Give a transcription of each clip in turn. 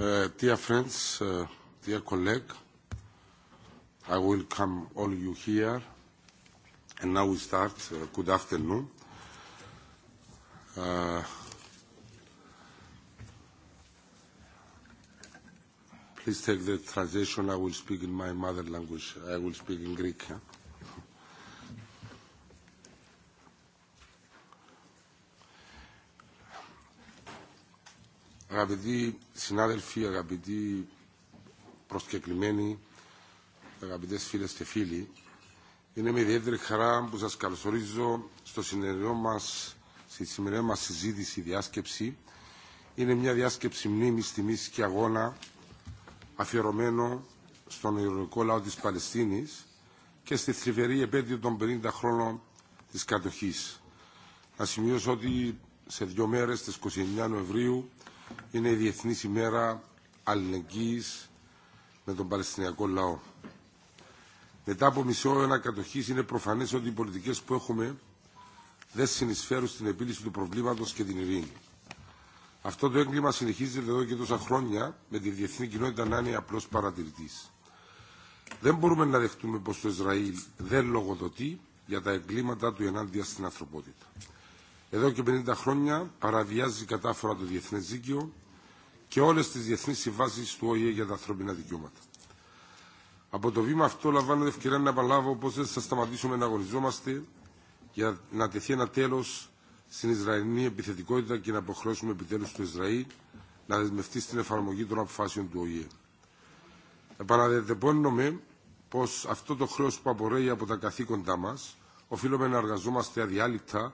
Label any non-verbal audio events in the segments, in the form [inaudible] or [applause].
Uh, dear friends, uh, dear colleague, I welcome all of you here. And now we start. Uh, good afternoon. Uh, please take the translation. I will speak in my mother language. I will speak in Greek. Huh? αγαπητοί συνάδελφοι, αγαπητοί προσκεκλημένοι, αγαπητές φίλες και φίλοι, είναι με ιδιαίτερη χαρά που σας καλωσορίζω στο σημερινό μας, στη σημερινή μας συζήτηση, διάσκεψη. Είναι μια διάσκεψη μνήμης, τιμής και αγώνα αφιερωμένο στον ειρωνικό λαό της Παλαιστίνης και στη θλιβερή επέτειο των 50 χρόνων της κατοχής. Να σημειώσω ότι σε δύο μέρες, στις 29 Νοεμβρίου, είναι η Διεθνή ημέρα αλληλεγγύης με τον Παλαιστινιακό λαό. Μετά από μισό αιώνα κατοχής είναι προφανές ότι οι πολιτικές που έχουμε δεν συνεισφέρουν στην επίλυση του προβλήματος και την ειρήνη. Αυτό το έγκλημα συνεχίζεται εδώ και τόσα χρόνια με τη διεθνή κοινότητα να είναι απλός παρατηρητής. Δεν μπορούμε να δεχτούμε πως το Ισραήλ δεν λογοδοτεί για τα εγκλήματα του ενάντια στην ανθρωπότητα εδώ και 50 χρόνια παραβιάζει κατάφορα το Διεθνές Δίκαιο και όλες τις διεθνείς συμβάσεις του ΟΗΕ για τα ανθρώπινα δικαιώματα. Από το βήμα αυτό λαμβάνω ευκαιρία να επαναλάβω πως δεν θα σταματήσουμε να αγωνιζόμαστε για να τεθεί ένα τέλος στην Ισραηλινή επιθετικότητα και να υποχρεώσουμε επιτέλους του Ισραήλ να δεσμευτεί στην εφαρμογή των αποφάσεων του ΟΗΕ. Επαναδεδεπώνουμε πως αυτό το χρέος που απορρέει από τα καθήκοντά μας οφείλουμε να εργαζόμαστε αδιάλειπτα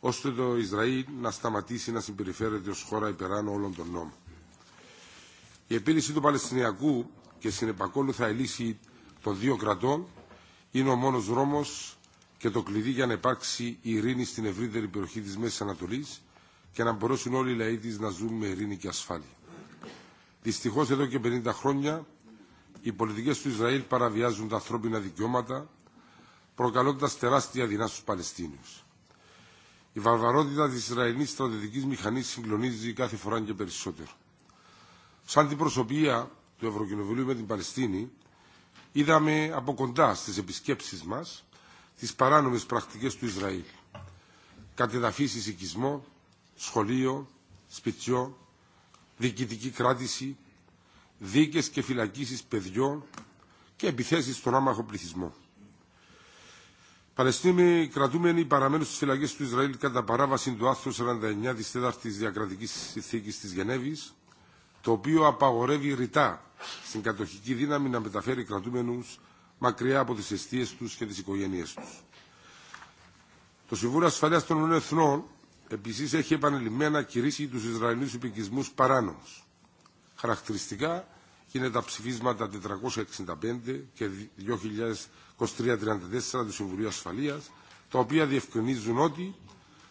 ώστε το Ισραήλ να σταματήσει να συμπεριφέρεται ως χώρα υπεράνω όλων των νόμων. Η επίλυση του Παλαιστινιακού και συνεπακόλουθα η λύση των δύο κρατών είναι ο μόνος δρόμος και το κλειδί για να υπάρξει ειρήνη στην ευρύτερη περιοχή της Μέσης Ανατολής και να μπορέσουν όλοι οι λαοί της να ζουν με ειρήνη και ασφάλεια. Δυστυχώς εδώ και 50 χρόνια οι πολιτικές του Ισραήλ παραβιάζουν τα ανθρώπινα δικαιώματα προκαλώντας τεράστια δεινά στους Παλαιστίνιους. Η βαρβαρότητα της Ισραηλής στρατιωτικής μηχανής συγκλονίζει κάθε φορά και περισσότερο. Σαν την προσωπία του Ευρωκοινοβουλίου με την Παλαιστίνη, είδαμε από κοντά στις επισκέψεις μας τις παράνομες πρακτικές του Ισραήλ. Κατεδαφίσεις οικισμό, σχολείο, σπιτιό, διοικητική κράτηση, δίκες και φυλακίσεις παιδιών και επιθέσεις στον άμαχο πληθυσμό. Παλαιστίνοι κρατούμενοι παραμένουν στι φυλακέ του Ισραήλ κατά παράβαση του άρθρου 49 τη 4η Διακρατική Συνθήκη τη Γενέβη, το οποίο απαγορεύει ρητά στην κατοχική δύναμη να μεταφέρει κρατούμενου μακριά από τι αιστείε του και τι οικογένειέ του. Το Συμβούλιο Ασφαλεία των Εθνών επίση έχει επανειλημμένα κηρύσει του Ισραηλινού υπηκισμού παράνομου. Χαρακτηριστικά γίνεται τα ψηφίσματα 465 και 2334 του Συμβουλίου Ασφαλείας, τα οποία διευκρινίζουν ότι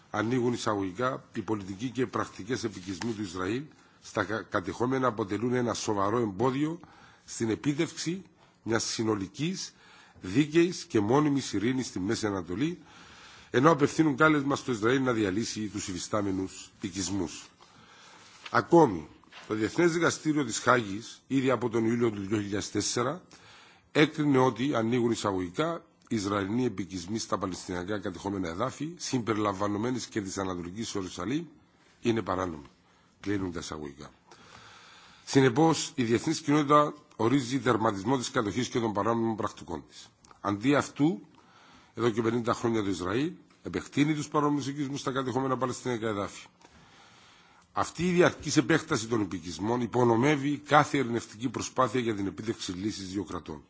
ανοίγουν εισαγωγικά οι πολιτικοί και πρακτικές επικισμοί του Ισραήλ στα κατεχόμενα αποτελούν ένα σοβαρό εμπόδιο στην επίτευξη μιας συνολικής, δίκαιης και μόνιμης ειρήνης στη Μέση Ανατολή, ενώ απευθύνουν κάλεσμα στο Ισραήλ να διαλύσει τους υφιστάμενους οικισμούς. Ακόμη, το Διεθνές Δικαστήριο της Χάγης, ήδη από τον Ιούλιο του 2004, έκρινε ότι ανοίγουν εισαγωγικά Ισραηλοί επικισμοί στα Παλαιστινιακά κατεχόμενα εδάφη, συμπεριλαμβανομένε και τη Ανατολική Ορισαλή, είναι παράνομοι. Κλείνουν τα εισαγωγικά. Συνεπώ, η διεθνή κοινότητα ορίζει τερματισμό τη κατοχή και των παράνομων πρακτικών τη. Αντί αυτού, εδώ και 50 χρόνια το Ισραήλ επεκτείνει του παρόμοιου οικισμού στα κατεχόμενα Παλαιστινιακά εδάφη. Αυτή η διαρκή επέκταση των οικισμών υπονομεύει κάθε ερνευτική προσπάθεια για την επίτευξη λύση δύο κρατών.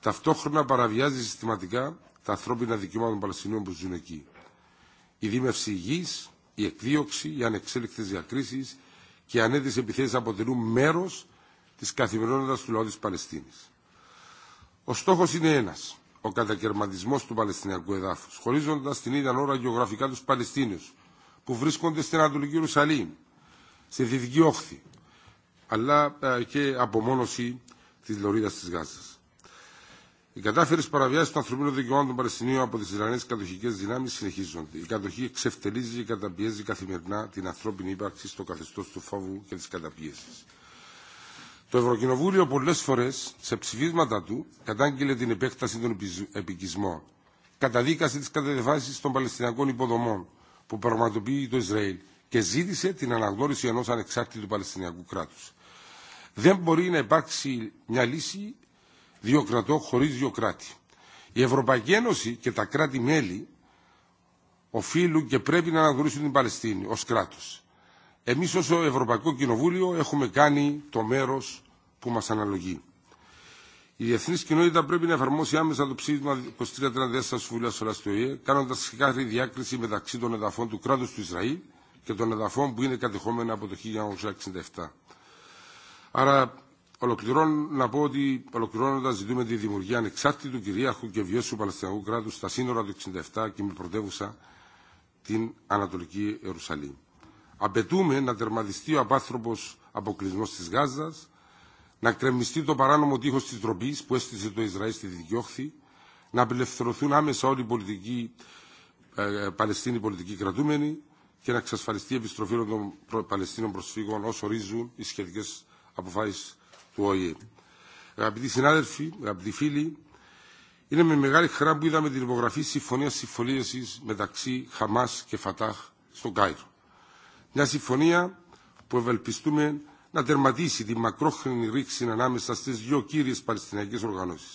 Ταυτόχρονα παραβιάζει συστηματικά τα ανθρώπινα δικαιώματα των Παλαιστινίων που ζουν εκεί. Η δίμευση γη, η εκδίωξη, οι ανεξέλεκτε διακρίσει και οι ανέτειε επιθέσει αποτελούν μέρο τη καθημερινότητα του λαού τη Παλαιστίνη. Ο στόχο είναι ένα. Ο κατακαιρματισμό του Παλαιστινιακού εδάφου, χωρίζοντα την ίδια ώρα γεωγραφικά του Παλαιστίνιου, που βρίσκονται στην Ανατολική Ιερουσαλήμ, στη Δυτική Όχθη, αλλά και απομόνωση τη Λωρίδα τη Γάζας. Οι κατάφερε παραβιάσει των ανθρωπίνων δικαιωμάτων των Παλαιστινίων από τι Ισραηλινέ κατοχικέ δυνάμει συνεχίζονται. Η κατοχή εξευτελίζει και καταπιέζει καθημερινά την ανθρώπινη ύπαρξη στο καθεστώ του φόβου και τη καταπίεση. Το Ευρωκοινοβούλιο πολλέ φορέ σε ψηφίσματα του κατάγγειλε την επέκταση των επικισμών. Καταδίκασε τι κατεδεφάσει των Παλαιστινιακών υποδομών που πραγματοποιεί το Ισραήλ και ζήτησε την αναγνώριση ενό ανεξάρτητου Παλαιστινιακού κράτου. Δεν μπορεί να υπάρξει μια λύση δύο κρατώ χωρίς δύο κράτη. Η Ευρωπαϊκή Ένωση και τα κράτη-μέλη οφείλουν και πρέπει να αναγνωρίσουν την Παλαιστίνη ως κράτος. Εμείς ως Ευρωπαϊκό Κοινοβούλιο έχουμε κάνει το μέρος που μας αναλογεί. Η διεθνή κοινότητα πρέπει να εφαρμόσει άμεσα το ψήφισμα 2334 του Βουλευτή Ολλανδία του ΟΗΕ, κάνοντα ξεκάθαρη διάκριση μεταξύ των εδαφών του κράτου του Ισραήλ και των εδαφών που είναι κατεχόμενα από το 1967. Άρα, Ολοκληρώνω να πω ότι ολοκληρώνοντα ζητούμε τη δημιουργία ανεξάρτητου κυρίαρχου και βιώσιου Παλαιστινιακού κράτου στα σύνορα του 67 και με πρωτεύουσα την Ανατολική Ιερουσαλήμ. Απαιτούμε να τερματιστεί ο απάνθρωπο αποκλεισμό τη Γάζα, να κρεμιστεί το παράνομο τείχο τη ντροπή που έστησε το Ισραήλ στη Δυτική Όχθη, να απελευθερωθούν άμεσα όλοι οι πολιτικοί, ε, Παλαιστίνοι πολιτικοί κρατούμενοι και να εξασφαλιστεί η επιστροφή των Παλαιστίνων προσφύγων όσο ορίζουν οι σχετικέ αποφάσει του ΟΗΕ. Αγαπητοί συνάδελφοι, αγαπητοί φίλοι, είναι με μεγάλη χαρά που είδαμε την υπογραφή συμφωνία συμφωνίαση μεταξύ Χαμά και Φατάχ στο Κάιρο. Μια συμφωνία που ευελπιστούμε να τερματίσει τη μακρόχρονη ρήξη ανάμεσα στι δύο κύριε Παλαιστινιακέ οργανώσει.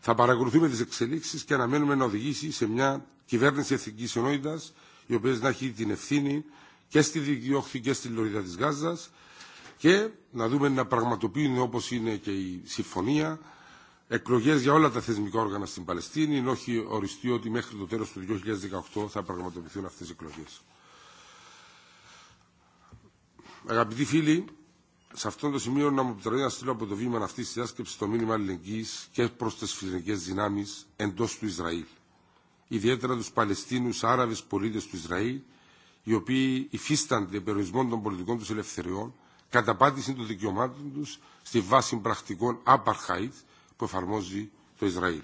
Θα παρακολουθούμε τι εξελίξει και αναμένουμε να οδηγήσει σε μια κυβέρνηση εθνική ενότητα, η οποία να έχει την ευθύνη και στη δικαιόχθη και στη λωρίδα τη Γάζας και να δούμε να πραγματοποιούν όπως είναι και η συμφωνία εκλογές για όλα τα θεσμικά όργανα στην Παλαιστίνη όχι οριστεί ότι μέχρι το τέλος του 2018 θα πραγματοποιηθούν αυτές οι εκλογές. Αγαπητοί φίλοι, σε αυτό το σημείο να μου επιτρέψετε να στείλω από το βήμα αυτή τη διάσκεψη το μήνυμα αλληλεγγύη και προ τι φιλενικέ δυνάμει εντό του Ισραήλ. Ιδιαίτερα του Παλαιστίνου Άραβε πολίτε του Ισραήλ, οι οποίοι υφίστανται περιορισμών των πολιτικών του ελευθεριών καταπάτηση των δικαιωμάτων τους στη βάση πρακτικών apartheid που εφαρμόζει το Ισραήλ.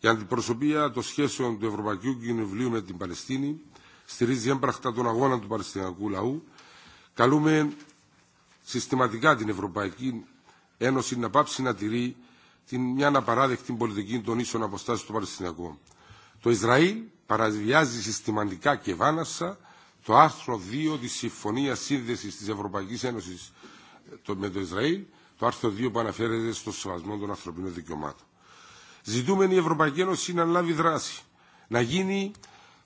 Η αντιπροσωπεία των σχέσεων του Ευρωπαϊκού Κοινοβουλίου με την Παλαιστίνη στηρίζει έμπρακτα τον αγώνα του Παλαιστινιακού λαού. Καλούμε συστηματικά την Ευρωπαϊκή Ένωση να πάψει να τηρεί την μια αναπαράδεκτη πολιτική των ίσων αποστάσεων του Παλαιστινιακού. Το Ισραήλ παραβιάζει συστηματικά και βάνασα το άρθρο 2 της Συμφωνίας Σύνδεσης της Ευρωπαϊκής Ένωσης το, με το Ισραήλ, το άρθρο 2 που αναφέρεται στο σεβασμό των ανθρωπίνων δικαιωμάτων. Ζητούμε η Ευρωπαϊκή Ένωση να λάβει δράση, να γίνει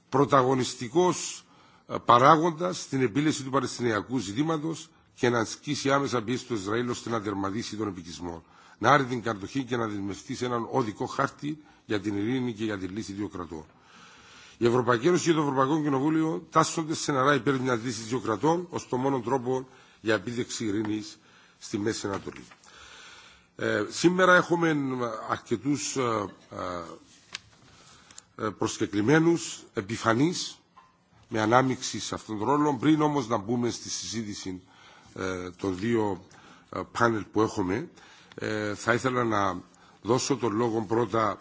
πρωταγωνιστικός παράγοντας στην επίλυση του Παλαιστινιακού ζητήματος και να ασκήσει άμεσα πίεση του Ισραήλ ώστε να τερματίσει τον επικισμό. Να άρει την κατοχή και να δημιουργηθεί σε έναν οδικό χάρτη για την ειρήνη και για τη λύση δύο κρατών. Η Ευρωπαϊκή Ένωση και το Ευρωπαϊκό Κοινοβούλιο τάσσονται σε ένα υπέρ μια δύση δύο κρατών ω το μόνο τρόπο για επίδειξη ειρήνη στη Μέση Ανατολή. Ε, σήμερα έχουμε αρκετού ε, προσκεκλημένου, επιφανεί, με ανάμειξη σε αυτόν τον ρόλο. Πριν όμω να μπούμε στη συζήτηση ε, των δύο πάνελ που έχουμε, ε, θα ήθελα να δώσω τον λόγο πρώτα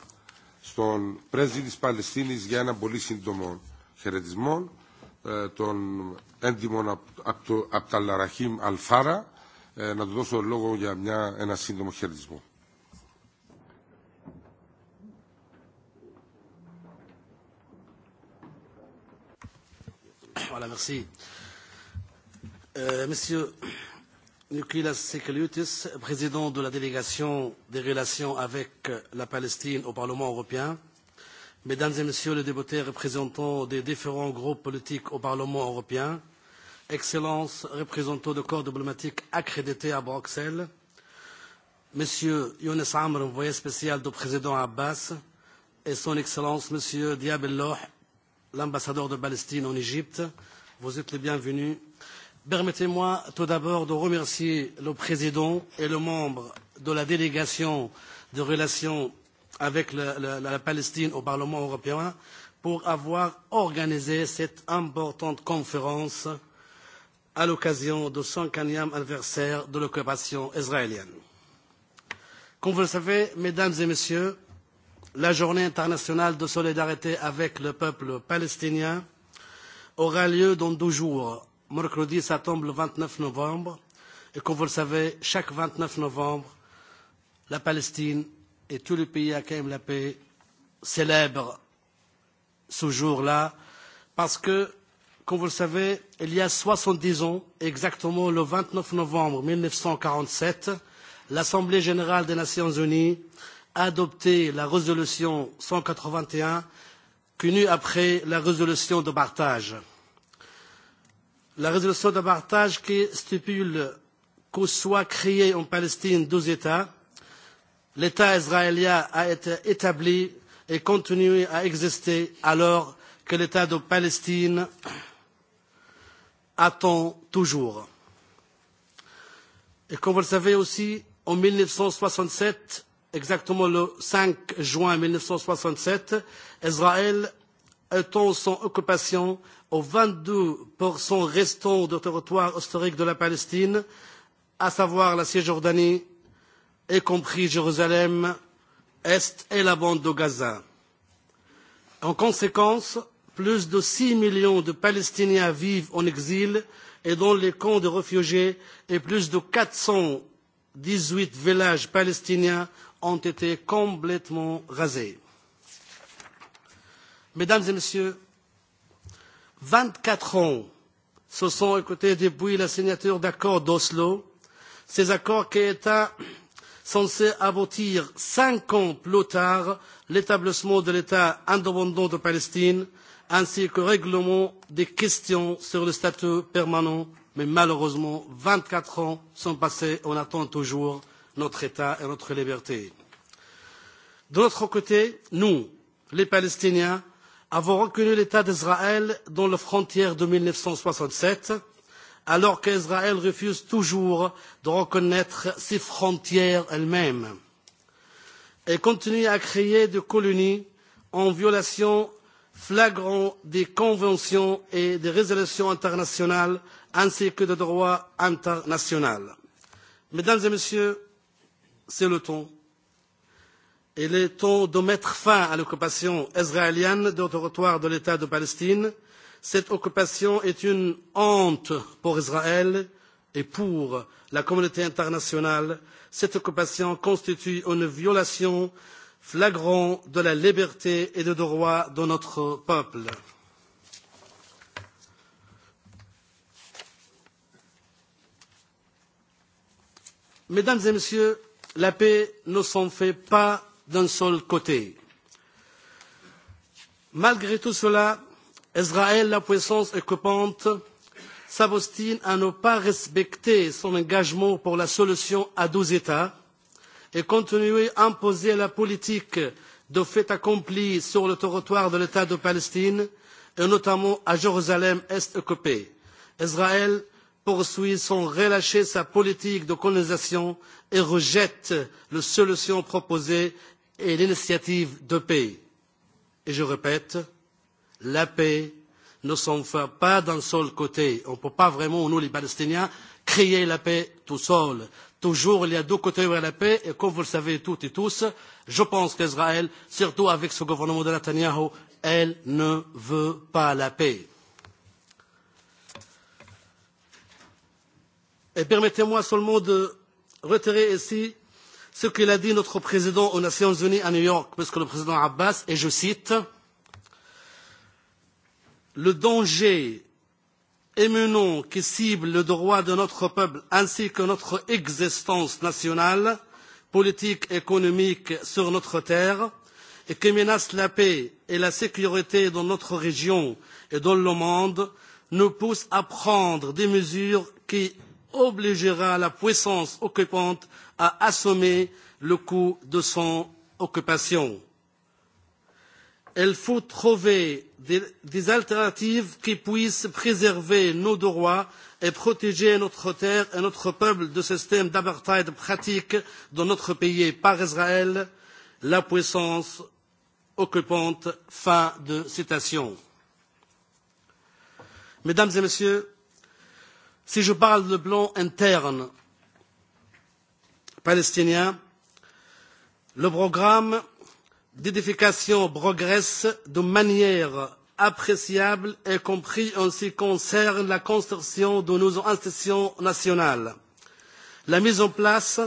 στον πρέσβη της Παλαιστίνης για ένα πολύ σύντομο χαιρετισμό ε, τον έντιμο από απ τα Λαραχήμ Αλφάρα ε, να του δώσω λόγο για μια, ένα σύντομο χαιρετισμό. Voilà, merci. Euh, monsieur, Nicolas Sekeliutis, président de la délégation des relations avec la Palestine au Parlement européen. Mesdames et Messieurs les députés représentants des différents groupes politiques au Parlement européen, Excellences, représentants de corps diplomatiques accrédités à Bruxelles, Monsieur Younes Amr, envoyé spécial du président Abbas, et Son Excellence Monsieur Diab Loh, l'ambassadeur de Palestine en Égypte, vous êtes les bienvenus Permettez-moi tout d'abord de remercier le président et le membre de la délégation de relations avec le, le, la Palestine au Parlement européen pour avoir organisé cette importante conférence à l'occasion du 50e anniversaire de l'occupation israélienne. Comme vous le savez, mesdames et messieurs, la journée internationale de solidarité avec le peuple palestinien aura lieu dans deux jours, mercredi, ça tombe le 29 novembre, et comme vous le savez, chaque 29 novembre, la Palestine et tous les pays à qui la paix célèbrent ce jour-là, parce que, comme vous le savez, il y a 70 ans, exactement le 29 novembre 1947, l'Assemblée générale des Nations unies a adopté la résolution 181, connue après la résolution de partage. La résolution de partage qui stipule qu'au soit créé en Palestine deux États, l'État israélien a été établi et continue à exister alors que l'État de Palestine attend toujours. Et comme vous le savez aussi, en 1967, exactement le 5 juin 1967, Israël étend son occupation aux 22% restants de territoire historique de la Palestine, à savoir la Cisjordanie, y compris Jérusalem, Est et la bande de Gaza. En conséquence, plus de 6 millions de Palestiniens vivent en exil et dans les camps de réfugiés et plus de 418 villages palestiniens ont été complètement rasés. Mesdames et Messieurs, 24 ans se sont écoutés depuis la signature d'accords d'Oslo, ces accords qui étaient censés aboutir cinq ans plus tard l'établissement de l'État indépendant de Palestine, ainsi que règlement des questions sur le statut permanent. Mais malheureusement, 24 ans sont passés, on attend toujours notre État et notre liberté. De notre côté, nous, les Palestiniens, avons reconnu l'état d'israël dans les frontières de mille neuf cent soixante sept alors qu'israël refuse toujours de reconnaître ses frontières elle même et continue à créer des colonies en violation flagrante des conventions et des résolutions internationales ainsi que du droit international. mesdames et messieurs c'est le temps Il est temps de mettre fin à l'occupation israélienne du territoire de l'État de Palestine. Cette occupation est une honte pour Israël et pour la communauté internationale. Cette occupation constitue une violation flagrante de la liberté et des droits de notre peuple. Mesdames et Messieurs, la paix ne s'en fait pas d'un seul côté. Malgré tout cela, Israël, la puissance occupante, s'abstine à ne pas respecter son engagement pour la solution à deux États et continuer à imposer la politique de fait accompli sur le territoire de l'État de Palestine et notamment à Jérusalem Est occupée. Israël poursuit sans relâcher sa politique de colonisation et rejette les solutions proposées et l'initiative de paix. Et je répète, la paix ne s'enferme pas d'un seul côté. On ne peut pas vraiment, nous les Palestiniens, créer la paix tout seul. Toujours, il y a deux côtés vers la paix. Et comme vous le savez toutes et tous, je pense qu'Israël, surtout avec ce gouvernement de Netanyahu, elle ne veut pas la paix. Et permettez-moi seulement de retirer ici ce qu'il a dit notre président aux Nations Unies à New York, puisque le président Abbas, et je cite, le danger éminent qui cible le droit de notre peuple ainsi que notre existence nationale, politique, économique sur notre terre, et qui menace la paix et la sécurité dans notre région et dans le monde, nous pousse à prendre des mesures qui obligera la puissance occupante a assommé le coup de son occupation. Il faut trouver des, des alternatives qui puissent préserver nos droits et protéger notre terre et notre peuple de systèmes d'apartheid pratiques dans notre pays par Israël, la puissance occupante. Fin de citation. Mesdames et Messieurs, si je parle de plan interne, palestinien, le programme d'édification progresse de manière appréciable, y compris en ce qui concerne la construction de nos institutions nationales. La mise en place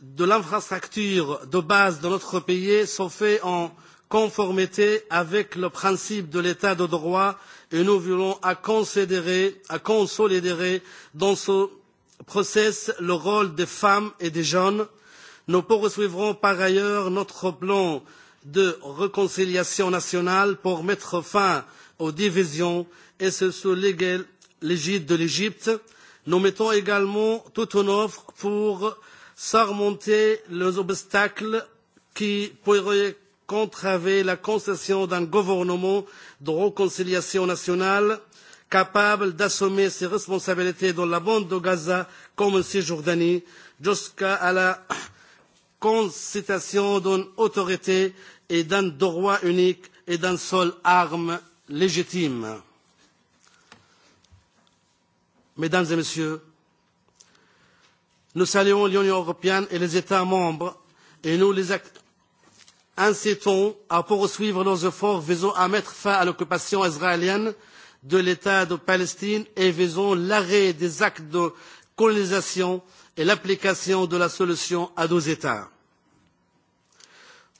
de l'infrastructure de base de notre pays se fait en conformité avec le principe de l'état de droit et nous voulons à, considérer, à consolider dans ce process le rôle des femmes et des jeunes. nos peaux recevront par ailleurs notre plan de réconciliation nationale pour mettre fin aux divisions et ce sous l'égide de l'égypte. nous mettons également tout en œuvre pour surmonter les obstacles qui pourraient contraver la concession d'un gouvernement de réconciliation nationale capable d'assumer ses responsabilités dans la bande de Gaza comme en Cisjordanie, jusqu'à la [coughs] concitation d'une autorité et d'un droit unique et d'un seul arme légitime. Mesdames et Messieurs, nous saluons l'Union européenne et les États membres et nous les incitons à poursuivre leurs efforts visant à mettre fin à l'occupation israélienne de l'État de Palestine et visons l'arrêt des actes de colonisation et l'application de la solution à nos États.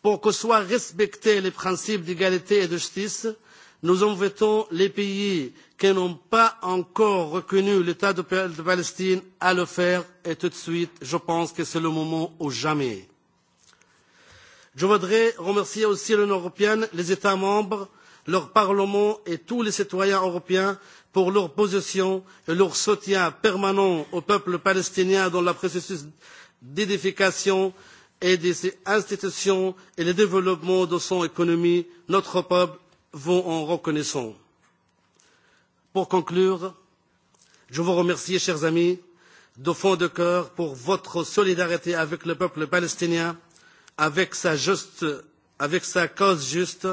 Pour que soient respectés les principes d'égalité et de justice, nous invitons les pays qui n'ont pas encore reconnu l'État de Palestine à le faire et tout de suite, je pense que c'est le moment ou jamais. Je voudrais remercier aussi l'Union européenne, les États membres, leur Parlement et tous les citoyens européens pour leur position et leur soutien permanent au peuple palestinien dans le processus d'édification et de ses institutions et le développement de son économie. Notre peuple vous en reconnaissant. Pour conclure, je vous remercie, chers amis, de fond de cœur pour votre solidarité avec le peuple palestinien, avec sa, juste, avec sa cause juste.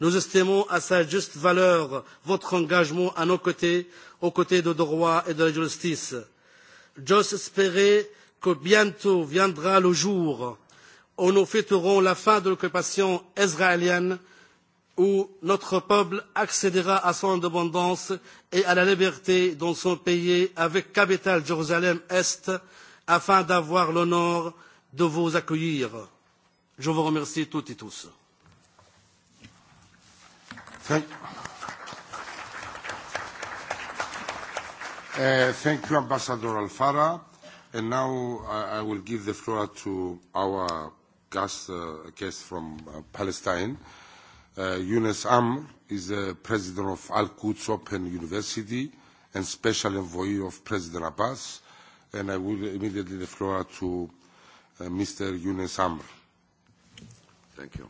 Nous estimons à sa juste valeur votre engagement à nos côtés, aux côtés de droit et de la justice. J'ose espérer que bientôt viendra le jour où nous fêterons la fin de l'occupation israélienne, où notre peuple accédera à son indépendance et à la liberté dans son pays avec capitale Jérusalem Est, afin d'avoir l'honneur de vous accueillir. Je vous remercie toutes et tous. Okay. Uh, thank you, Ambassador Alfara. And now uh, I will give the floor to our guest, uh, guest from uh, Palestine. Uh, Yunus Amr is the president of Al Quds Open University and special envoy of President Abbas. And I will immediately the floor to uh, Mr. Yunus Amr. Thank you.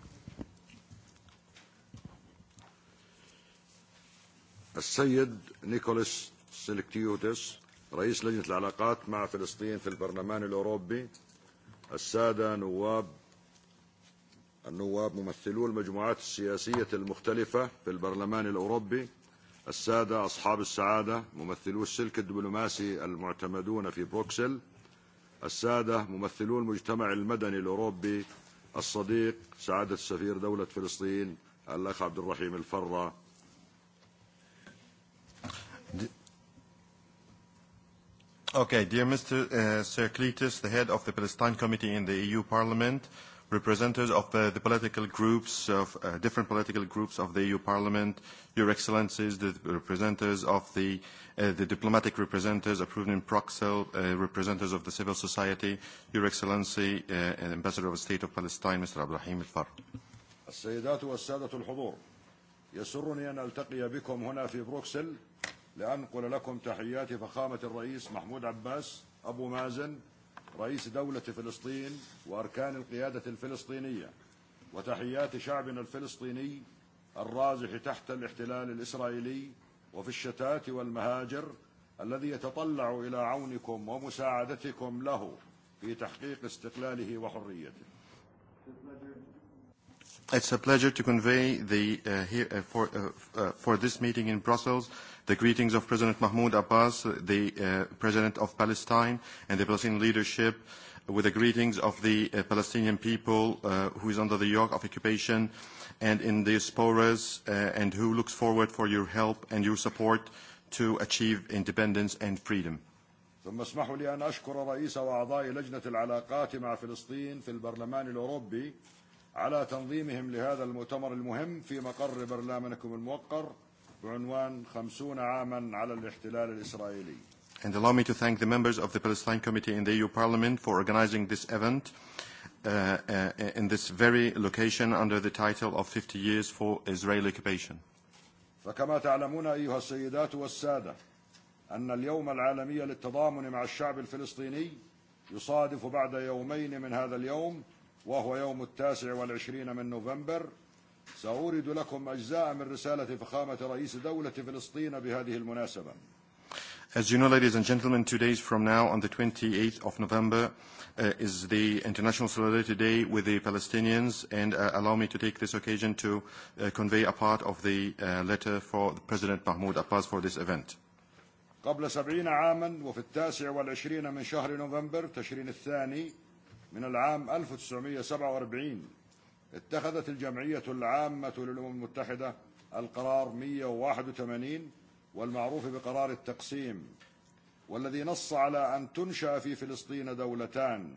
السيد نيكولاس سيلكتيوتس رئيس لجنة العلاقات مع فلسطين في البرلمان الأوروبي السادة نواب النواب ممثلو المجموعات السياسية المختلفة في البرلمان الأوروبي السادة أصحاب السعادة ممثلو السلك الدبلوماسي المعتمدون في بروكسل السادة ممثلو المجتمع المدني الأوروبي الصديق سعادة السفير دولة فلسطين الأخ عبد الرحيم الفره Okay, dear Mr. Uh, Sir Cletus, the head of the Palestine Committee in the EU Parliament, representatives of the, uh, the political groups of uh, different political groups of the EU Parliament, Your Excellencies, the representatives of the, uh, the diplomatic representatives approved in Proxel, uh, representatives of the civil society, Your Excellency, uh, Ambassador of the State of Palestine, Mr. Abdulrahim Al-Far. السيدات والسادة الحضور يسرني أن ألتقي بكم هنا في بروكسل لأنقل لكم تحيات فخامة الرئيس محمود عباس أبو مازن رئيس دولة فلسطين وأركان القيادة الفلسطينية وتحيات شعبنا الفلسطيني الرازح تحت الاحتلال الإسرائيلي وفي الشتات والمهاجر الذي يتطلع إلى عونكم ومساعدتكم له في تحقيق استقلاله وحريته It's a pleasure to convey the, uh, here, uh, for, uh, uh, for this meeting in Brussels the greetings of President Mahmoud Abbas, the uh, President of Palestine and the Palestinian leadership, with the greetings of the uh, Palestinian people uh, who is under the yoke of occupation and in diasporas uh, and who looks forward for your help and your support to achieve independence and freedom. ثم اسمحوا لي ان اشكر رئيس واعضاء لجنه العلاقات مع فلسطين في البرلمان الاوروبي على تنظيمهم لهذا المؤتمر المهم في مقر برلمانكم الموقر بعنوان خمسون عاما على الاحتلال الإسرائيلي. And allow me to thank the members of the Palestine Committee in the EU Parliament for organizing this event uh, uh, in this very location under the title of 50 Years for Israeli Occupation. فكما تعلمون أيها السيدات والسادة أن اليوم العالمي للتضامن مع الشعب الفلسطيني يصادف بعد يومين من هذا اليوم وهو يوم التاسع والعشرين من نوفمبر سأورد لكم أجزاء من رسالة فخامة رئيس دولة فلسطين بهذه المناسبة As you know, ladies and gentlemen, two days from now, on the 28th of November, uh, is the International Solidarity Day with the Palestinians. And uh, allow me to take this occasion to uh, convey a part of the uh, letter for President Mahmoud Abbas for this event. قبل سبعين عاما وفي التاسع والعشرين من شهر نوفمبر تشرين الثاني من العام 1947 اتخذت الجمعية العامة للأمم المتحدة القرار 181 والمعروف بقرار التقسيم والذي نص على أن تنشأ في فلسطين دولتان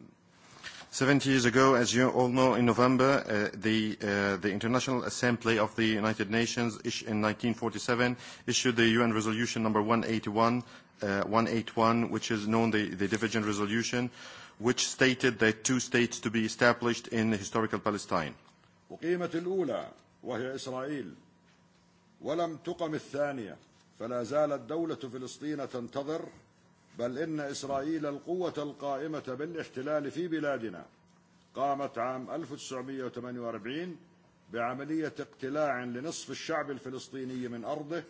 70 years ago, as you all know, in November, uh, the, uh, the International Assembly of the United Nations ish- in 1947 issued the UN Resolution number 181, uh, 181 which is known the, the Division Resolution, uh, which stated that two states to be established in historical Palestine. وقيمت الأولى وهي إسرائيل ولم تقم الثانية فلا زالت دولة فلسطين تنتظر بل إن إسرائيل القوة القائمة بالاحتلال في بلادنا قامت عام 1948 بعملية اقتلاع لنصف الشعب الفلسطيني من أرضه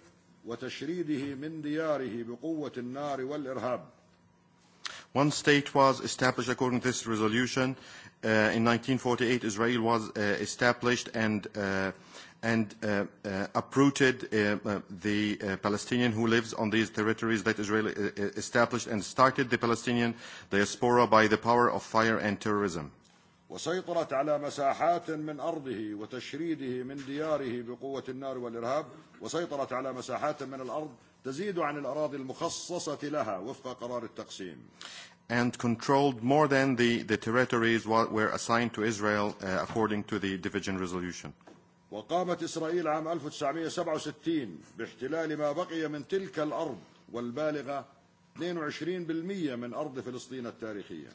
وتشريده من دياره بقوة النار والإرهاب One state was established according to this resolution. Uh, in 1948, Israel was uh, established and, uh, and uh, uh, uprooted uh, uh, the uh, Palestinian who lives on these territories that Israel uh, uh, established and started the Palestinian diaspora by the power of fire and terrorism. وسيطرت على مساحات من أرضه وتشريده من دياره بقوة النار والإرهاب وسيطرت على مساحات من الأرض تزيد عن الأراضي المخصصة لها وفق قرار التقسيم. And controlled more than the, the territories what were assigned to Israel uh, according to the division resolution. وقامت إسرائيل عام 1967 باحتلال ما بقي من تلك الأرض والبالغة 22% من أرض فلسطين التاريخية.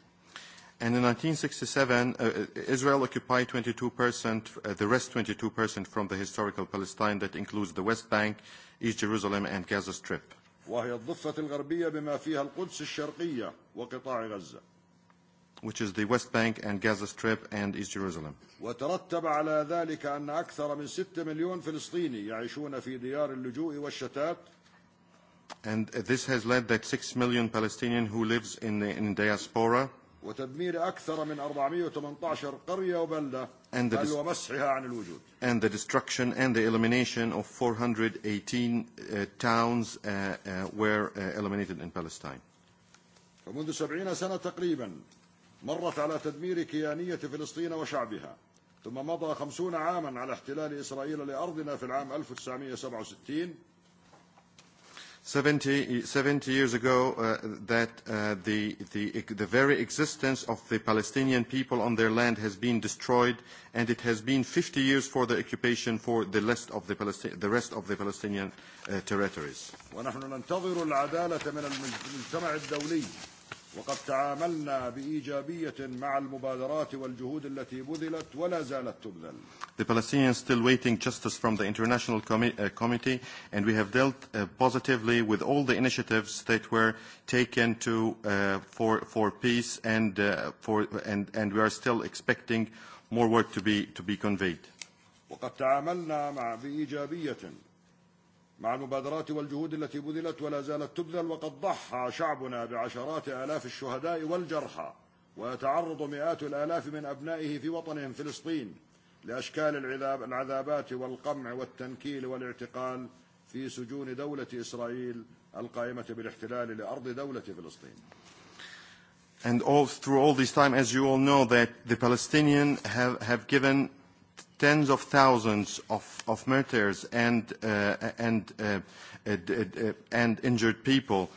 And in 1967, uh, uh, Israel occupied 22%, uh, the rest 22% from the historical Palestine that includes the West Bank, uh, East Jerusalem and Gaza Strip. Which is the West Bank and Gaza Strip and East Jerusalem. وترتب على ذلك أن أكثر من ستة مليون فلسطيني يعيشون في ديار اللجوء والشتات. And this has led that six million Palestinians who lives in the in diaspora. وتدمير أكثر من 418 قرية وبلدة and the ومسحها عن الوجود and the destruction and the elimination of 418 uh, towns uh, uh, were uh, eliminated in Palestine فمنذ سبعين سنة تقريبا مرت على تدمير كيانية فلسطين وشعبها ثم مضى خمسون عاما على احتلال إسرائيل لأرضنا في العام 1967 70, 70 years ago uh, that uh, the, the, the very existence of the Palestinian people on their land has been destroyed and it has been 50 years for the occupation for the, less of the, Palestin the rest of the Palestinian uh, territories. وقد تعاملنا بإيجابية مع المبادرات والجهود التي بذلت ولا زالت تبذل. The Palestinians still waiting justice from the international commi uh, committee and we have dealt uh, positively with all the initiatives that were taken to, uh, for, for peace and, uh, for, and, and we are still expecting more work to be, to be conveyed. وقد تعاملنا مع بإيجابية مع المبادرات والجهود التي بذلت ولا زالت تبذل وقد ضحى شعبنا بعشرات آلاف الشهداء والجرحى ويتعرض مئات الآلاف من أبنائه في وطنهم فلسطين لأشكال العذاب العذابات والقمع والتنكيل والاعتقال في سجون دولة إسرائيل القائمة بالاحتلال لأرض دولة فلسطين And all, through all this time, as you all know, that the Palestinians have, have given tens of thousands of, of murders and, uh, and, uh, uh, uh, uh, and injured people,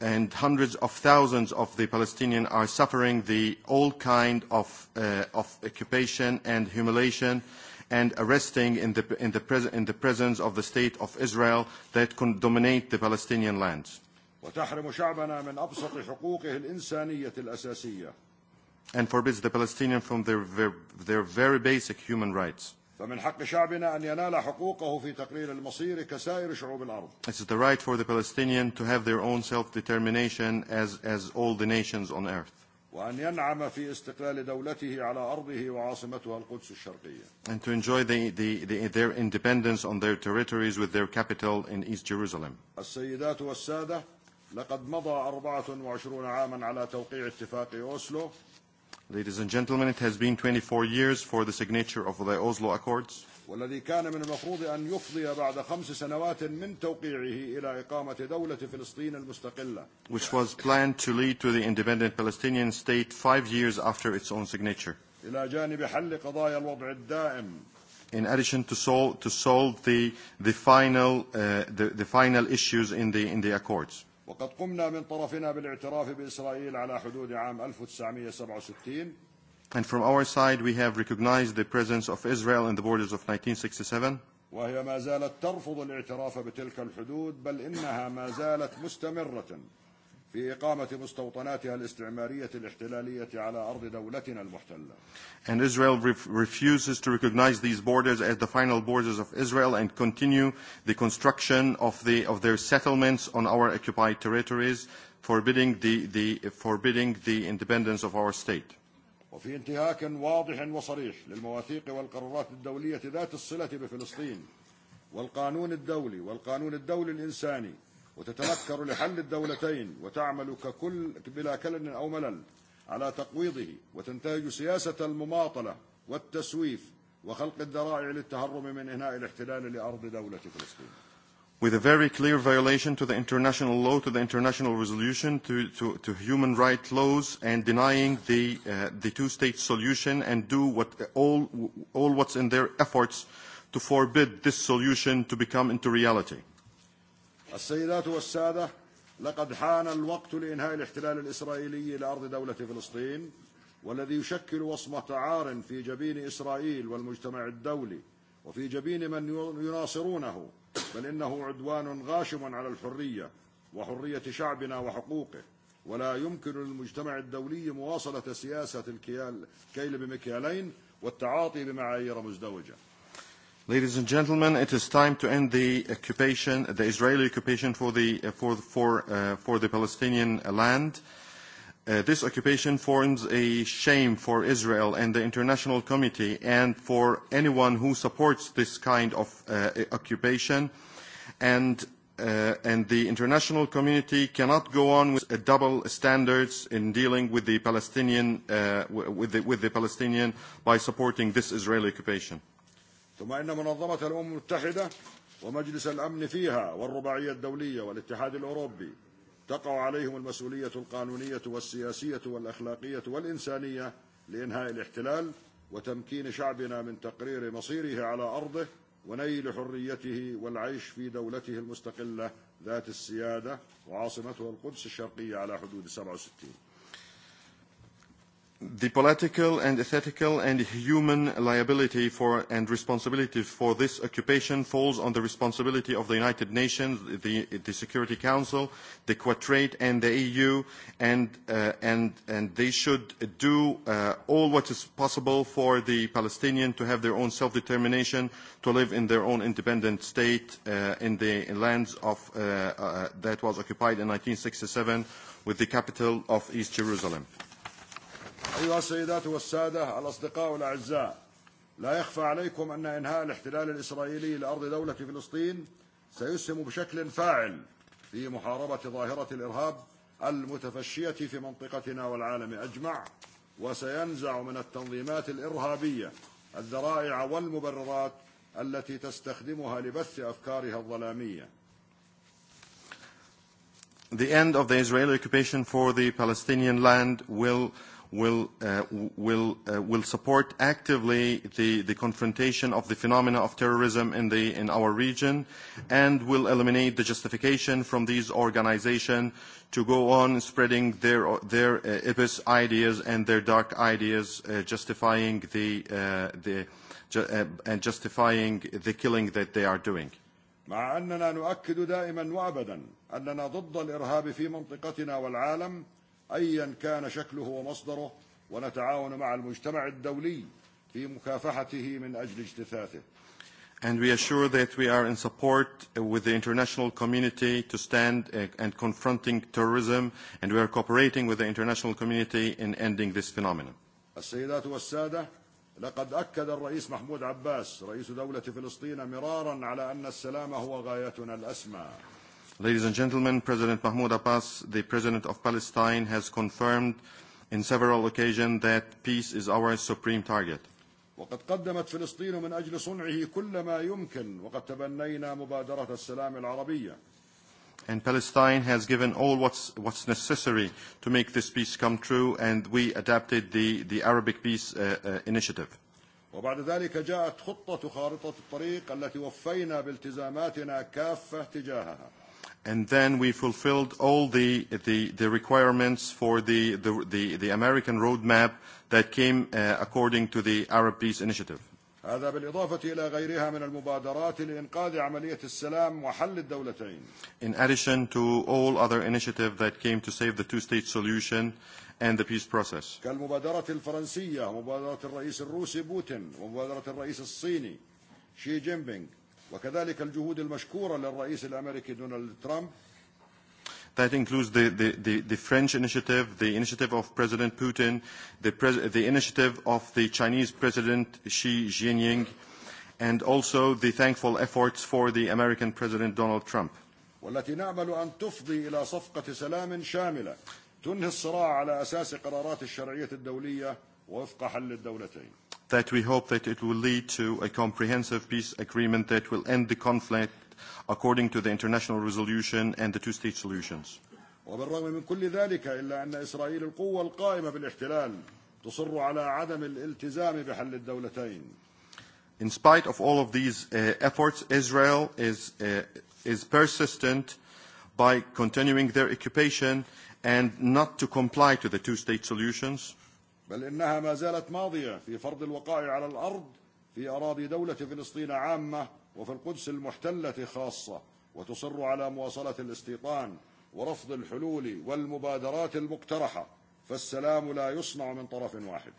and hundreds of thousands of the Palestinians are suffering the all kind of, uh, of occupation and humiliation and arresting in the, in, the pres- in the presence of the state of Israel that can dominate the Palestinian lands. وتحرم شعبنا من ابسط حقوقه الانسانيه الاساسيه and forbids the Palestinians from their, their, their very basic human rights. It's the right for the Palestinians to have their own self-determination as, as all the nations on earth. And to enjoy the, the, the, their independence on their territories with their capital in East Jerusalem. لقد مضى 24 عاما على توقيع اتفاق اوسلو Ladies and gentlemen, it has been 24 years for the signature of the Oslo Accords. والذي كان من المفروض أن يفضي بعد خمس سنوات من توقيعه إلى إقامة دولة فلسطين المستقلة which was planned to lead to the independent Palestinian state five years after its own signature إلى جانب حل قضايا الوضع الدائم in addition to solve, to solve the, the, final, uh, the, the final issues in the, in the accords وقد قمنا من طرفنا بالاعتراف بإسرائيل على حدود عام 1967 And from our side we have recognized the presence of Israel in the borders of 1967 وهي ما زالت ترفض الاعتراف بتلك الحدود بل إنها ما زالت مستمرة في إقامة مستوطناتها الاستعمارية الاحتلالية على أرض دولتنا المحتلة. And Israel re refuses to recognize these borders as the final borders of Israel and continue the construction of, the, of their settlements on our occupied territories, forbidding the, the, forbidding the independence of our state. وفي انتهاك واضح وصريح للمواثيق والقرارات الدولية ذات الصلة بفلسطين والقانون الدولي والقانون الدولي الإنساني وتتنكر لحل الدولتين وتعمل ككل بلا كلل او ملل على تقويضه وتنتهج سياسه المماطله والتسويف وخلق الذرائع للتهرب من انهاء الاحتلال لارض دوله فلسطين. With a very clear violation to the international law, to the international resolution, to, to, to human rights laws, and denying the, uh, the two state solution and do what, all, all what's in their efforts to forbid this solution to become into reality. السيدات والسادة لقد حان الوقت لإنهاء الاحتلال الإسرائيلي لأرض دولة فلسطين والذي يشكل وصمة عار في جبين إسرائيل والمجتمع الدولي وفي جبين من يناصرونه بل إنه عدوان غاشم على الحرية وحرية شعبنا وحقوقه ولا يمكن للمجتمع الدولي مواصلة سياسة الكيل بمكيالين والتعاطي بمعايير مزدوجة Ladies and gentlemen, it is time to end the occupation, the Israeli occupation for the, uh, for, for, uh, for the Palestinian land. Uh, this occupation forms a shame for Israel and the international committee and for anyone who supports this kind of uh, occupation. And, uh, and the international community cannot go on with a uh, double standards in dealing with the Palestinian, uh, with, the, with the Palestinian by supporting this Israeli occupation. ثم ان منظمه الامم المتحده ومجلس الامن فيها والرباعيه الدوليه والاتحاد الاوروبي تقع عليهم المسؤوليه القانونيه والسياسيه والاخلاقيه والانسانيه لانهاء الاحتلال وتمكين شعبنا من تقرير مصيره على ارضه ونيل حريته والعيش في دولته المستقله ذات السياده وعاصمته القدس الشرقيه على حدود 67 the political and ethical and human liability for and responsibility for this occupation falls on the responsibility of the united nations the, the security council the quatrain and the eu and uh, and and they should do uh, all what is possible for the palestinian to have their own self determination to live in their own independent state uh, in the lands of uh, uh, that was occupied in 1967 with the capital of east jerusalem أيها السيدات والسادة الأصدقاء والأعزاء لا يخفى عليكم أن إنهاء الاحتلال الإسرائيلي لأرض دولة فلسطين سيسهم بشكل فاعل في محاربة ظاهرة الإرهاب المتفشية في منطقتنا والعالم أجمع وسينزع من التنظيمات الإرهابية الذرائع والمبررات التي تستخدمها لبث أفكارها الظلامية The end of the Israeli occupation for the Palestinian land will will, uh, will, uh, will support actively the, the confrontation of the phenomena of terrorism in, the, in our region and will eliminate the justification from these organizations to go on spreading their, their uh, IBIS ideas and their dark ideas uh, justifying, the, uh, the, ju- uh, and justifying the killing that they are doing. مع أننا نؤكد دائما وأبدا أننا ضد الإرهاب في منطقتنا والعالم أيا كان شكله ومصدره ونتعاون مع المجتمع الدولي في مكافحته من أجل اجتثاثه And we assure that we are in support with the international community to stand uh, and confronting terrorism and we are cooperating with the international community in ending this phenomenon. السيدات والسادة لقد أكد الرئيس محمود عباس رئيس دولة فلسطين مرارا على أن السلام هو غايتنا الأسمى. Ladies and gentlemen, President Mahmoud Abbas, the President of Palestine, has confirmed in several occasions that peace is our supreme target. وقد قدمت فلسطين من أجل صنعه كل ما يمكن وقد تبنينا مبادرة السلام العربية And Palestine has given all what's, what's necessary to make this peace come true and we adapted the, the Arabic peace uh, uh, initiative. وبعد ذلك جاءت خطة خارطة الطريق التي وفينا بالتزاماتنا كافة تجاهها and then we fulfilled all the requirements for the American roadmap that came uh, according to the Arab Peace Initiative. هذا بالإضافة إلى غيرها من المبادرات لإنقاذ عملية السلام وحل الدولتين. In addition to all other initiatives that came to save the two-state solution and the peace process. كالمبادرة الفرنسية ومبادرة الرئيس الروسي بوتين ومبادرة الرئيس الصيني شي جينبينغ وكذلك الجهود المشكورة للرئيس الأمريكي دونالد ترامب That includes the, the, the, the French initiative, the initiative of President Putin, the, pres- the initiative of the Chinese President Xi Jinping, and also the thankful efforts for the American President Donald Trump that we hope that it will lead to a comprehensive peace agreement that will end the conflict according to the international resolution and the two-state solutions. وبالرغم من كل ذلك إلا أن إسرائيل القوة القائمة بالاحتلال تصر على عدم الالتزام بحل الدولتين. In spite of all of these uh, efforts, Israel is uh, is persistent by continuing their occupation and not to comply to the two-state solutions. بل إنها ما زالت ماضية في فرض الوقائع على الأرض في أراضي دولة فلسطين عامة وفي القدس المحتلة خاصة وتصر على مواصلة الاستيطان ورفض الحلول والمبادرات المقترحة فالسلام لا يصنع من طرف واحد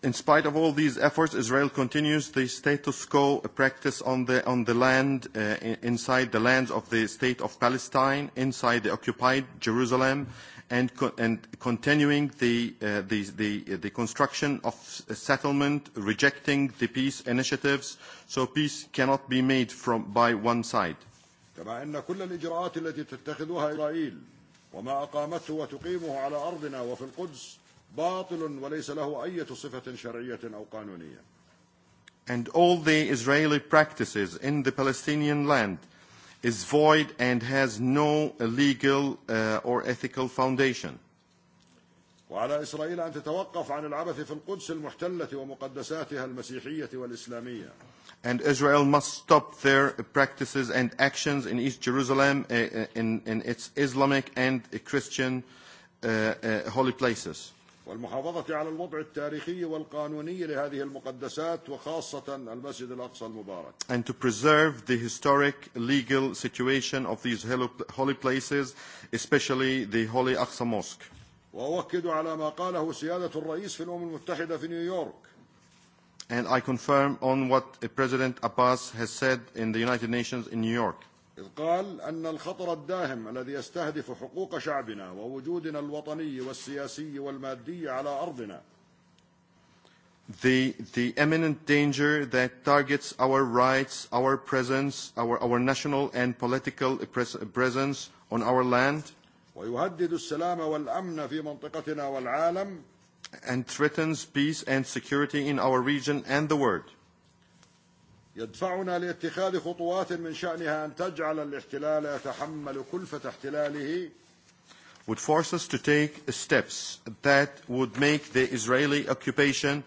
In spite of all these efforts, Israel continues the status quo practice on the, on the land, uh, inside the lands of the state of Palestine, inside the occupied Jerusalem, and, co and continuing the, uh, the, the, the construction of a settlement, rejecting the peace initiatives, so peace cannot be made from, by one side. كما أن كل الإجراءات التي تتخذها إسرائيل وما أقامته وتقيمه على أرضنا وفي القدس باطل وليس له أي صفة شرعية أو قانونية. And all the Israeli practices in the Palestinian land is void and has no legal uh, or ethical foundation. وعلى إسرائيل أن تتوقف عن العبث في القدس المحتلة ومقدساتها المسيحية والإسلامية. And Israel must stop their practices and actions in East Jerusalem uh, uh, in, in its Islamic and Christian uh, uh, holy places. والمحافظة على الوضع التاريخي والقانوني لهذه المقدسات وخاصة المسجد الأقصى المبارك. And to preserve the historic legal situation of these holy places, especially the Holy Aqsa Mosque. وأؤكد على ما قاله سيادة الرئيس في الأمم المتحدة في نيويورك. And I confirm on what President Abbas has said in the United Nations in New York. إذ قال أن الخطر الداهم الذي يستهدف حقوق شعبنا ووجودنا الوطني والسياسي والمادي على أرضنا The, the imminent danger that targets our rights, our presence, our, our national and political presence on our land and threatens peace and security in our region and the world. يدفعنا لاتخاذ خطوات من شأنها أن تجعل الاحتلال يتحمل كلفة احتلاله would force us to take steps that would make the Israeli occupation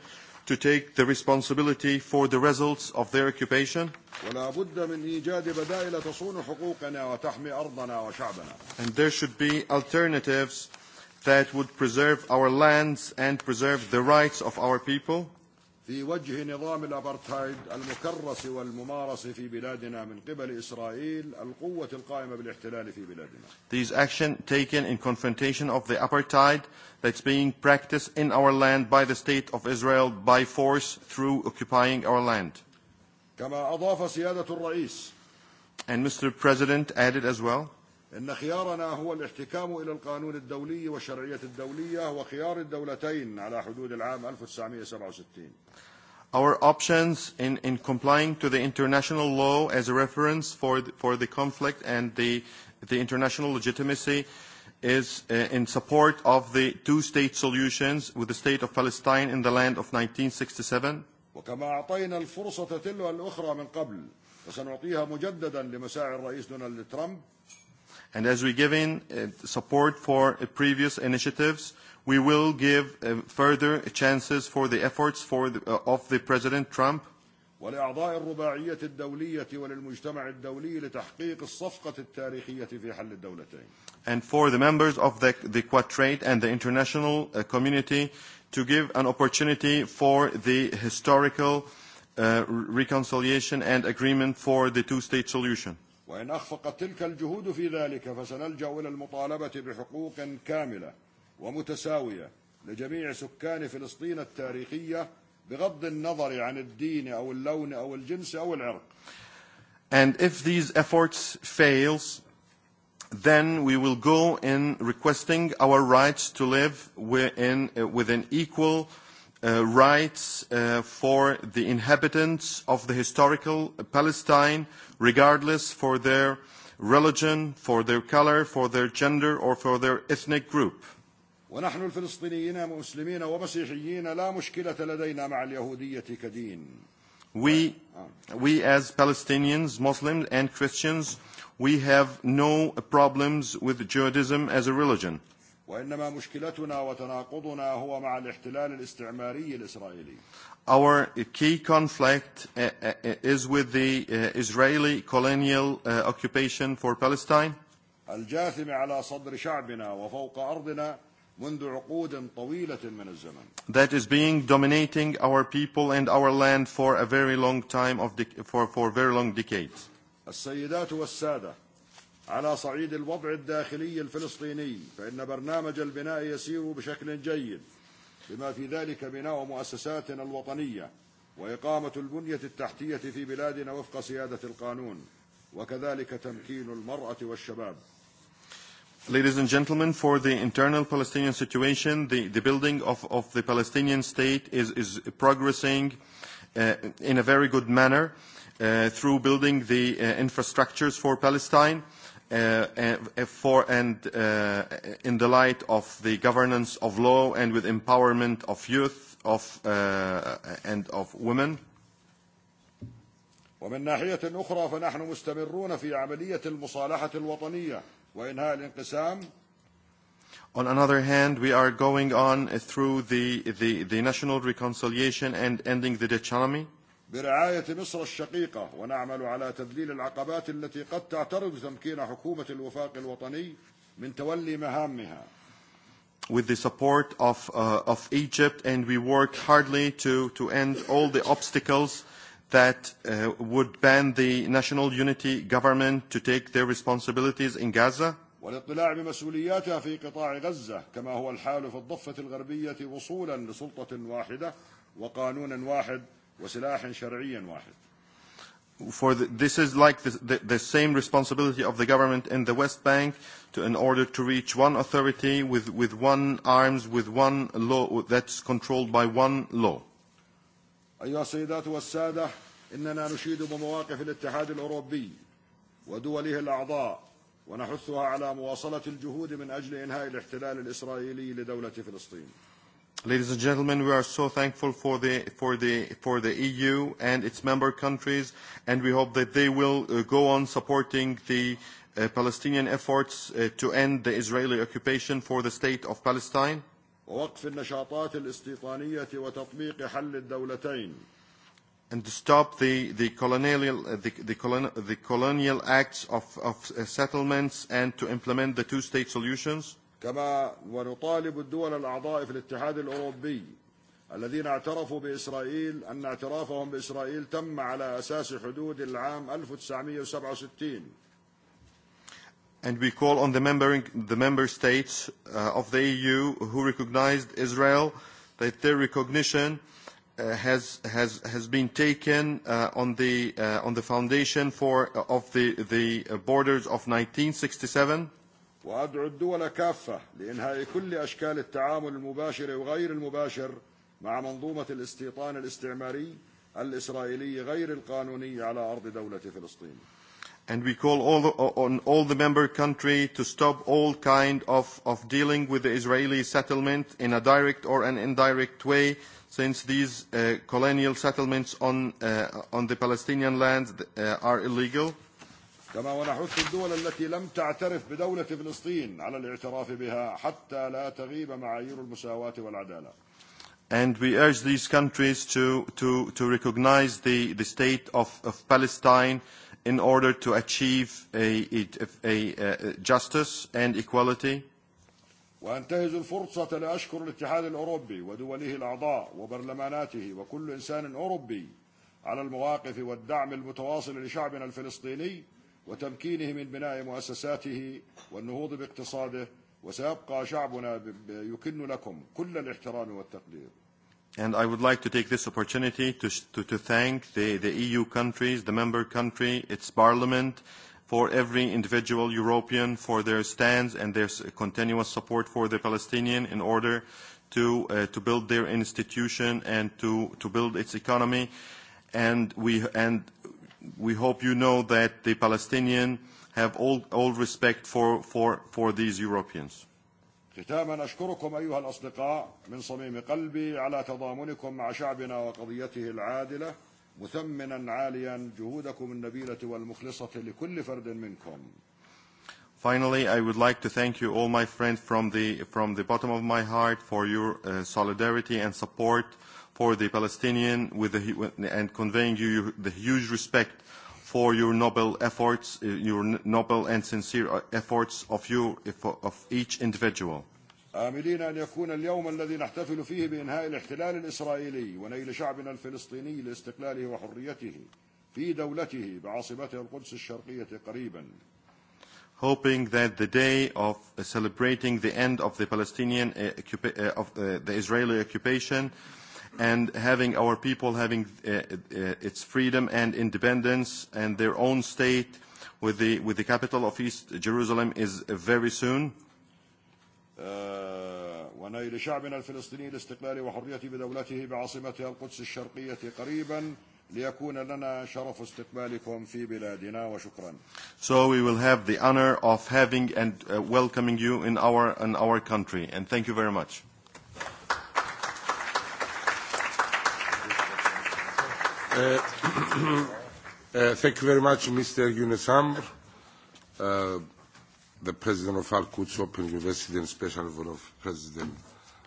to take the responsibility for the results of their occupation. And there should be alternatives that would preserve our lands and preserve the rights of our people. في وجه نظام الأبرتايد المكرس والممارس في بلادنا من قبل إسرائيل القوة القائمة بالاحتلال في بلادنا. These actions taken in confrontation of the apartheid that's being practiced in our land by the state of Israel by force through occupying our land. كما أضاف سيادة الرئيس. And Mr. President added as well. إن خيارنا هو الاحتكام إلى القانون الدولي وشرعية الدولية وخيار الدولتين على حدود العام 1967. Our options in, in complying to the international law as a reference for the, for the conflict and the, the international legitimacy is uh, in support of the two-state solutions with the state of Palestine in the land of 1967. وكما أعطينا الفرصة تلو الأخرى من قبل وسنعطيها مجددا لمساعي الرئيس دونالد ترامب And as we give in uh, support for uh, previous initiatives, we will give uh, further chances for the efforts for the, uh, of the President Trump. ولأعضاء الرباعية الدولية وللمجتمع الدولي لتحقيق الصفقة التاريخية في حل الدولتين. And for the members of the, the Quatrate and the international uh, community to give an opportunity for the historical uh, reconciliation and agreement for the two-state solution. وإن أخفقت تلك الجهود في ذلك فسنلجأ إلى المطالبة بحقوق كاملة ومتساوية لجميع سكان فلسطين التاريخية بغض النظر عن الدين أو اللون أو الجنس أو العرق. And if these efforts fails, then we will go in requesting our rights to live within, within equal uh, rights uh, for the inhabitants of the historical Palestine, regardless for their religion, for their color, for their gender, or for their ethnic group. ونحن الفلسطينيين مسلمين ومسيحيين لا مشكلة لدينا مع اليهودية كدين. We, we as Palestinians, Muslims and Christians, we have no problems with Judaism as a religion. وإنما مشكلتنا وتناقضنا هو مع الاحتلال الاستعماري الإسرائيلي. Our key conflict eh, eh, eh, is with the Israeli colonial occupation for Palestine. الجاثم على صدر شعبنا وفوق أرضنا منذ عقود طويلة من الزمن. That is being dominating our people and our land for a very long time of for for very long decades. السيدات والساده على صعيد الوضع الداخلي الفلسطيني فإن برنامج البناء يسير بشكل جيد بما في ذلك بناء مؤسساتنا الوطنية وإقامة البنية التحتية في بلادنا وفق سيادة القانون وكذلك تمكين المرأة والشباب Ladies and gentlemen, for the internal Palestinian situation, the, the building of, of the Palestinian state is, is progressing uh, in a very good manner uh, through building the uh, infrastructures for Palestine. Uh, Uh, uh, for and uh, in the light of the governance of law and with empowerment of youth of uh, and of women. ومن ناحية أخرى فنحن مستمرون في عملية المصالحة الوطنية وإنهاء الانقسام. On another hand, we are going on through the the the national reconciliation and ending the dichotomy. برعاية مصر الشقيقة ونعمل على تذليل العقبات التي قد تعترض تمكين حكومة الوفاق الوطني من تولي مهامها. With the support of uh, of Egypt, and we work hardly to to end all the obstacles that uh, would ban the National Unity Government to take their responsibilities in Gaza. والاطلاع بمسؤولياتها في قطاع غزة كما هو الحال في الضفة الغربية وصولا لسلطة واحدة وقانون واحد. وسلاح شرعي واحد. For the, this is like the, the, the same responsibility of the government in the West Bank to, in order to reach one authority with, with one arms, with one law that's controlled by one law. أيها السيدات والسادة إننا نشيد بمواقف الاتحاد الأوروبي ودوله الأعضاء ونحثها على مواصلة الجهود من أجل إنهاء الاحتلال الإسرائيلي لدولة فلسطين. Ladies and gentlemen, we are so thankful for the, for, the, for the EU and its member countries, and we hope that they will uh, go on supporting the uh, Palestinian efforts uh, to end the Israeli occupation for the state of Palestine. And to stop the, the, colonial, uh, the, the, the colonial acts of, of uh, settlements and to implement the two-state solutions. كما ونطالب الدول الأعضاء في الاتحاد الأوروبي الذين اعترفوا بإسرائيل أن اعترافهم بإسرائيل تم على أساس حدود العام 1967 And we call on the, membering, the member states uh, of the EU who recognized Israel that their recognition uh, has, has, has been taken uh, on, the, uh, on the foundation for, uh, of the, the uh, borders of 1967. وأدعو الدول كافة لإنهاء كل أشكال التعامل المباشر وغير المباشر مع منظومة الاستيطان الاستعماري الإسرائيلي غير القانوني على أرض دولة فلسطين. And we call all the, on all the member country to stop all kind of, of dealing with the Israeli settlement in a direct or an indirect way since these uh, colonial settlements on, uh, on the Palestinian land uh, are illegal. كما ونحث الدول التي لم تعترف بدولة فلسطين على الاعتراف بها حتى لا تغيب معايير المساواة والعدالة. And we urge these countries to to to recognize the the state of of Palestine in order to achieve a a, a, a justice and equality. وانتهز الفرصة لأشكر الاتحاد الأوروبي ودوله الأعضاء وبرلماناته وكل إنسان أوروبي على المواقف والدعم المتواصل لشعبنا الفلسطيني وتمكينه من بناء مؤسساته والنهوض باقتصاده وسيبقى شعبنا يكن لكم كل الاحترام والتقدير And I would like to take this opportunity to, to, to thank the, the EU countries, the member country, its parliament, for every individual European for their stance and their continuous support for the Palestinian in order to, uh, to build their institution and to, to build its economy. And, we, and we hope you know that the Palestinians have all, all respect for, for, for these Europeans. ختاما اشكركم ايها الاصدقاء من صميم قلبي على تضامنكم مع شعبنا وقضيته العادله مثمنا عاليا جهودكم النبيله والمخلصه لكل فرد منكم. Finally, I would like to thank you all my friends from the, from the bottom of my heart for your uh, solidarity and support uh, support the Palestinian with the, and conveying you the huge respect for your noble efforts, uh, your noble and sincere uh, efforts of you, of each individual. آملين أن يكون اليوم الذي نحتفل فيه بإنهاء الاحتلال الإسرائيلي ونيل شعبنا الفلسطيني لاستقلاله وحريته في دولته بعاصمته القدس الشرقية قريبا. Hoping that the day of celebrating the end of the Palestinian uh, of the Israeli occupation and having our people having uh, uh, uh, its freedom and independence and their own state with the, with the capital of East Jerusalem is uh, very soon. Uh, so we will have the honor of having and uh, welcoming you in our, in our country. And thank you very much. Uh, [clears throat] uh, thank you very much, Mr. Yunus Amr, uh, the president of Al Quds Open University and special envoy of President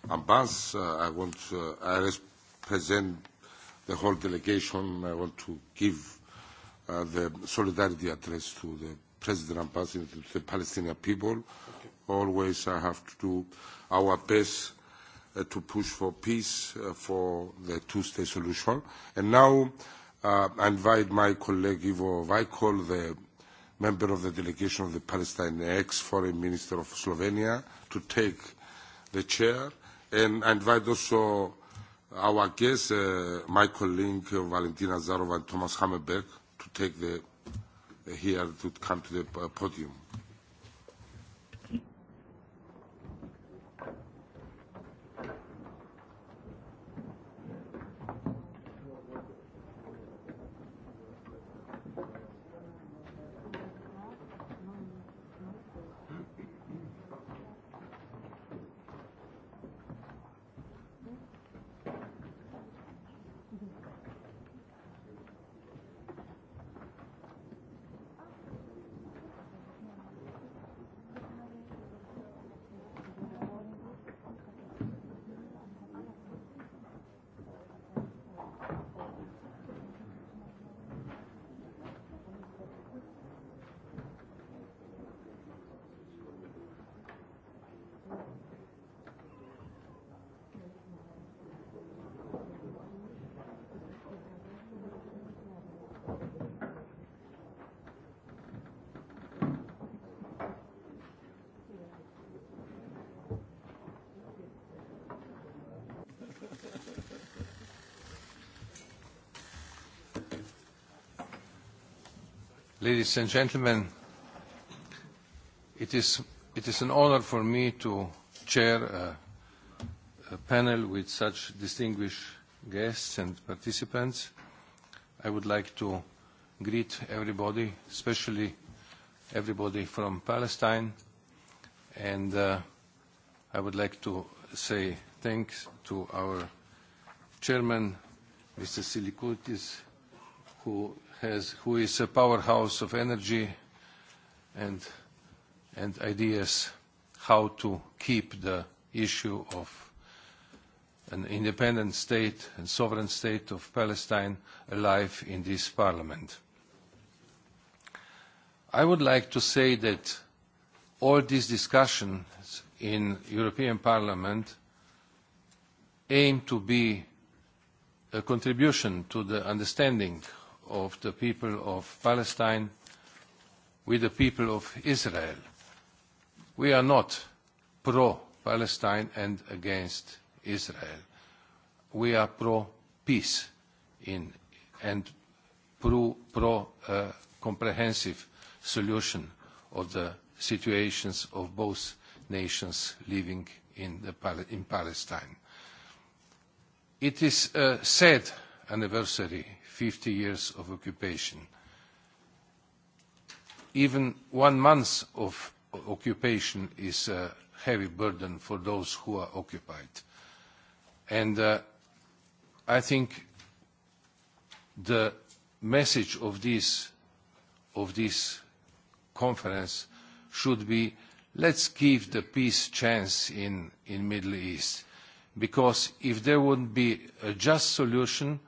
Abbas. Uh, I want to uh, I present the whole delegation. I want to give uh, the solidarity address to the President Abbas and to the Palestinian people. Okay. Always, I have to do our best. Uh, to push for peace uh, for the two-state solution. And now uh, I invite my colleague Ivo Vajkol, the member of the delegation of the Palestine ex-foreign minister of Slovenia, to take the chair. And I invite also our guests, uh, my colleague uh, Valentina Zarova and Thomas Hammerberg, to take the uh, here to come to the uh, podium. Ladies and gentlemen, it is an honor for me to chair a panel with such distinguished guests and participants. I would like to greet everybody, especially everybody from Palestine, and uh, I would like to say thanks to our chairman, Mr. Silikotis, who is a powerhouse of energy and ideas how to keep the issue of an independent state and sovereign state of Palestine alive in this parliament. I would like to say that all these discussions in European Parliament aim to be a contribution to the understanding of the people of Palestine with the people of Israel. We are not pro-Palestine and against Israel. We are pro-peace and pro-comprehensive pro, uh, solution of the situations of both nations living in, the, in Palestine. It is uh, said anniversary, 50 years of occupation. Even one month of occupation is a heavy burden for those who are occupied. And uh, I think the message of this, of this conference should be let's give the peace chance in, in Middle East. Because if there wouldn't be a just solution,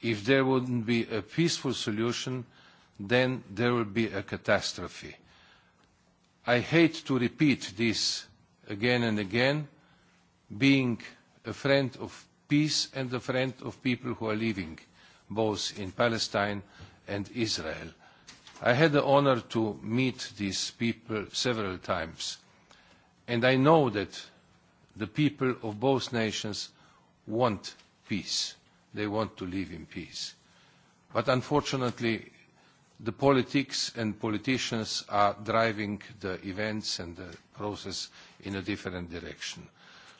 if there wouldn't be a peaceful solution, then there will be a catastrophe. I hate to repeat this again and again, being a friend of peace and a friend of people who are living both in Palestine and Israel. I had the honor to meet these people several times, and I know that the people of both nations want peace they want to live in peace. But unfortunately, the politics and politicians are driving the events and the process in a different direction.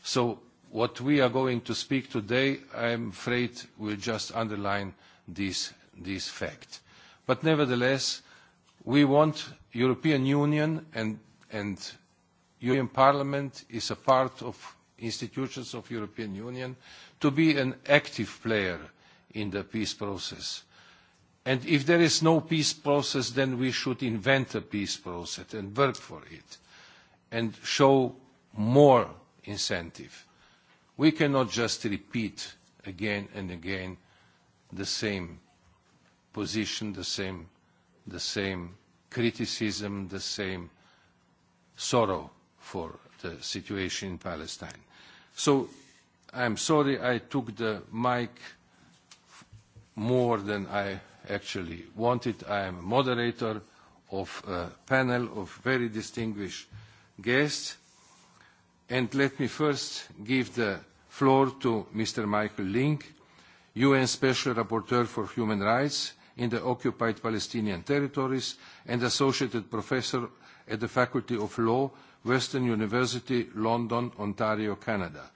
So what we are going to speak today, I'm afraid, will just underline this, this fact. But nevertheless, we want European Union and, and European Parliament is a part of institutions of European Union to be an active player in the peace process. And if there is no peace process, then we should invent a peace process and work for it and show more incentive. We cannot just repeat again and again the same position, the same, the same criticism, the same sorrow for the situation in Palestine. So I'm sorry I took the mic more than I actually wanted. I am a moderator of a panel of very distinguished guests. And let me first give the floor to Mr. Michael Link, UN Special Rapporteur for Human Rights in the Occupied Palestinian Territories and Associated Professor at the Faculty of Law, Western University, London, Ontario, Canada.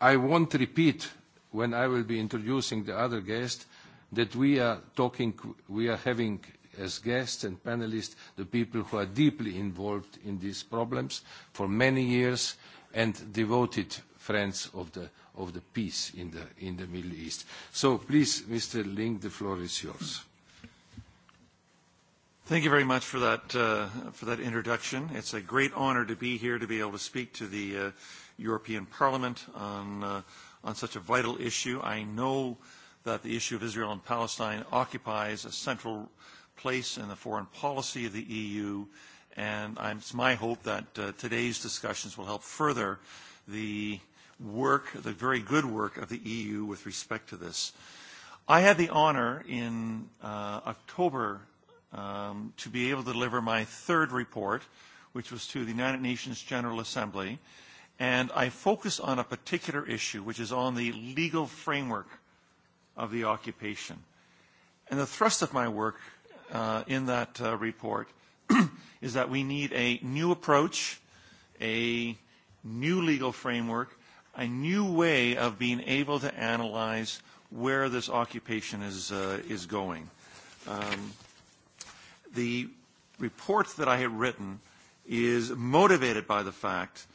I won't repeat when I will be introducing the other guest that we are talking, we are having as guests and panelists the people who are deeply involved in these problems for many years and devoted friends of the peace in the Middle East. So please, Mr. Ling, the floor is yours. Thank you very much uh, for that introduction. It's a great honor to be here to be able to speak to the uh, European Parliament on, uh, on such a vital issue. I know that the issue of Israel and Palestine occupies a central place in the foreign policy of the EU, and I'm, it's my hope that uh, today's discussions will help further the work, the very good work of the EU with respect to this. I had the honor in uh, October um, to be able to deliver my third report, which was to the United Nations General Assembly. Uh, and I focused on a particular issue, which is on the legal framework of the occupation. And the thrust of my work uh, in that uh, report [clears throat] is that we need a new approach, a new legal framework, a new way of being able to analyze where this occupation is, uh, is going. Um, the report that I had written is motivated by the fact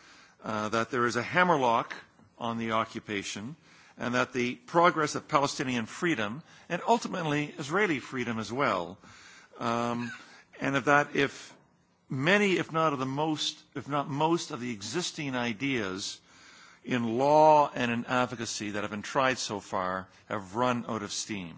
Uh, that there is a hammerlock on the occupation and that the progress of Palestinian freedom and ultimately Israeli freedom as well, um, and of that if many, if not of the most, if not most of the existing ideas in law and in advocacy that have been tried so far have run out of steam.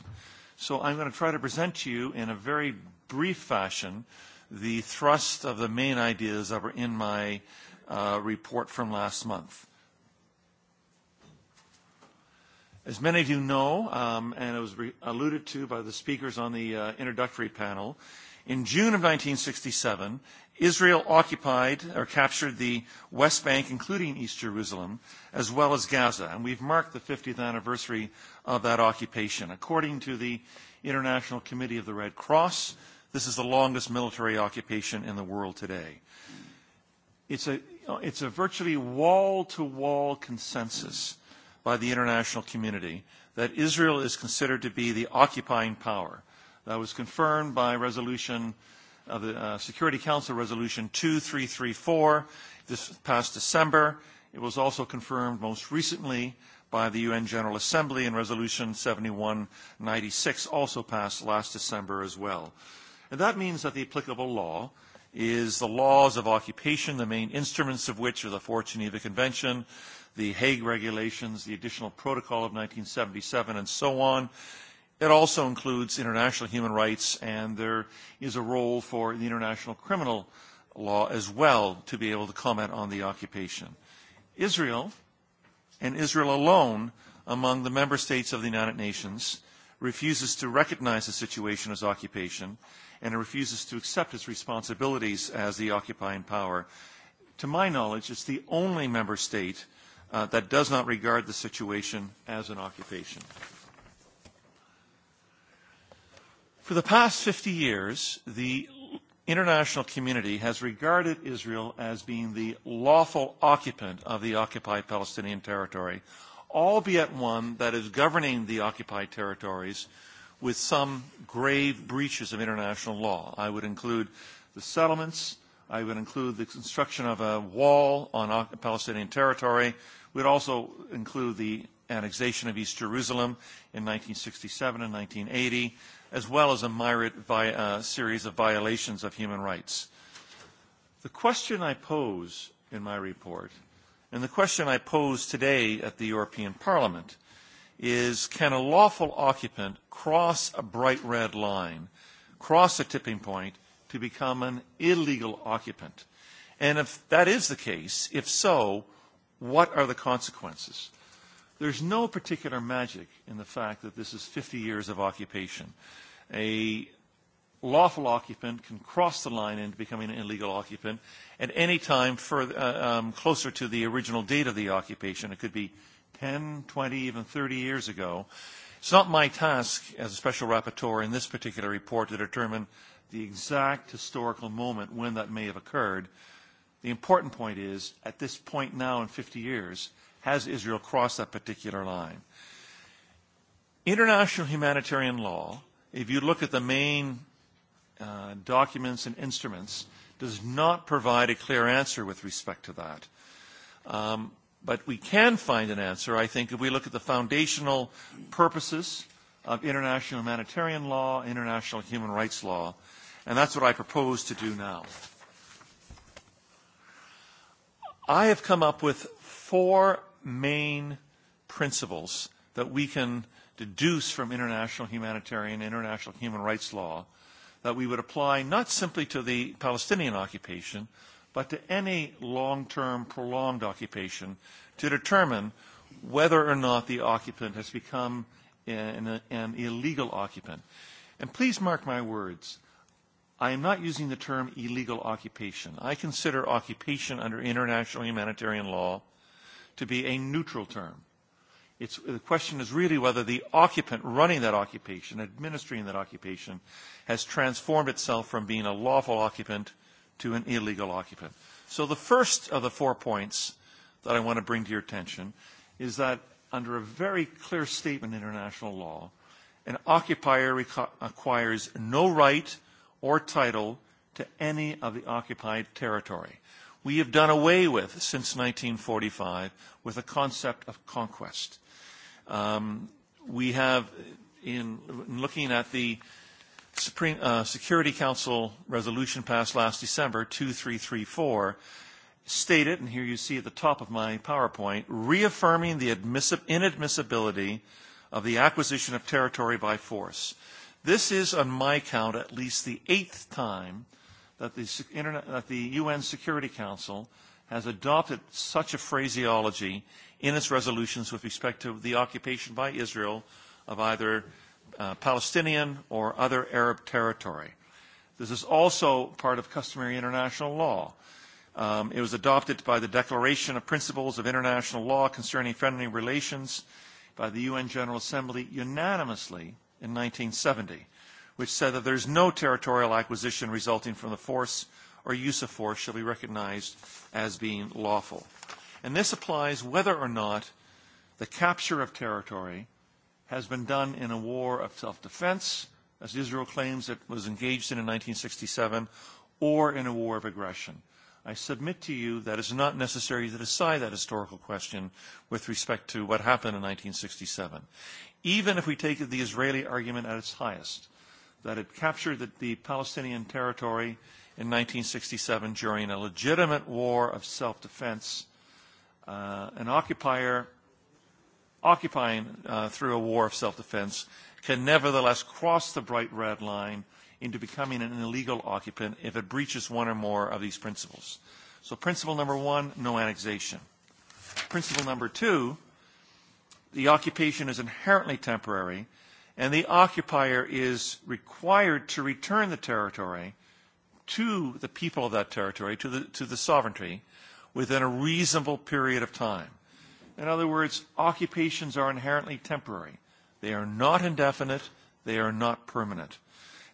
So I'm going to try to present to you in a very brief fashion the thrust of the main ideas that were in my uh, Uh, report from last month. As many of you know, um, and it was re- alluded to by the speakers on the uh, introductory panel, in June of 1967, Israel occupied or captured the West Bank, including East Jerusalem, as well as Gaza. And we've marked the 50th anniversary of that occupation. According to the International Committee of the Red Cross, this is the longest military occupation in the world today it's a it's a virtually wall-to-wall consensus by the international community that Israel is considered to be the occupying power. That was confirmed by resolution of uh, the uh, Security Council Resolution 2334 this past December. It was also confirmed most recently by the UN General Assembly in Resolution 7196, also passed last December as well. And that means that the applicable law is the laws of occupation, the main instruments of which are the Fourth Geneva Convention, the Hague Regulations, the Additional Protocol of 1977, and so on. It also includes international human rights, and there is a role for the international criminal law as well to be able to comment on the occupation. Israel, and Israel alone among the member states of the United Nations, refuses to recognize the situation as occupation and it refuses to accept its responsibilities as the occupying power. To my knowledge, it's the only member state uh, that does not regard the situation as an occupation. For the past 50 years, the international community has regarded Israel as being the lawful occupant of the occupied Palestinian territory, albeit one that is governing the occupied territories with some grave breaches of international law. I would include the settlements. I would include the construction of a wall on Palestinian territory. We'd also include the annexation of East Jerusalem in 1967 and 1980, as well as a myriad vi- uh, series of violations of human rights. The question I pose in my report, and the question I pose today at the European Parliament, is can a lawful occupant cross a bright red line, cross a tipping point to become an illegal occupant? And if that is the case, if so, what are the consequences? There's no particular magic in the fact that this is 50 years of occupation. A lawful occupant can cross the line into becoming an illegal occupant at any time further, uh, um, closer to the original date of the occupation. It could be 10, 20, even 30 years ago. It's not my task as a special rapporteur in this particular report to determine the exact historical moment when that may have occurred. The important point is, at this point now in 50 years, has Israel crossed that particular line? International humanitarian law, if you look at the main uh, documents and instruments, does not provide a clear answer with respect to that. Um, But we can find an answer, I think, if we look at the foundational purposes of international humanitarian law, international human rights law, and that's what I propose to do now. I have come up with four main principles that we can deduce from international humanitarian, international human rights law that we would apply not simply to the Palestinian occupation, but to any long-term prolonged occupation to determine whether or not the occupant has become an, an illegal occupant. And please mark my words. I am not using the term illegal occupation. I consider occupation under international humanitarian law to be a neutral term. It's, the question is really whether the occupant running that occupation, administering that occupation, has transformed itself from being a lawful occupant uh, to an illegal occupant. So the first of the four points that I want to bring to your attention is that under a very clear statement in international law, an occupier acquires no right or title to any of the occupied territory. We have done away with, since 1945, with a concept of conquest. Um, we have, in, in looking at the uh, Supreme uh, Security Council resolution passed last December, 2334, stated, and here you see at the top of my PowerPoint, reaffirming the admissib- inadmissibility of the acquisition of territory by force. This is, on my count, at least the eighth time that the, Internet, that the UN Security Council has adopted such a phraseology in its resolutions with respect to the occupation by Israel of either. Mm-hmm. Uh, Palestinian or other Arab territory. This is also part of customary international law. Um, it was adopted by the Declaration of Principles of International Law Concerning Friendly Relations by the UN General Assembly unanimously in 1970, which said that there is no territorial acquisition resulting from the force or use of force shall be recognized as being lawful. And this applies whether or not the capture of territory has been done in a war of self-defense, as Israel claims it was engaged in in 1967, or in a war of aggression. I submit to you that it's not necessary to decide that historical question with respect to what happened in 1967. Even if we take the Israeli argument at its highest, that it captured the, the Palestinian territory in 1967 during a legitimate war of self-defense, uh, an occupier occupying uh, through a war of self-defense can nevertheless cross the bright red line into becoming an illegal occupant if it breaches one or more of these principles. So principle number one, no annexation. Principle number two, the occupation is inherently temporary and the occupier is required to return the territory to the people of that territory, to the, to the sovereignty, within a reasonable period of time. In other words, occupations are inherently temporary. They are not indefinite. They are not permanent.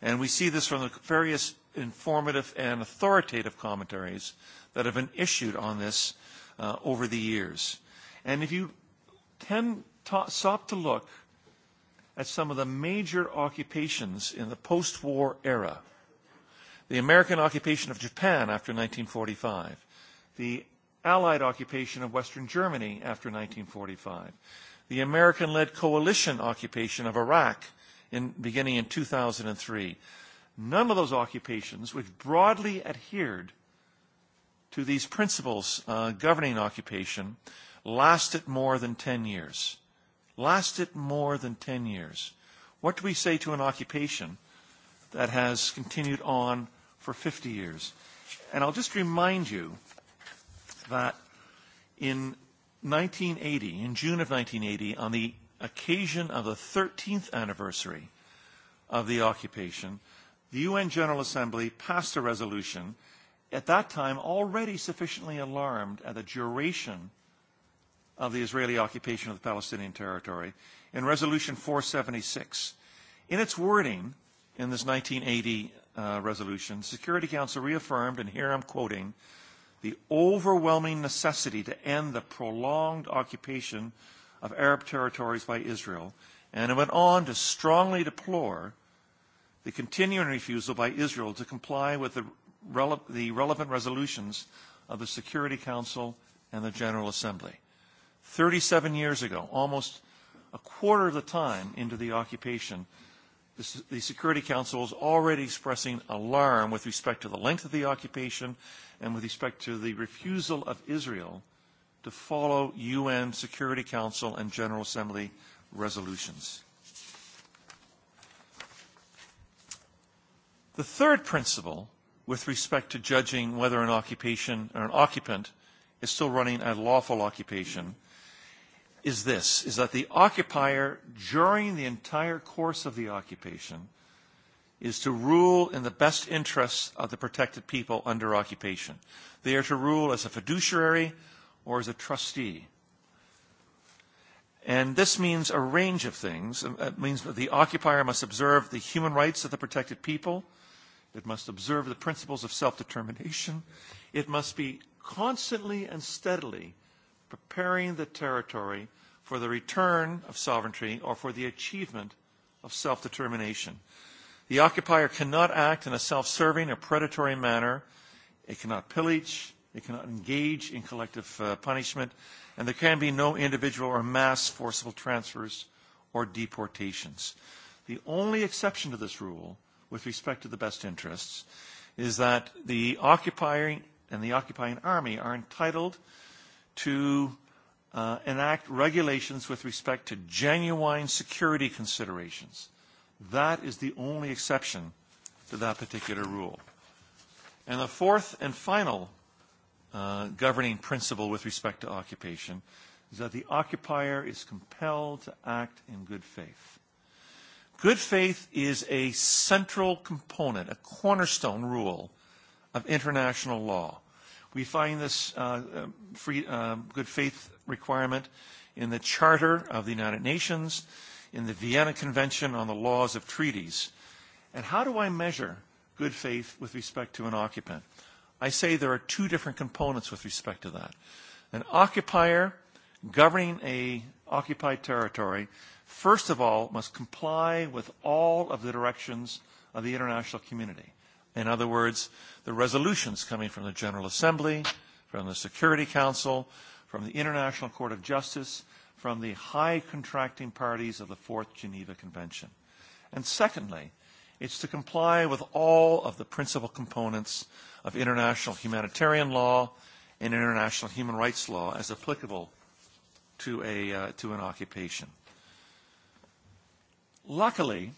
And we see this from the various informative and authoritative commentaries that have been issued on this uh, over the years. And if you tend to stop to look at some of the major occupations in the post war era, the American occupation of Japan after 1945, the Allied occupation of Western Germany after 1945, the American led coalition occupation of Iraq in, beginning in 2003. None of those occupations, which broadly adhered to these principles uh, governing occupation, lasted more than 10 years. Lasted more than 10 years. What do we say to an occupation that has continued on for 50 years? And I'll just remind you that in 1980, in June of 1980, on the occasion of the 13th anniversary of the occupation, the UN General Assembly passed a resolution, at that time already sufficiently alarmed at the duration of the Israeli occupation of the Palestinian territory, in Resolution 476. In its wording, in this 1980 uh, resolution, Security Council reaffirmed, and here I'm quoting, the overwhelming necessity to end the prolonged occupation of Arab territories by Israel, and it went on to strongly deplore the continuing refusal by Israel to comply with the, rele- the relevant resolutions of the Security Council and the General Assembly. 37 years ago, almost a quarter of the time into the occupation, the Security Council is already expressing alarm with respect to the length of the occupation and with respect to the refusal of Israel to follow UN Security Council and General Assembly resolutions. The third principle with respect to judging whether an occupation or an occupant is still running a lawful occupation is this is that the occupier during the entire course of the occupation is to rule in the best interests of the protected people under occupation they are to rule as a fiduciary or as a trustee and this means a range of things it um, means that the occupier must observe the human rights of the protected people it must observe the principles of self-determination it must be constantly and steadily preparing the territory for the return of sovereignty or for the achievement of self determination. The occupier cannot act in a self serving or predatory manner. It cannot pillage. It cannot engage in collective uh, punishment. And there can be no individual or mass forcible transfers or deportations. The only exception to this rule, with respect to the best interests, is that the occupying and the occupying army are entitled to uh, enact regulations with respect to genuine security considerations. That is the only exception to that particular rule. And the fourth and final uh, governing principle with respect to occupation is that the occupier is compelled to act in good faith. Good faith is a central component, a cornerstone rule of international law. We find this uh, uh, free, uh, good faith requirement in the Charter of the United Nations, in the Vienna Convention on the Laws of Treaties. And how do I measure good faith with respect to an occupant? I say there are two different components with respect to that. An occupier governing a occupied territory, first of all, must comply with all of the directions of the international community. In other words, the resolutions coming from the General Assembly, from the Security Council, from the International Court of Justice, from the high contracting parties of the Fourth Geneva Convention. And secondly, it's to comply with all of the principal components of international humanitarian law and international human rights law as applicable to, a, uh, to an occupation. Luckily,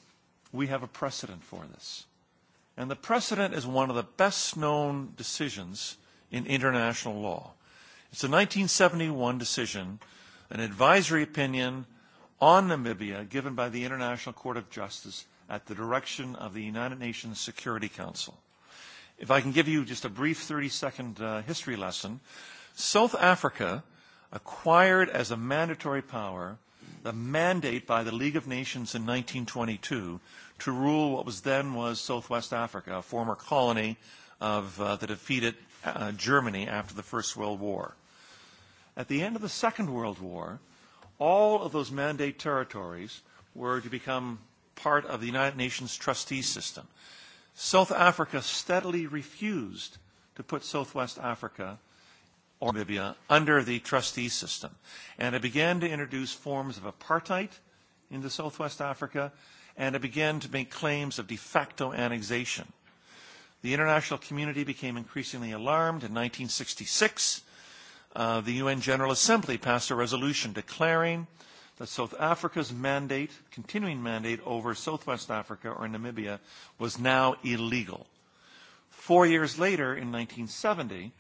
we have a precedent for this. And the precedent is one of the best known decisions in international law. It's a 1971 decision, an advisory opinion on Namibia given by the International Court of Justice at the direction of the United Nations Security Council. If I can give you just a brief 30 second uh, history lesson, South Africa acquired as a mandatory power a mandate by the League of Nations in 1922 to rule what was then was Southwest Africa, a former colony of uh, the defeated uh, Germany after the First World War. At the end of the Second World War, all of those mandate territories were to become part of the United Nations trustee system. South Africa steadily refused to put Southwest Africa or Namibia uh, under the trustee system. And it began to introduce forms of apartheid into Southwest Africa, and it began to make claims of de facto annexation. The international community became increasingly alarmed in 1966. Uh, the UN General Assembly passed a resolution declaring that South Africa's mandate, continuing mandate over Southwest Africa or Namibia, was now illegal. Four years later, in 1970,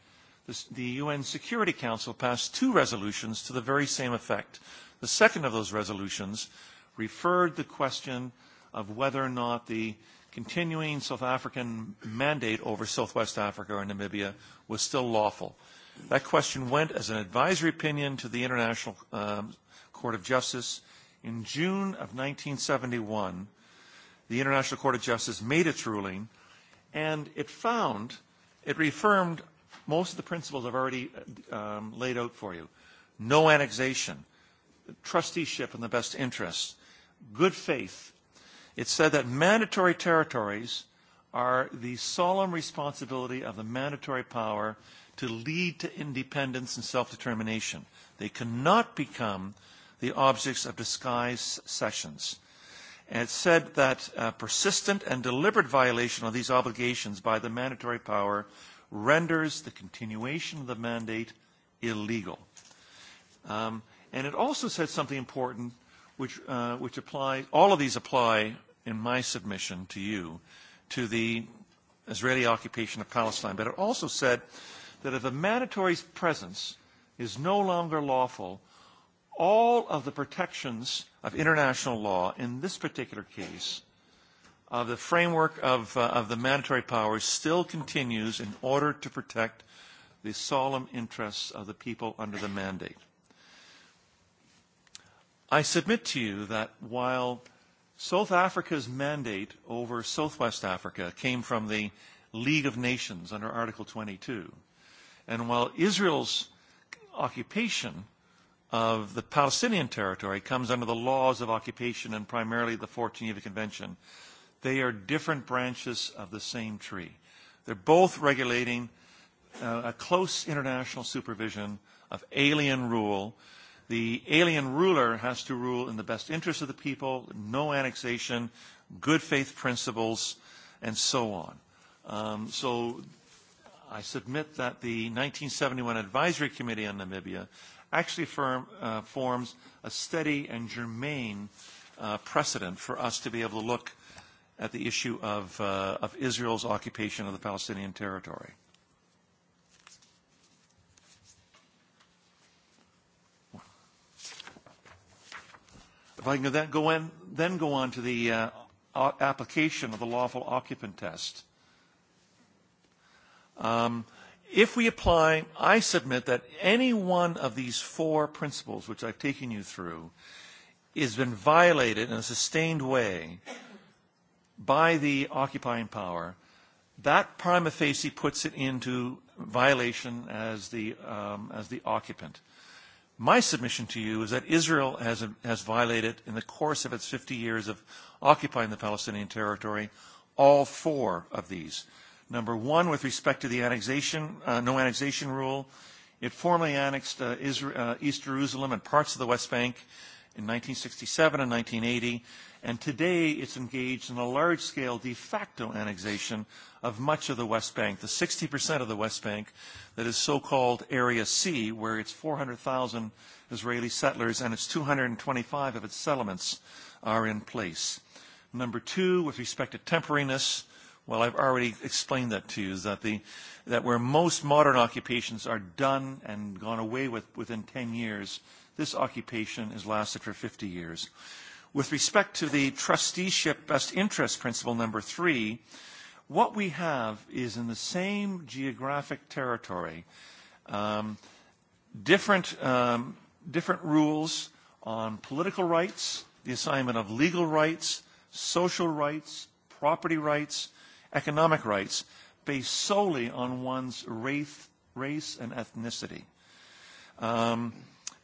the UN Security Council passed two resolutions to the very same effect. The second of those resolutions referred the question of whether or not the continuing South African mandate over Southwest Africa or Namibia was still lawful. That question went as an advisory opinion to the International um, Court of Justice. In June of 1971, the International Court of Justice made its ruling and it found, it reaffirmed most of the principles I've already um, laid out for you. No annexation, trusteeship in the best interests, good faith. It said that mandatory territories are the solemn responsibility of the mandatory power to lead to independence and self-determination. They cannot become the objects of disguised sessions. And it said that uh, persistent and deliberate violation of these obligations by the mandatory power renders the continuation of the mandate illegal. Um, and it also says something important, which, uh, which apply, all of these apply in my submission to you, to the Israeli occupation of Palestine. But it also said that if a mandatory presence is no longer lawful, all of the protections of international law in this particular case of uh, the framework of, uh, of the mandatory powers still continues in order to protect the solemn interests of the people under the mandate. I submit to you that while South Africa's mandate over Southwest Africa came from the League of Nations under Article 22, and while Israel's occupation of the Palestinian territory comes under the laws of occupation and primarily the 14 Geneva Convention, they are different branches of the same tree. They're both regulating uh, a close international supervision of alien rule. The alien ruler has to rule in the best interest of the people, no annexation, good faith principles, and so on. Um, so I submit that the 1971 Advisory Committee on Namibia actually firm, uh, forms a steady and germane uh, precedent for us to be able to look at the issue of, uh, of Israel's occupation of the Palestinian territory. If I can then go, in, then go on to the uh, application of the lawful occupant test. Um, if we apply, I submit that any one of these four principles which I've taken you through has been violated in a sustained way by the occupying power, that prima facie puts it into violation as the, um, as the occupant. My submission to you is that Israel has, has violated, in the course of its 50 years of occupying the Palestinian territory, all four of these. Number one, with respect to the annexation, uh, no annexation rule, it formally annexed uh, Israel, uh, East Jerusalem and parts of the West Bank in 1967 and 1980 and today it's engaged in a large-scale de facto annexation of much of the West Bank, the 60% of the West Bank that is so-called Area C, where it's 400,000 Israeli settlers and it's 225 of its settlements are in place. Number two, with respect to temporariness, well, I've already explained that to you, is that, the, that where most modern occupations are done and gone away with within 10 years, this occupation has lasted for 50 years. With respect to the trusteeship best interest principle number three, what we have is in the same geographic territory, um, different, um, different rules on political rights, the assignment of legal rights, social rights, property rights, economic rights, based solely on one's race, race and ethnicity. Um,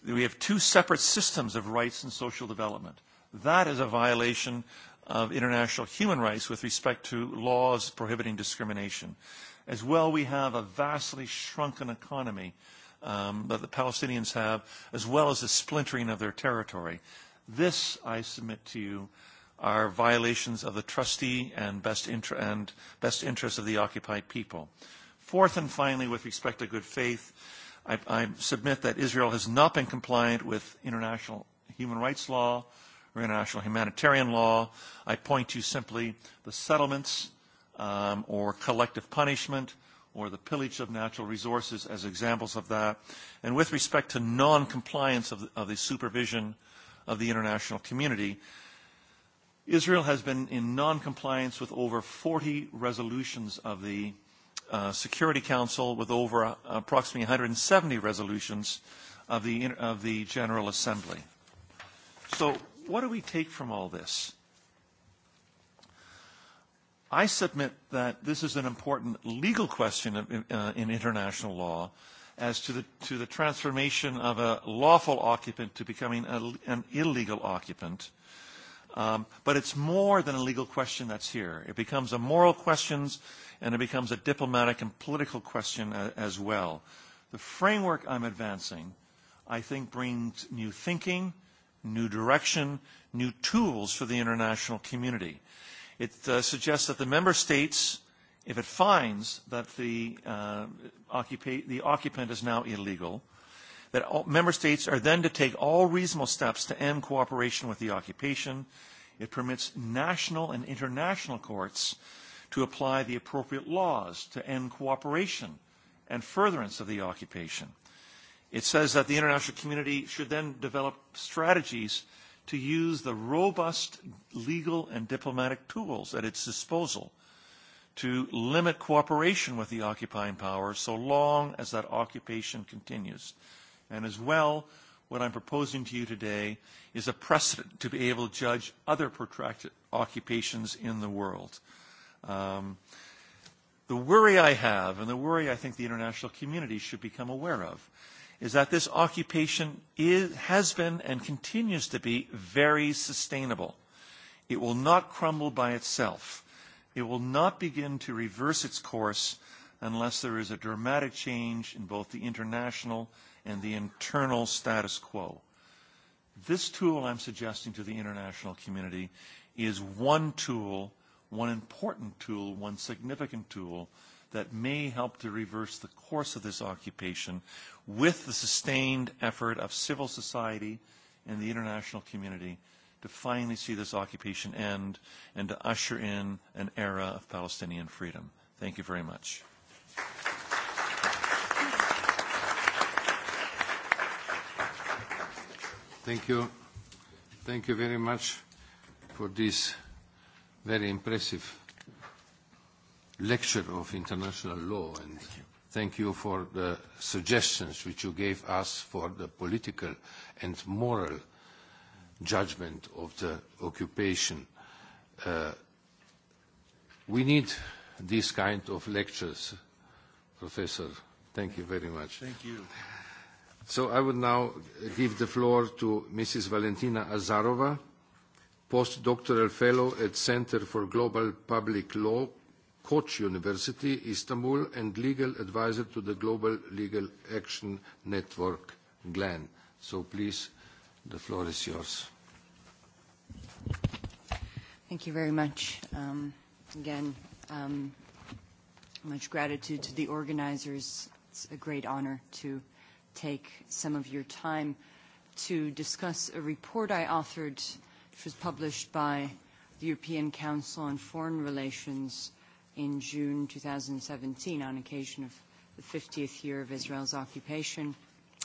we have two separate systems of rights and social development that is a violation of international human rights with respect to laws prohibiting discrimination. As well, we have a vastly shrunken economy um, that the Palestinians have, as well as the splintering of their territory. This, I submit to you, are violations of the trustee and best, inter- and best interest of the occupied people. Fourth and finally, with respect to good faith, I, I submit that Israel has not been compliant with international human rights law or international humanitarian law. I point to simply the settlements um, or collective punishment or the pillage of natural resources as examples of that. And with respect to non-compliance of, of the supervision of the international community, Israel has been in non-compliance with over 40 resolutions of the uh, Security Council with over uh, approximately 170 resolutions of the, of the General Assembly. So what do we take from all this? I submit that this is an important legal question in, uh, in international law as to the, to the transformation of a lawful occupant to becoming a, an illegal occupant. Um, but it's more than a legal question that's here. It becomes a moral question and it becomes a diplomatic and political question a, uh, as well. The framework I'm advancing, I think, brings new thinking new direction, new tools for the international community. It uh, suggests that the member states, if it finds that the, uh, occupa- the occupant is now illegal, that all member states are then to take all reasonable steps to end cooperation with the occupation. It permits national and international courts to apply the appropriate laws to end cooperation and furtherance of the occupation. It says that the international community should then develop strategies to use the robust legal and diplomatic tools at its disposal to limit cooperation with the occupying power so long as that occupation continues. And as well, what I'm proposing to you today is a precedent to be able to judge other protracted occupations in the world. Um, the worry I have, and the worry I think the international community should become aware of, is that this occupation is, has been and continues to be very sustainable. It will not crumble by itself. It will not begin to reverse its course unless there is a dramatic change in both the international and the internal status quo. This tool I'm suggesting to the international community is one tool, one important tool, one significant tool that may help to reverse the course of this occupation with the sustained effort of civil society and the international community to finally see this occupation end and to usher in an era of Palestinian freedom. Thank you very much. Thank you. Thank you very much for this very impressive lecture of international law and thank you. thank you for the suggestions which you gave us for the political and moral judgment of the occupation. Uh, we need these kind of lectures, Professor. Thank you very much. Thank you. So I would now give the floor to Mrs. Valentina Azarova, postdoctoral fellow at Center for Global Public Law, Koch University, Istanbul, and legal advisor to the Global Legal Action Network, GLAN. So please, the floor is yours. Thank you very much. Um, again, um, much gratitude to the organizers. It's a great honor to take some of your time to discuss a report I authored, which was published by the European Council on Foreign Relations in June 2017 on occasion of the 50th year of Israel's occupation,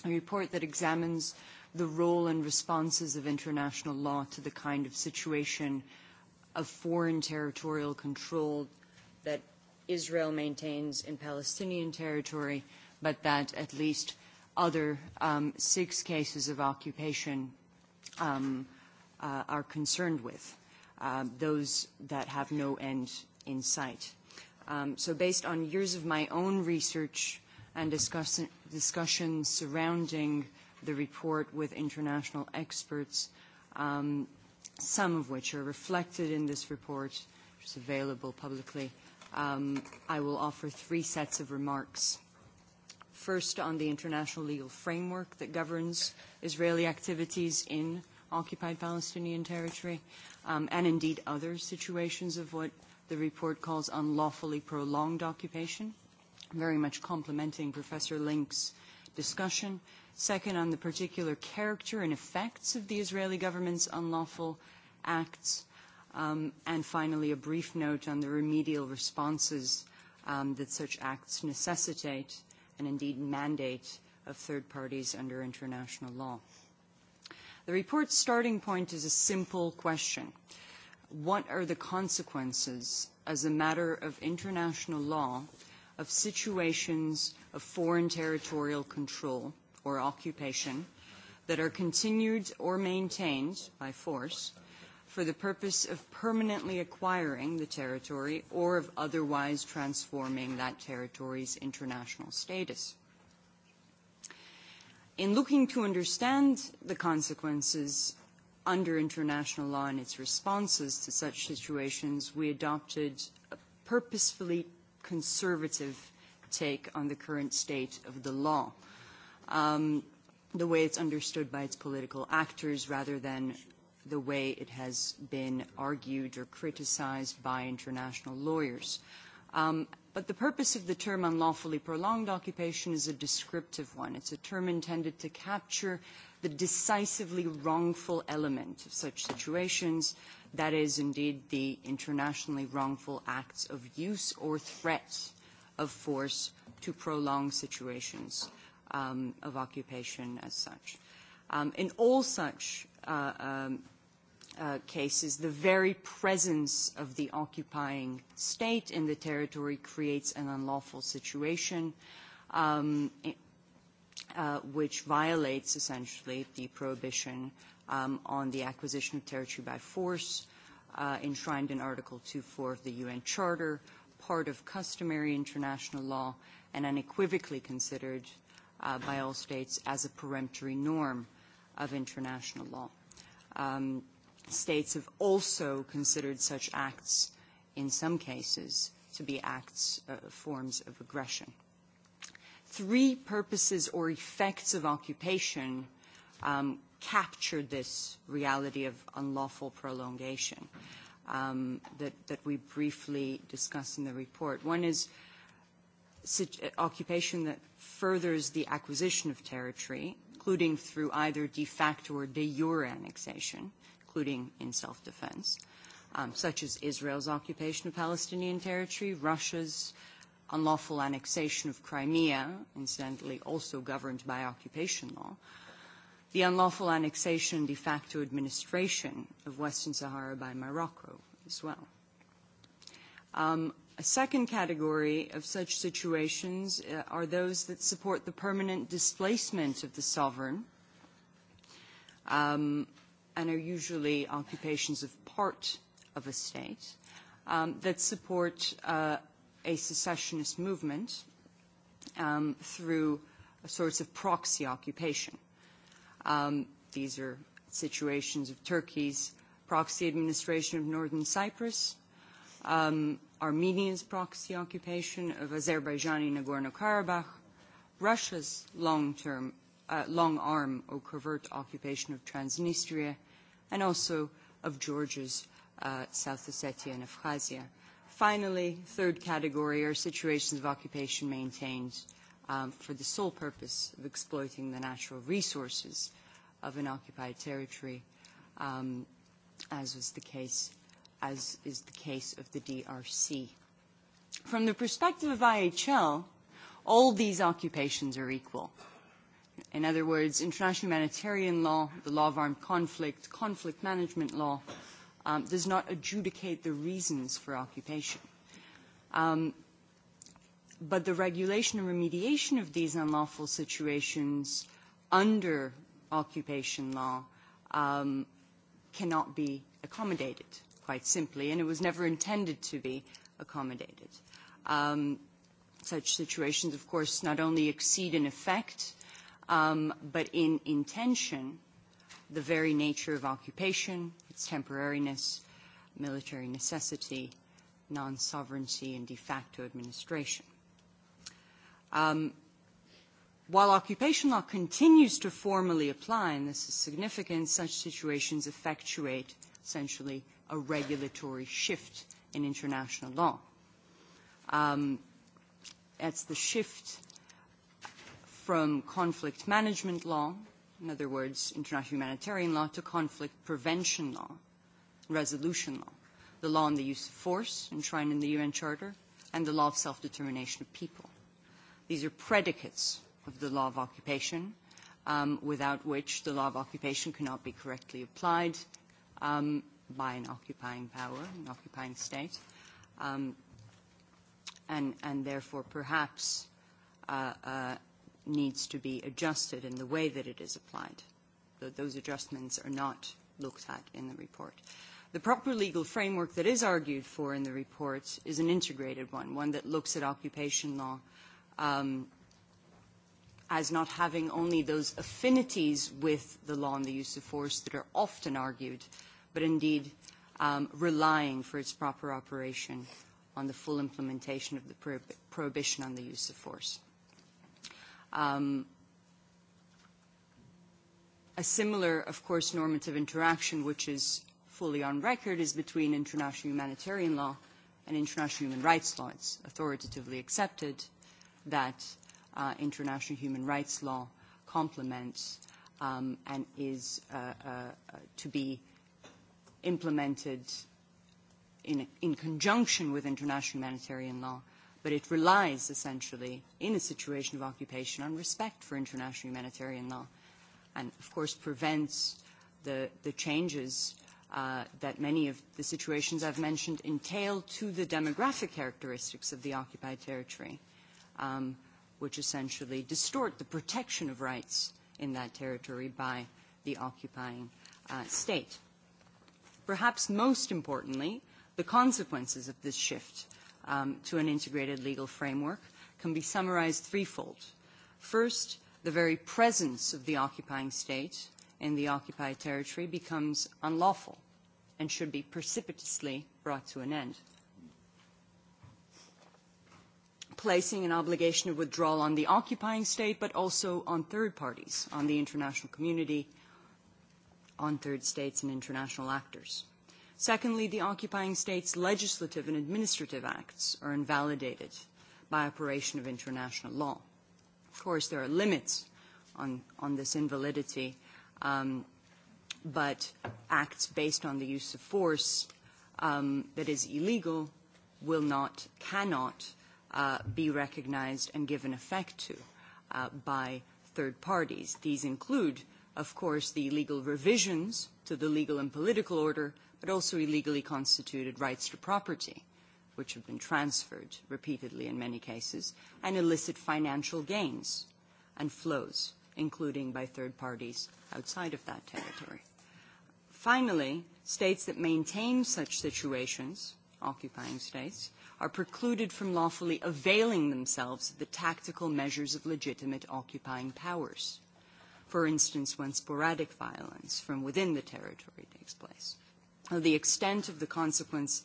a report that examines the role and responses of international law to the kind of situation of foreign territorial control that Israel maintains in Palestinian territory, but that at least other um, six cases of occupation um, uh, are concerned with, uh, those that have no end in sight. Um, so based on years of my own research and discuss- discussions surrounding the report with international experts, um, some of which are reflected in this report, which is available publicly, um, I will offer three sets of remarks. First, on the international legal framework that governs Israeli activities in occupied Palestinian territory, um, and indeed other situations of what the report calls unlawfully prolonged occupation, very much complementing Professor Link's discussion. Second, on the particular character and effects of the Israeli government's unlawful acts. Um, and finally, a brief note on the remedial responses um, that such acts necessitate and indeed mandate of third parties under international law. The report's starting point is a simple question what are the consequences as a matter of international law of situations of foreign territorial control or occupation that are continued or maintained by force for the purpose of permanently acquiring the territory or of otherwise transforming that territory's international status. In looking to understand the consequences under international law and its responses to such situations, we adopted a purposefully conservative take on the current state of the law, um, the way it's understood by its political actors rather than the way it has been argued or criticized by international lawyers. Um, but the purpose of the term unlawfully prolonged occupation is a descriptive one. It's a term intended to capture the decisively wrongful element of such situations, that is indeed the internationally wrongful acts of use or threat of force to prolong situations um, of occupation as such. Um, in all such uh, um, uh, cases, the very presence of the occupying state in the territory creates an unlawful situation. Um, it, Uh, which violates essentially the prohibition um, on the acquisition of territory by force uh, enshrined in Article 2.4 of the UN Charter, part of customary international law, and unequivocally considered uh, by all states as a peremptory norm of international law. Um, states have also considered such acts, in some cases, to be acts, uh, forms of aggression three purposes or effects of occupation um, capture this reality of unlawful prolongation um, that, that we briefly discuss in the report. One is uh, occupation that furthers the acquisition of territory, including through either de facto or de jure annexation, including in self-defense, um, such as Israel's occupation of Palestinian territory, Russia's uh, unlawful annexation of Crimea, incidentally also governed by occupation law, the unlawful annexation and de facto administration of Western Sahara by Morocco as well. Um, a second category of such situations uh, are those that support the permanent displacement of the sovereign um, and are usually occupations of part of a state um, that support uh, a secessionist movement um, through a sorts of proxy occupation. Um, these are situations of Turkey's proxy administration of northern Cyprus, um, Armenia's proxy occupation of Azerbaijani Nagorno-Karabakh, Russia's long-term, uh, long-arm or covert occupation of Transnistria, and also of Georgia's uh, South Ossetia and Abkhazia finally, third category are situations of occupation maintained um, for the sole purpose of exploiting the natural resources of an occupied territory, um, as was the case, as is the case of the DRC. From the perspective of IHL, all these occupations are equal. In other words, international humanitarian law, the law of armed conflict, conflict management law, um, does not adjudicate the reasons for occupation. Um, but the regulation and remediation of these unlawful situations under occupation law um, cannot be accommodated, quite simply, and it was never intended to be accommodated. Um, such situations, of course, not only exceed in effect, um, but in intention, the very nature of occupation, its temporariness, military necessity, non sovereignty, and de facto administration. Um, while occupation law continues to formally apply, and this is significant, such situations effectuate essentially a regulatory shift in international law. Um, that's the shift from conflict management law, in other words, international humanitarian law, to conflict prevention law, resolution law, the law on the use of force enshrined in the UN Charter, and the law of self determination of people. These are predicates of the law of occupation. Um, without which the law of occupation cannot be correctly applied um, by an occupying power, an occupying state. Um, and, and therefore, perhaps uh, uh needs to be adjusted in the way that it is applied. Those adjustments are not looked at in the report. The proper legal framework that is argued for in the report is an integrated one, one that looks at occupation law um, as not having only those affinities with the law and the use of force that are often argued, but indeed um, relying for its proper operation on the full implementation of the prohib prohibition on the use of force um, a similar, of course, normative interaction, which is fully on record, is between international humanitarian law and international human rights law. It's authoritatively accepted that uh, international human rights law complements um, and is uh, uh, uh, to be implemented in, in conjunction with international humanitarian law but it relies essentially in a situation of occupation on respect for international humanitarian law and of course prevents the, the changes uh, that many of the situations I've mentioned entail to the demographic characteristics of the occupied territory, um, which essentially distort the protection of rights in that territory by the occupying uh, state. Perhaps most importantly, the consequences of this shift um, to an integrated legal framework can be summarized threefold. First, the very presence of the occupying state in the occupied territory becomes unlawful and should be precipitously brought to an end. Placing an obligation of withdrawal on the occupying state, but also on third parties, on the international community, on third states and international actors. Secondly, the occupying state's legislative and administrative acts are invalidated by operation of international law. Of course, there are limits on, on this invalidity, um, but acts based on the use of force um, that is illegal will not, cannot uh, be recognized and given effect to uh, by third parties. These include, of course, the illegal revisions to the legal and political order – but also illegally constituted rights to property, which have been transferred repeatedly in many cases, and illicit financial gains and flows, including by third parties outside of that territory. Finally, states that maintain such situations, occupying states, are precluded from lawfully availing themselves of the tactical measures of legitimate occupying powers. For instance, when sporadic violence from within the territory takes place the extent of the consequence,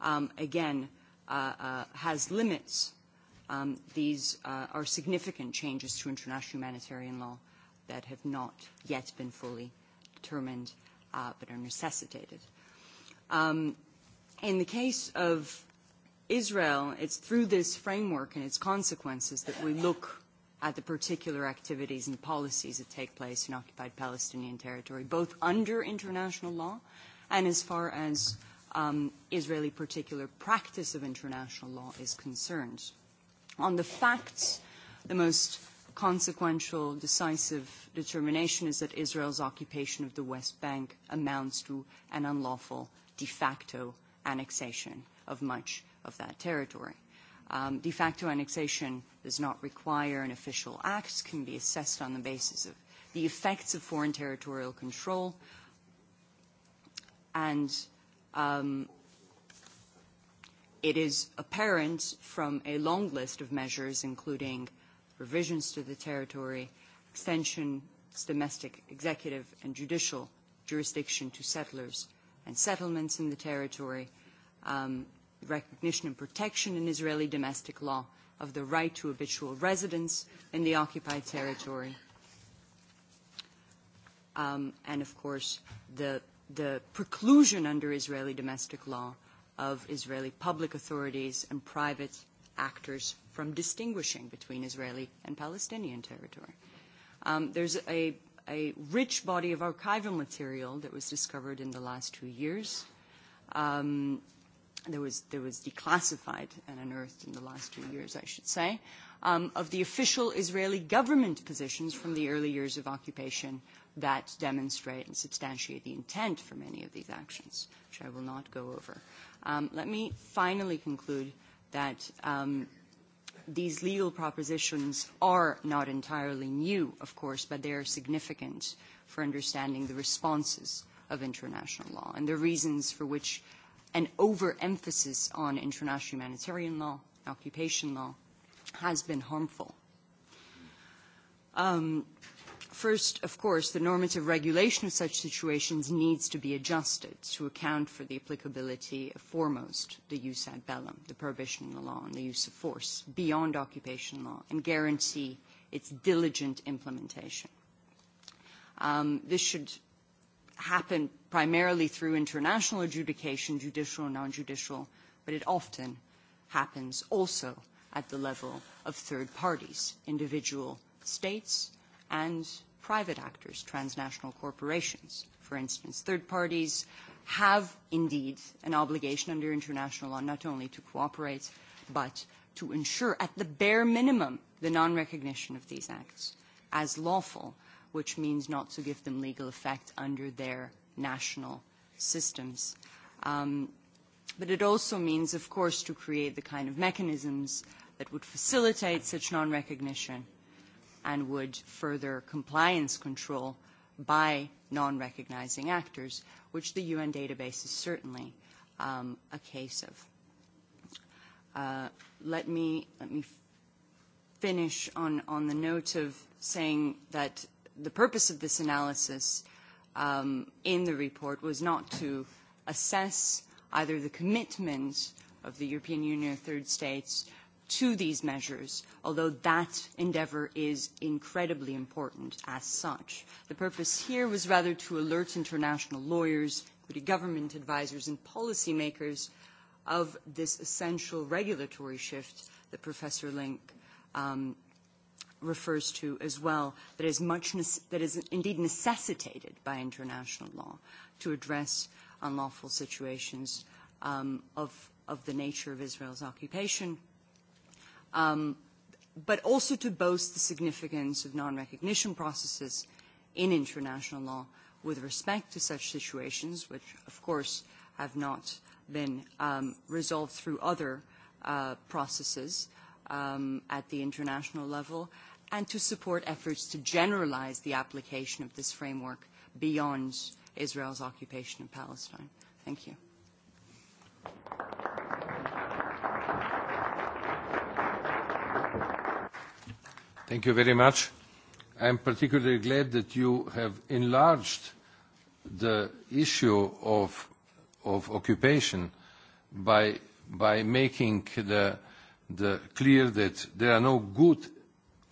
um, again, uh, uh, has limits. Um, these uh, are significant changes to international humanitarian law that have not yet been fully determined uh, but are necessitated. Um, in the case of Israel, it's through this framework and its consequences that we look at the particular activities and policies that take place in occupied Palestinian territory, both under international law And as far as um, Israeli particular practice of international law is concerned, on the facts, the most consequential, decisive determination is that Israel's occupation of the West Bank amounts to an unlawful de facto annexation of much of that territory. Um, de facto annexation does not require an official act, can be assessed on the basis of the effects of foreign territorial control And um, it is apparent from a long list of measures, including revisions to the territory, extension to domestic, executive, and judicial jurisdiction to settlers and settlements in the territory, um, recognition and protection in Israeli domestic law of the right to habitual residence in the occupied territory, um, and of course the the preclusion under Israeli domestic law of Israeli public authorities and private actors from distinguishing between Israeli and Palestinian territory. Um, there's a, a rich body of archival material that was discovered in the last two years. Um, there was, there was declassified and unearthed in the last two years, I should say, um, of the official Israeli government positions from the early years of occupation that demonstrate and substantiate the intent for many of these actions, which I will not go over. Um, let me finally conclude that um, these legal propositions are not entirely new, of course, but they are significant for understanding the responses of international law and the reasons for which an overemphasis on international humanitarian law, occupation law, has been harmful. Um, First, of course, the normative regulation of such situations needs to be adjusted to account for the applicability of foremost the use ad bellum, the prohibition in the law and the use of force beyond occupation law and guarantee its diligent implementation. Um, this should happen primarily through international adjudication, judicial and non-judicial, but it often happens also at the level of third parties, individual states, and private actors, transnational corporations, for instance. Third parties have indeed an obligation under international law not only to cooperate, but to ensure at the bare minimum the non recognition of these acts as lawful, which means not to give them legal effect under their national systems. Um, but it also means, of course, to create the kind of mechanisms that would facilitate such non recognition and would further compliance control by non-recognizing actors, which the UN database is certainly um, a case of. Uh, let me let me finish on on the note of saying that the purpose of this analysis um, in the report was not to assess either the commitment of the European Union or third states to these measures, although that endeavor is incredibly important as such. The purpose here was rather to alert international lawyers, including government advisors and policymakers, of this essential regulatory shift that Professor Link um, refers to as well, that is, much ne- that is indeed necessitated by international law to address unlawful situations um, of, of the nature of Israel's occupation um, but also to boast the significance of non-recognition processes in international law with respect to such situations, which of course have not been um, resolved through other uh, processes um, at the international level, and to support efforts to generalize the application of this framework beyond Israel's occupation of Palestine. Thank you. Thank you. Thank you very much. I'm particularly glad that you have enlarged the issue of occupation by making clear that there are no good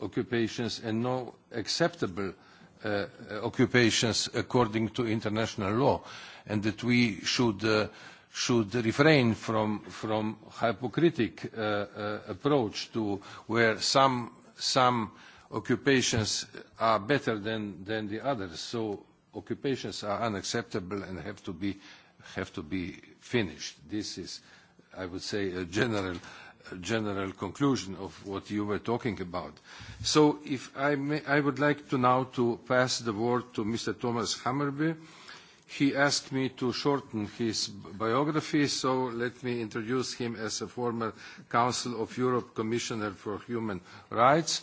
occupations and no acceptable uh, occupations according to international law, and that we should uh, refrain from hypocritic uh, approach to where some some occupations are better than, than the others. So occupations are unacceptable and have to be, have to be finished. This is, I would say, a general, a general conclusion of what you were talking about. So if I, may, I would like to now to pass the word to Mr. Thomas Hammarby, He asked me to shorten his biography, so let me introduce him as a former Council of Europe Commissioner for Human Rights.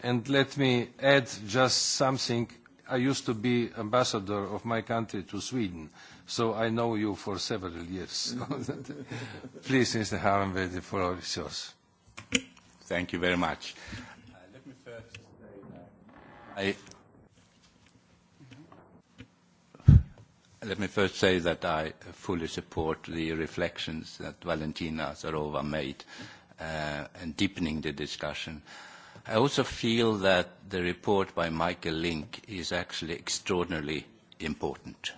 And let me add just something. I used to be ambassador of my country to Sweden, so I know you for several years. [laughs] Please, Mr. Havenved, the floor is yours. Thank you very much. Uh, let me first say that I Let me first say that I fully support the reflections that Valentina Zarova made and uh, deepening the discussion. I also feel that the report by Michael Link is actually extraordinarily important,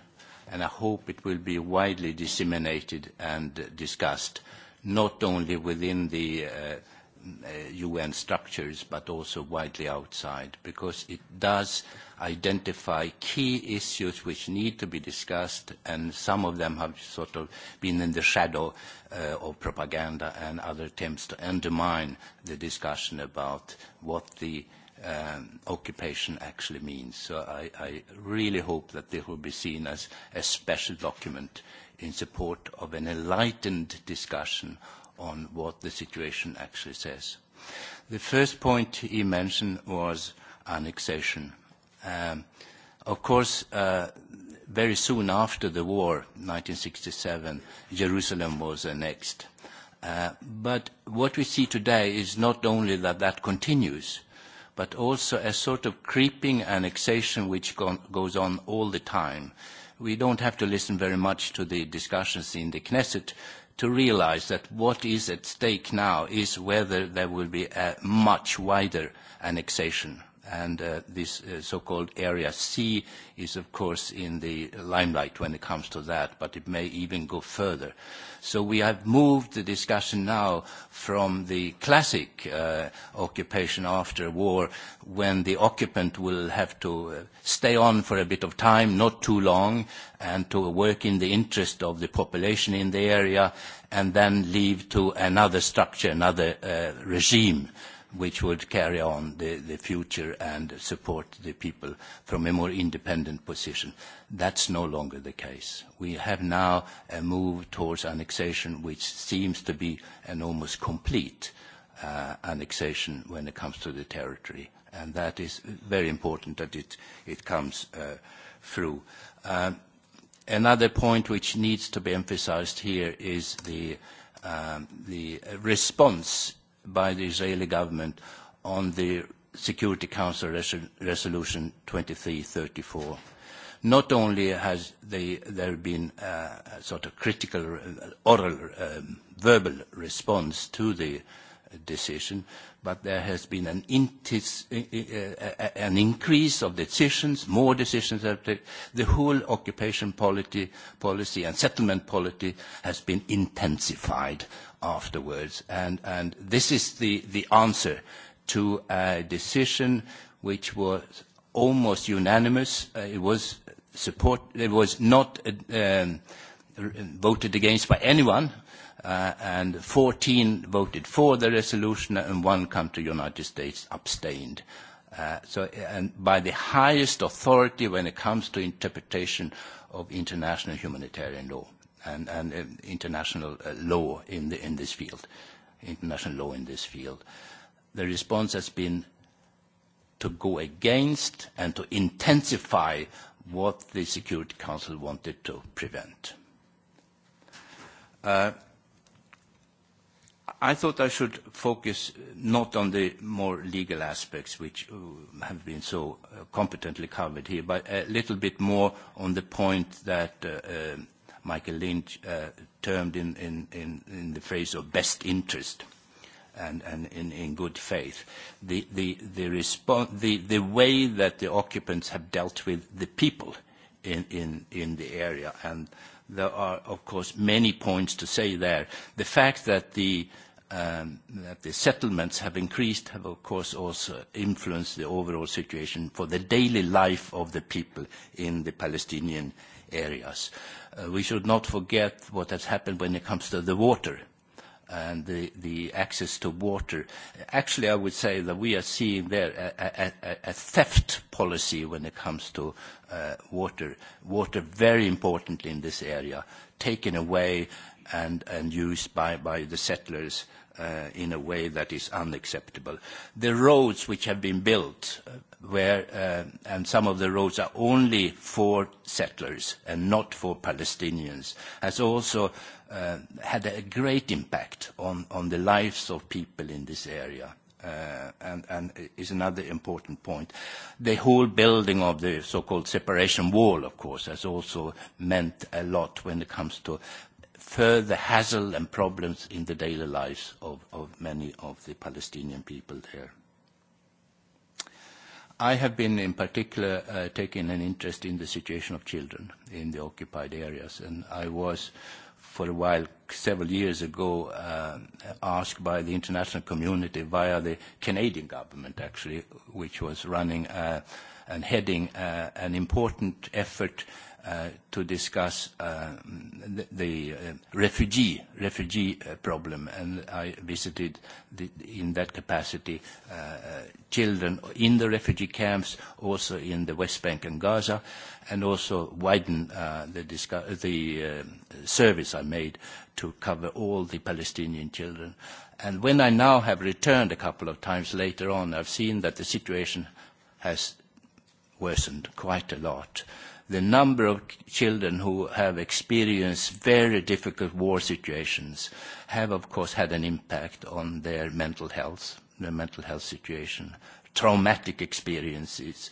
and I hope it will be widely disseminated and discussed, not only within the uh, UN uh, structures, but also widely outside, because it does identify key issues which need to be discussed, and some of them have sort of been in the shadow uh, of propaganda and other attempts to undermine the discussion about what the um, occupation actually means. So I, I really hope that this will be seen as a special document in support of an enlightened discussion on what the situation actually says. The first point he mentioned was annexation. Um, of course, uh, very soon after the war, 1967, Jerusalem was annexed. Uh, but what we see today is not only that that continues, but also a sort of creeping annexation which go- goes on all the time. We don't have to listen very much to the discussions in the Knesset to realize that what is at stake now is whether there will be a much wider annexation and uh, this uh, so-called area C is of course in the limelight when it comes to that, but it may even go further. So we have moved the discussion now from the classic uh, occupation after war when the occupant will have to uh, stay on for a bit of time, not too long, and to work in the interest of the population in the area and then leave to another structure, another uh, regime which would carry on the, the future and support the people from a more independent position. That's no longer the case. We have now a move towards annexation which seems to be an almost complete uh, annexation when it comes to the territory. And that is very important that it, it comes uh, through. Um, another point which needs to be emphasized here is the, um, the response by the Israeli government on the Security Council Resol Resolution 2334. Not only has the, there been a, uh, a sort of critical uh, oral um, verbal response to the decision, but there has been an, intis, uh, an increase of decisions, more decisions. The whole occupation policy, policy and settlement policy has been intensified afterwards. And, and this is the, the answer to a decision which was almost unanimous. Uh, it was support, it was not uh, um, uh, voted against by anyone. Uh, and 14 voted for the resolution and one country, United States, abstained. Uh, so, and by the highest authority when it comes to interpretation of international humanitarian law and, and uh, international uh, law in, the, in this field, international law in this field. The response has been to go against and to intensify what the Security Council wanted to prevent. Uh, I thought I should focus not on the more legal aspects, which uh, have been so uh, competently covered here, but a little bit more on the point that uh, uh, Michael Lynch uh, termed in, in, in, in the phrase of best interest and, and in, in good faith. The, the, the, respo- the, the way that the occupants have dealt with the people in, in, in the area, and there are, of course, many points to say there. The fact that the, um, that the settlements have increased have, of course, also influenced the overall situation for the daily life of the people in the Palestinian areas. Uh, we should not forget what has happened when it comes to the water and the access to water. Actually, I would say that we are seeing there a theft policy when it comes to uh, water. Water, very important in this area, taken away and used by the settlers uh, in a way that is unacceptable. The roads which have been built, where uh, and some of the roads are only for settlers and not for Palestinians has also uh, had a great impact on, on the lives of people in this area uh, and, and is another important point. The whole building of the so-called separation wall, of course, has also meant a lot when it comes to further hassle and problems in the daily lives of, of many of the Palestinian people there. I have been in particular uh, taking an interest in the situation of children in the occupied areas, and I was for a while, several years ago, uh, asked by the international community via the Canadian government, actually, which was running uh, and heading uh, an important effort uh, to discuss uh, the, the uh, refugee refugee uh, problem, and I visited the, in that capacity uh, uh, children in the refugee camps, also in the West Bank and Gaza, and also widen uh, the, discuss- the uh, service I made to cover all the Palestinian children. And when I now have returned a couple of times later on, I've seen that the situation has worsened quite a lot. Uh, the number of children who have experienced very difficult war situations have, of course, had an impact on their mental health, their mental health situation, traumatic experiences.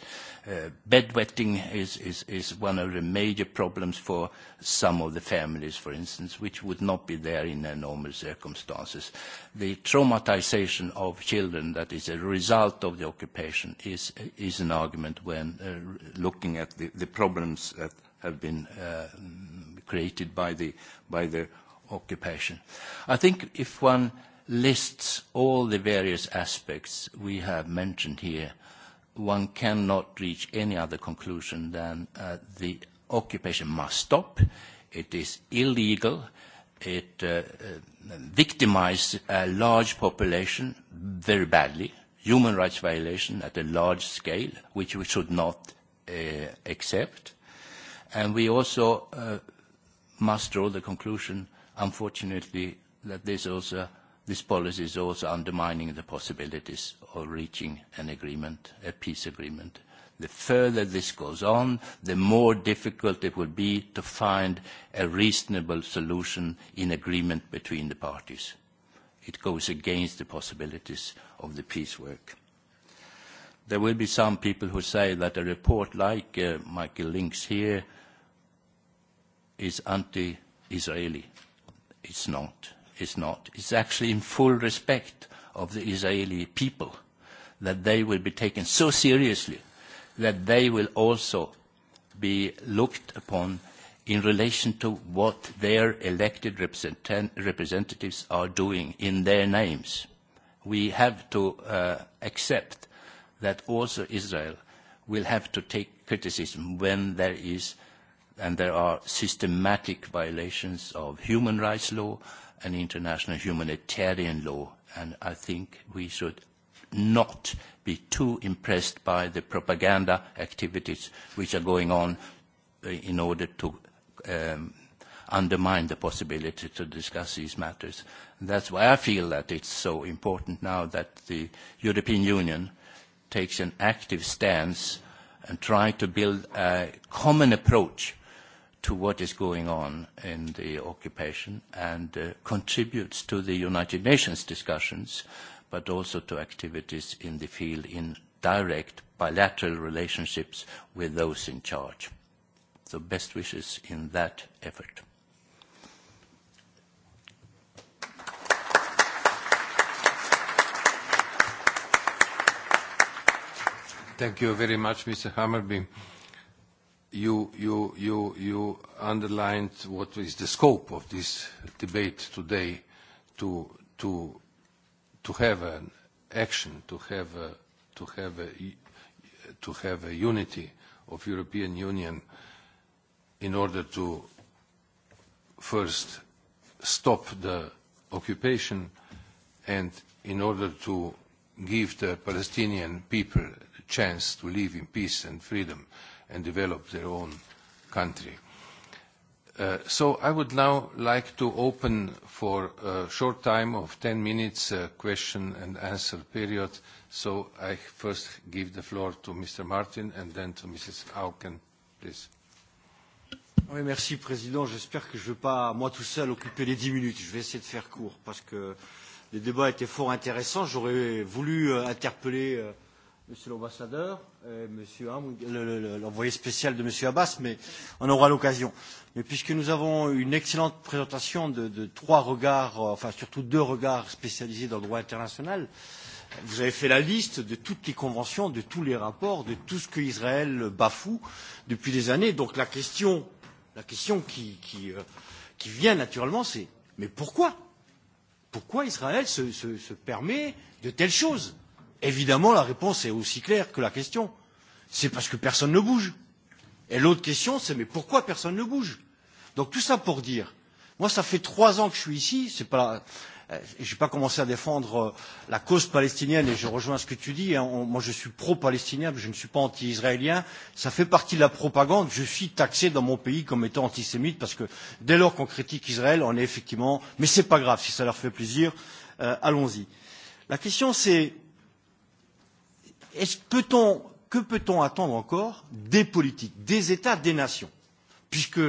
Uh, bedwetting is, is, is one of the major problems for some of the families, for instance, which would not be there in their normal circumstances. The traumatization of children that is a result of the occupation is, is an argument when uh, looking at the, the problems that have been uh, created by the, by the occupation. I think if one lists all the various aspects we have mentioned here, one cannot reach any other conclusion than uh, the occupation must stop. It is illegal. It uh, uh victimizes a large population very badly, human rights violation at a large scale, which we should not uh, accept. And we also uh, must draw the conclusion, unfortunately, that this is also This policy is also undermining the possibilities of reaching an agreement, a peace agreement. The further this goes on, the more difficult it will be to find a reasonable solution in agreement between the parties. It goes against the possibilities of the peace work. There will be some people who say that a report like uh, Michael Link's here is anti-Israeli. It's not is not. It's actually in full respect of the Israeli people that they will be taken so seriously that they will also be looked upon in relation to what their elected representatives are doing in their names. We have to uh, accept that also Israel will have to take criticism when there is and there are systematic violations of human rights law, an international humanitarian law, and I think we should not be too impressed by the propaganda activities which are going on uh, in order to um, undermine the possibility to discuss these matters. And that's why I feel that it's so important now that the European Union takes an active stance and try to build a common approach uh, to what is going on in the occupation and uh, contributes to the United Nations discussions, but also to activities in the field in direct bilateral relationships with those in charge. So best wishes in that effort. Thank you very much, Mr. Hammerby you underlined what is the scope of this debate today to have an action, to have a unity of European Union in order to first stop the occupation and in order to give the Palestinian people a chance to live in peace and freedom and develop their own country. Uh, so I would now like to open for a short time of 10 minutes uh, question and answer period. So I first give the floor to Mr. Martin and then to Mrs. Auken, please. Oui, merci, Président. J'espère que je ne vais pas, moi tout seul, occuper les dix minutes. Je vais essayer de faire court parce que les débats étaient fort intéressants. J'aurais voulu euh, interpeller euh, Monsieur l'ambassadeur, euh, Monsieur l'envoyé le, le, le, spécial de Monsieur Abbas, mais on aura l'occasion. Mais puisque nous avons une excellente présentation de, de trois regards, euh, enfin surtout deux regards spécialisés dans le droit international, vous avez fait la liste de toutes les conventions, de tous les rapports, de tout ce que Israël bafoue depuis des années. Donc la question, la question qui, qui, euh, qui vient naturellement, c'est mais pourquoi Pourquoi Israël se, se, se permet de telles choses évidemment la réponse est aussi claire que la question c'est parce que personne ne bouge et l'autre question c'est mais pourquoi personne ne bouge donc tout ça pour dire moi ça fait trois ans que je suis ici c'est pas euh, je n'ai pas commencé à défendre euh, la cause palestinienne et je rejoins ce que tu dis. Hein. Moi, je suis pro-palestinien, je ne suis pas anti-israélien. Ça fait partie de la propagande. Je suis taxé dans mon pays comme étant antisémite parce que dès lors qu'on critique Israël, on est effectivement. Mais ce n'est pas grave, si ça leur fait plaisir, euh, allons-y. La question, c'est euh, est -ce, peut -on, que peut-on attendre encore des politiques, des États, des nations Puisque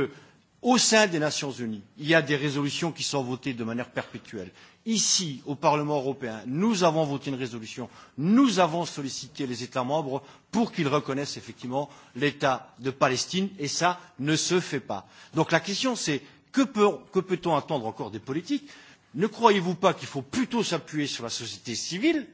au sein des Nations Unies, il y a des résolutions qui sont votées de manière perpétuelle. Ici, au Parlement européen, nous avons voté une résolution, nous avons sollicité les États membres pour qu'ils reconnaissent effectivement l'État de Palestine, et ça ne se fait pas. Donc la question c'est que peut-on que peut attendre encore des politiques Ne croyez-vous pas qu'il faut plutôt s'appuyer sur la société civile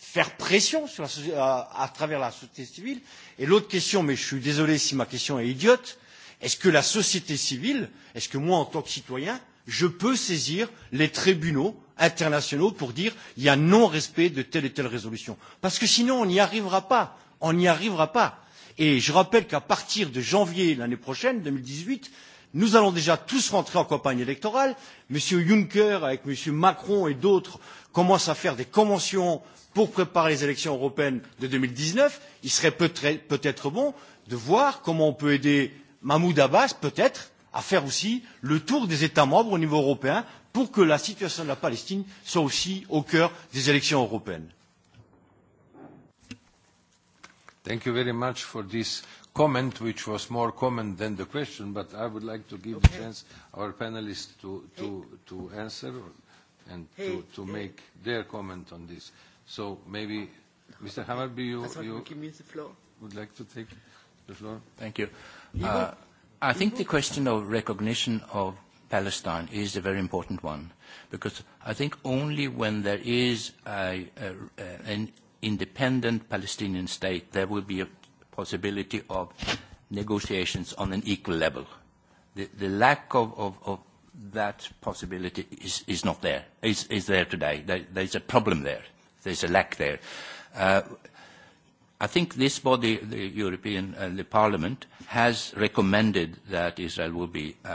faire pression sur la, à, à travers la société civile. Et l'autre question, mais je suis désolé si ma question est idiote, est-ce que la société civile, est-ce que moi en tant que citoyen, je peux saisir les tribunaux internationaux pour dire il y a non-respect de telle et telle résolution Parce que sinon on n'y arrivera pas, on n'y arrivera pas. Et je rappelle qu'à partir de janvier l'année prochaine, 2018, Nous allons déjà tous rentrer en campagne électorale. Monsieur Juncker, avec Monsieur Macron et d'autres, commencent à faire des conventions pour préparer les élections européennes de 2019. Il serait peut-être bon de voir comment on peut aider Mahmoud Abbas, peut-être, à faire aussi le tour des États membres au niveau européen pour que la situation de la Palestine soit aussi au cœur des élections européennes. Thank you very much for this comment, which was more comment than the question, but I would like to give- Okay... the chance our panelists to answer and to make their comment on this. So maybe, Mr. Hammarby, you- I thought you give me the floor. Would like to take the floor? Thank you. Yeah. Uh, I think the question of recognition of Palestine is a very important one, because I think only when there is an independent Palestinian state, there will be a possibility of negotiations on an equal level. The, the lack of, of, of that possibility is, is not there, is, is there today. There, there's a problem there. There's a lack there. Uh, I think this body, the European uh, the Parliament, has recommended that Israel will be, um, uh,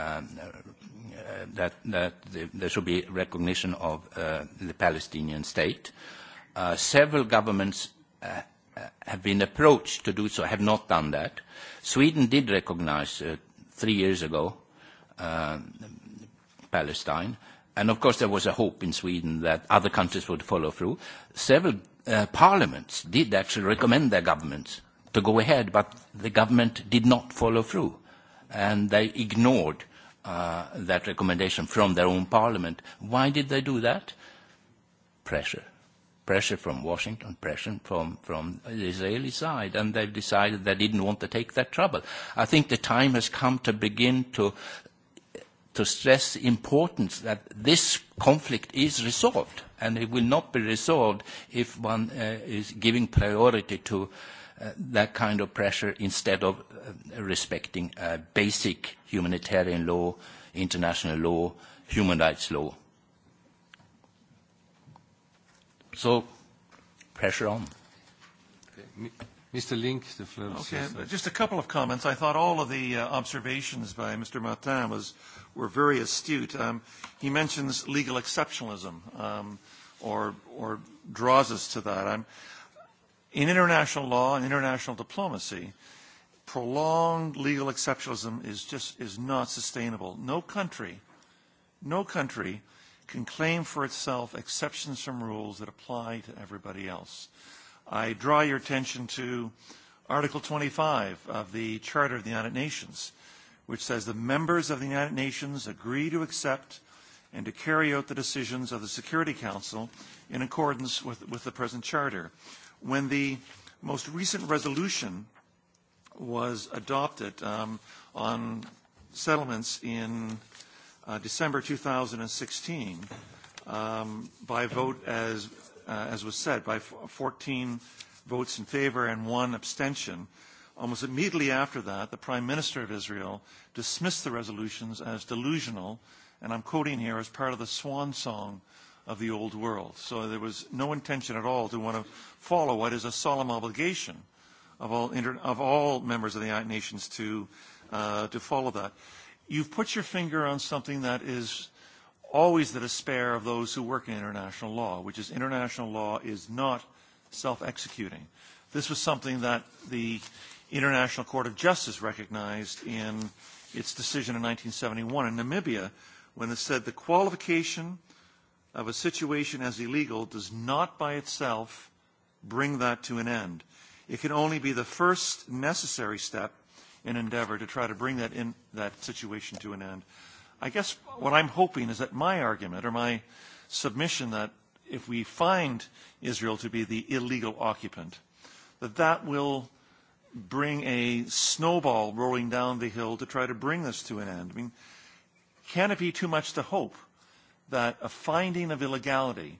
uh that, that the, there should be recognition of uh, the Palestinian state. Uh, several governments uh, Uh, have been approached to do so have not done that. Sweden did recognize uh, three years ago uh, Palestine. And of course, there was a hope in Sweden that other countries would follow through. Several uh, parliaments did actually recommend their governments to go ahead, but the government did not follow through. And they ignored uh, that recommendation from their own parliament. Why did they do that? Pressure pressure from Washington, pressure from, from the Israeli side, and they've decided they didn't want to take that trouble. I think the time has come to begin to, to stress the importance that this conflict is resolved, and it will not be resolved if one uh, is giving priority to uh, that kind of pressure instead of uh, respecting uh, basic humanitarian law, international law, human rights law. So pressure on. Mr. Link, the floor is yours. Okay. Just a couple of comments. I thought all of the uh, observations by Mr. Martin was, were very astute. Um, he mentions legal exceptionalism um, or, or draws us to that. I'm, in international law and international diplomacy, prolonged legal exceptionalism is just is not sustainable. No country, no country can claim for itself exceptions from rules that apply to everybody else. I draw your attention to Article 25 of the Charter of the United Nations, which says the members of the United Nations agree to accept and to carry out the decisions of the Security Council in accordance with, with the present charter. When the most recent resolution was adopted um, on settlements in uh, uh, December 2016 um, by vote as, uh, as was said, by f- 14 votes in favor and one abstention. Almost immediately after that, the Prime Minister of Israel dismissed the resolutions as delusional, and I'm quoting here as part of the swan song of the old world. So there was no intention at all to want to follow what is a solemn obligation of all, inter- of all members of the United Nations to, uh, to follow that. Uh, you've put your finger on something that is always the despair of those who work in international law, which is international law is not self-executing. This was something that the International Court of Justice recognized in its decision in 1971 in Namibia when it said the qualification of a situation as illegal does not by itself bring that to an end. It can only be the first necessary step an endeavor to try to bring that in that situation to an end. I guess what I'm hoping is that my argument or my submission that if we find Israel to be the illegal occupant, that that will bring a snowball rolling down the hill to try to bring this to an end. I mean, can it be too much to hope that a finding of illegality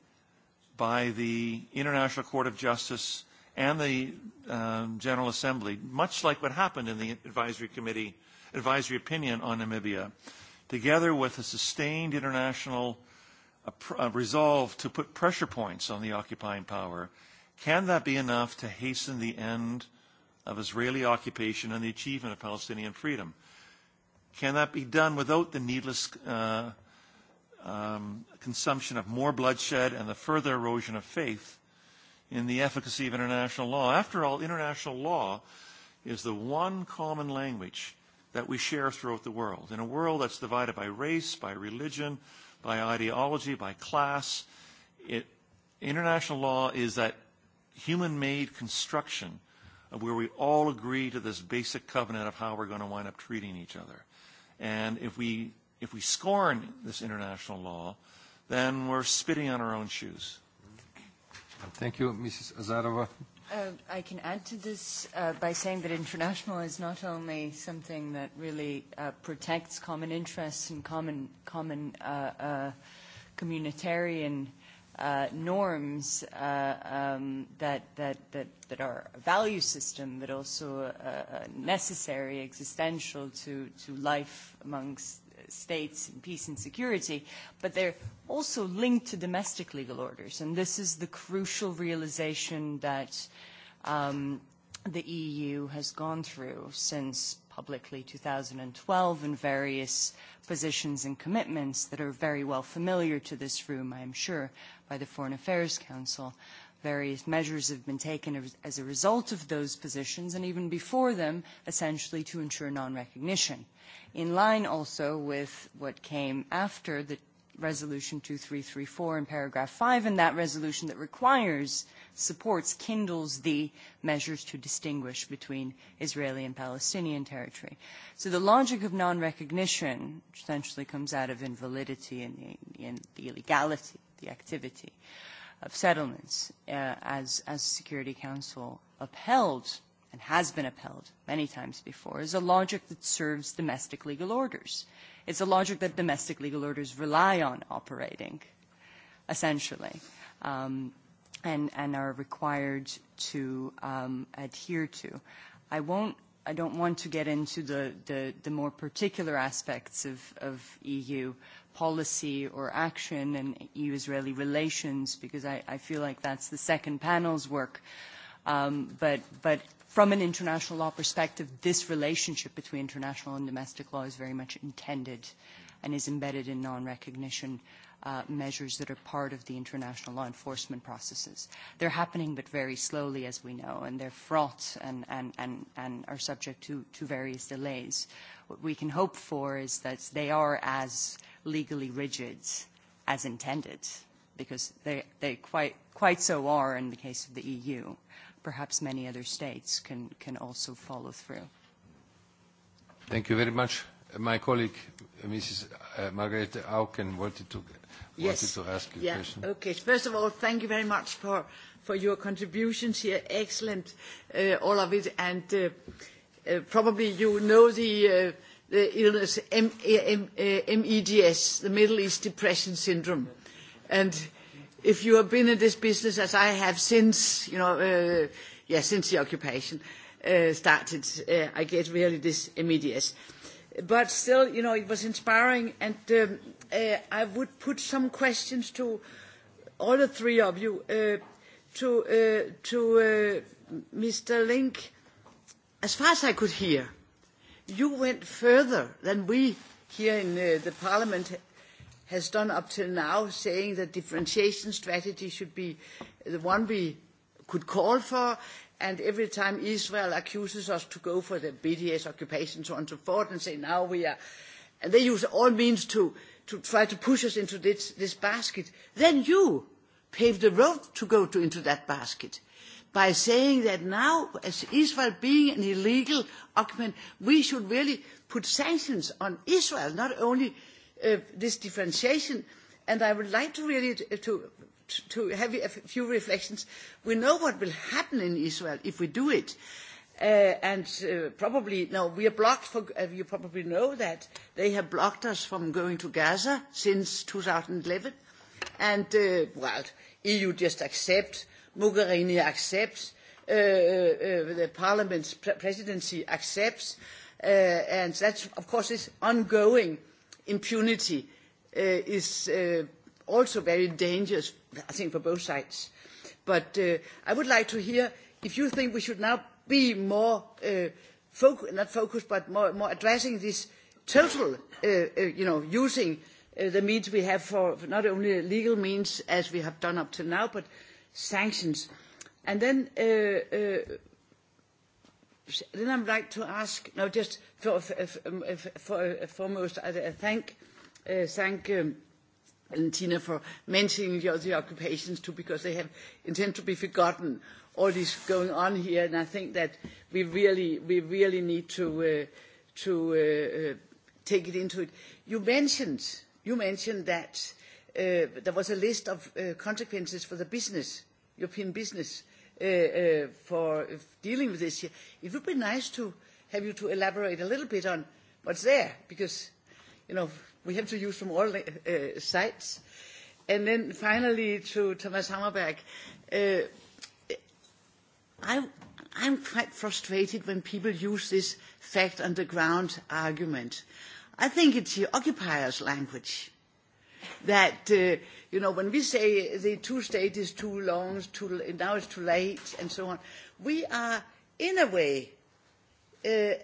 by the International Court of Justice and the um, General Assembly, much like what happened in the advisory committee, advisory opinion on Namibia, together with a sustained international a pr- a uh, resolve to put pressure points on the occupying power, can that be enough to hasten the end of Israeli occupation and the achievement of Palestinian freedom? Can that be done without the needless uh, um, consumption of more bloodshed and the further erosion of faith? in the efficacy of international law. After all, international law is the one common language that we share throughout the world. In a world that's divided by race, by religion, by ideology, by class, it, international law is that human made construction of where we all agree to this basic covenant of how we're going to wind up treating each other. And if we, if we scorn this international law, then we're spitting on our own shoes. Thank you, Mrs. Azarova. Uh, I can add to this uh, by saying that international is not only something that really uh, protects common interests and common, common uh, uh, communitarian uh, norms uh, um, that, that, that, that are a value system, but also uh, necessary, existential to, to life amongst states and peace and security, but they're also linked to domestic legal orders. And this is the crucial realization that um, the EU has gone through since publicly 2012 and various positions and commitments that are very well familiar to this room, I'm sure, by the Foreign Affairs Council various measures have been taken as a result of those positions and even before them, essentially to ensure non-recognition. In line also with what came after the resolution 2334 in paragraph 5 and that resolution that requires, supports, kindles the measures to distinguish between Israeli and Palestinian territory. So the logic of non-recognition essentially comes out of invalidity and the, and the illegality, the activity. Uh, of settlements uh, as as Security Council upheld and has been upheld many times before is a logic that serves domestic legal orders. It's a logic that domestic legal orders rely on operating, essentially, um, and and are required to um, adhere to. I won't. I don't want to get into the, the, the more particular aspects of, of EU, policy or action and EU-Israeli relations, because I, I feel like that's the second panel's work. Um, but, but from an international law perspective, this relationship between international and domestic law is very much intended and is embedded in non-recognition uh, measures that are part of the international law enforcement processes. They're happening, but very slowly, as we know, and they're fraught and, and, and, and are subject to, to various delays. What we can hope for is that they are as legally rigid as intended, because they, they quite, quite so are in the case of the EU. Perhaps many other states can, can also follow through. Thank you very much. My colleague, Mrs. Uh, Margaret Auken, wanted to, wanted yes. to ask you a yeah. question. Okay. First of all, thank you very much for, for your contributions here. Excellent, uh, all of it. And uh, uh, probably you know the... Uh, the uh, illness MEDS, uh, the Middle East Depression Syndrome. And if you have been in this business as I have since, you know, uh, yeah, since the occupation uh, started, uh, I get really this MEDS. But still, you know, it was inspiring, and um, uh, I would put some questions to all the three of you. Uh, to uh, to uh, Mr. Link, as far as I could hear, you went further than we here in uh, the parliament has done up till now, saying that differentiation strategy should be the one we could call for, and every time israel accuses us to go for the bds occupation, so on and so forth, and say now we are, and they use all means to, to try to push us into this, this basket, then you paved the road to go to, into that basket by saying that now, as Israel being an illegal occupant, we should really put sanctions on Israel, not only uh, this differentiation. And I would like to really uh, to, to have a few reflections. We know what will happen in Israel if we do it. Uh, and uh, probably, no, we are blocked for, uh, you probably know that they have blocked us from going to Gaza since 2011. And, uh, well, EU just accepts Mogherini accepts, uh, uh, uh, the parliament's pre- presidency accepts, uh, and that's, of course, this ongoing impunity uh, is uh, also very dangerous, I think, for both sides. But uh, I would like to hear if you think we should now be more, uh, foc- not focused, but more, more addressing this total, uh, uh, you know, using uh, the means we have for, for not only legal means as we have done up to now, but sanctions. And then, uh, uh, then I'd like to ask now, just for, for, for, um, uh, for uh, foremost, I, I uh, thank, uh, thank um, Valentina for mentioning the other occupations too, because they have intend to be forgotten all this going on here. And I think that we really, we really need to, uh, to uh, take it into it. You mentioned, you mentioned that uh, Uh, there was a list of uh, consequences for the business, European business, uh, uh, for if dealing with this. It would be nice to have you to elaborate a little bit on what's there, because you know we have to use from all uh, sites. And then finally, to Thomas Hammerberg, uh, I, I'm quite frustrated when people use this fact on the ground argument. I think it's the occupiers' language that uh, you know when we say the two state is too long, too, now it's too late, and so on. We are in a way uh, uh,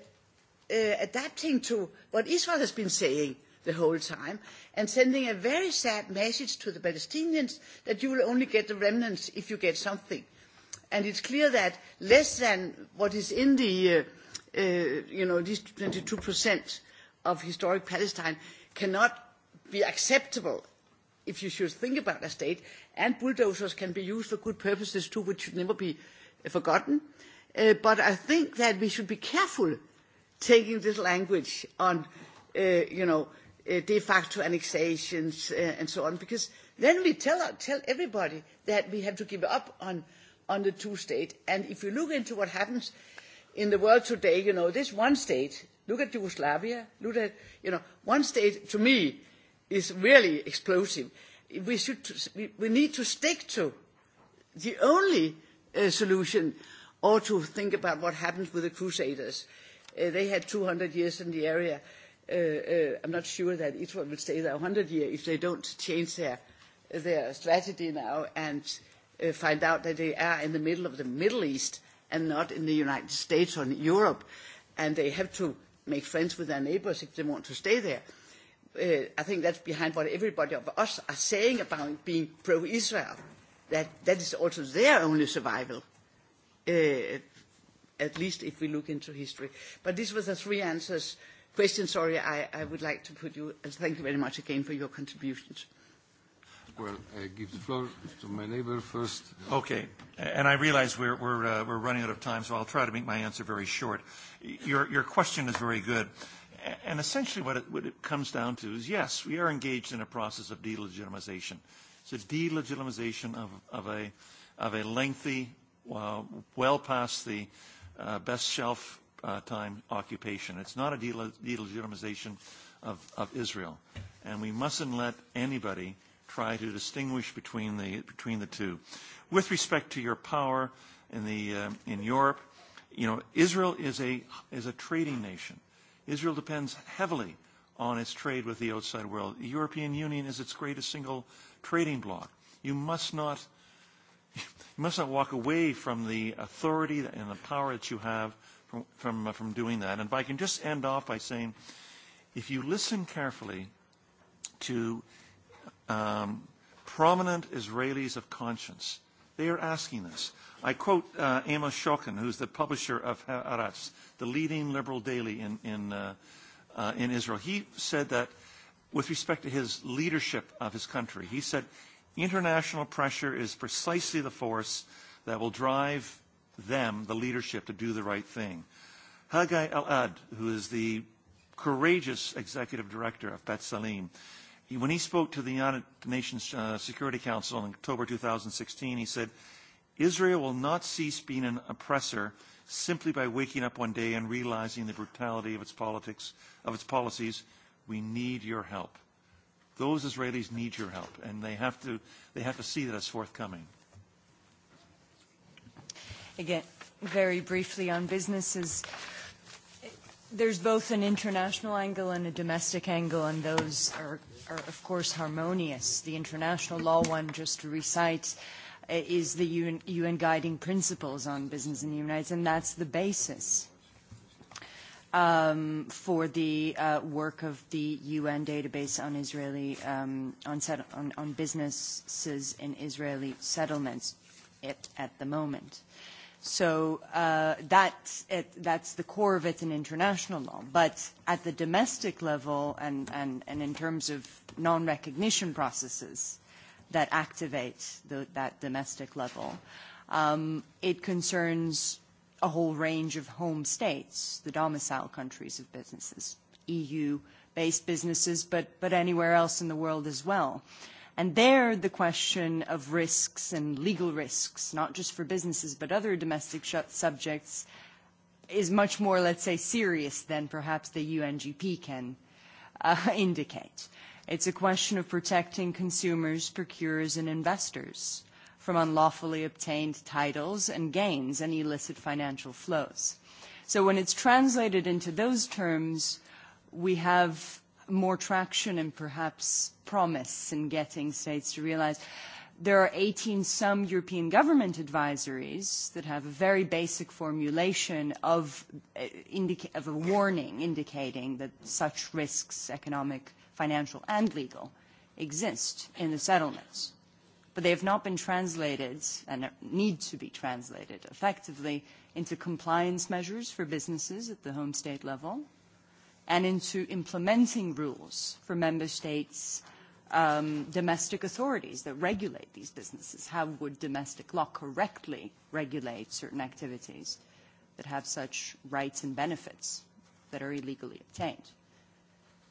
adapting to what Israel has been saying the whole time, and sending a very sad message to the Palestinians that you will only get the remnants if you get something. And it's clear that less than what is in the, uh, uh, you know, these 22% of historic Palestine cannot be acceptable if you should think about a state, and bulldozers can be used for good purposes too, which should never be uh, forgotten. Uh, but I think that we should be careful taking this language on, uh, you know, uh, de facto annexations uh, and so on, because then we tell, tell everybody that we have to give up on, on the two state. And if you look into what happens in the world today, you know, this one state, look at Yugoslavia, look at, you know, one state, to me, is really explosive. We, should, we need to stick to the only uh, solution or to think about what happens with the Crusaders. Uh, they had 200 years in the area. Uh, uh, I'm not sure that each one will stay there 100 years if they don't change their, their strategy now and uh, find out that they are in the middle of the Middle East and not in the United States or in Europe. And they have to make friends with their neighbors if they want to stay there. Uh, I think that's behind what everybody of us are saying about being pro Israel, that that is also their only survival, uh, at least if we look into history. But these were the three answers. Question, sorry, I, I would like to put you, and thank you very much again for your contributions. Well, I give the floor to my neighbor first. Okay, and I realize we're, we're, uh, we're running out of time, so I'll try to make my answer very short. Your, your question is very good. Uh, and essentially what it, what it comes down to is, yes, we are engaged in a process of delegitimization. It's a delegitimization of, of, a, of a lengthy, uh, well past the uh, best shelf uh, time occupation. It's not a delegitimization of, of Israel. And we mustn't let anybody try to distinguish between the, between the two. With respect to your power in, the, uh, in Europe, you know, Israel is a, is a trading nation. Israel depends heavily on its trade with the outside world. The European Union is its greatest single trading bloc. You must not [laughs] you must not walk away from the authority and the power that you have from, from, uh, from doing that. And if I can just end off by saying, if you listen carefully to um, prominent Israelis of conscience, uh, They are asking this. I quote uh, Amos Shokin, who's the publisher of Haaretz, the leading liberal daily in, in, uh, uh, in Israel. He said that with respect to his leadership of his country, he said, international pressure is precisely the force that will drive them, the leadership, to do the right thing. Haggai al-Ad, who is the courageous executive director of Bet Salim, when he spoke to the United Nations uh, Security Council in October 2016, he said, Israel will not cease being an oppressor simply by waking up one day and realizing the brutality of its politics, of its policies. We need your help. Those Israelis need your help, and they have to, they have to see that it's forthcoming. Again, very briefly on businesses. There's both an international angle and a domestic angle, and those are are, of course, harmonious. The international law one just recites uh, is the UN, UN guiding principles on business in the United States, and that's the basis um, for the uh, work of the UN database on Israeli um, on, set, on, on businesses in Israeli settlements. It at the moment. Uh, that's the core of it in international law. But at the domestic level and in terms of non-recognition processes that activate that domestic level, um, it concerns a whole range of home states, the domicile countries of businesses, EU-based businesses, but anywhere else in the world as well. And there, the question of risks and legal risks, not just for businesses, but other domestic sh- subjects, is much more, let's say, serious than perhaps the UNGP can uh, [laughs] indicate. It's a question of protecting consumers, procurers, and investors from unlawfully obtained titles and gains and illicit financial flows. So when it's translated into those terms, we have more traction and perhaps promise in getting states to realize there are 18 some European government advisories that have a very basic formulation of, uh, indica- of a warning indicating that such risks, economic, financial, and legal, exist in the settlements. But they have not been translated and need to be translated effectively into compliance measures for businesses at the home state level and into implementing rules for member states' um, domestic authorities that regulate these businesses. How would domestic law correctly regulate certain activities that have such rights and benefits that are illegally obtained?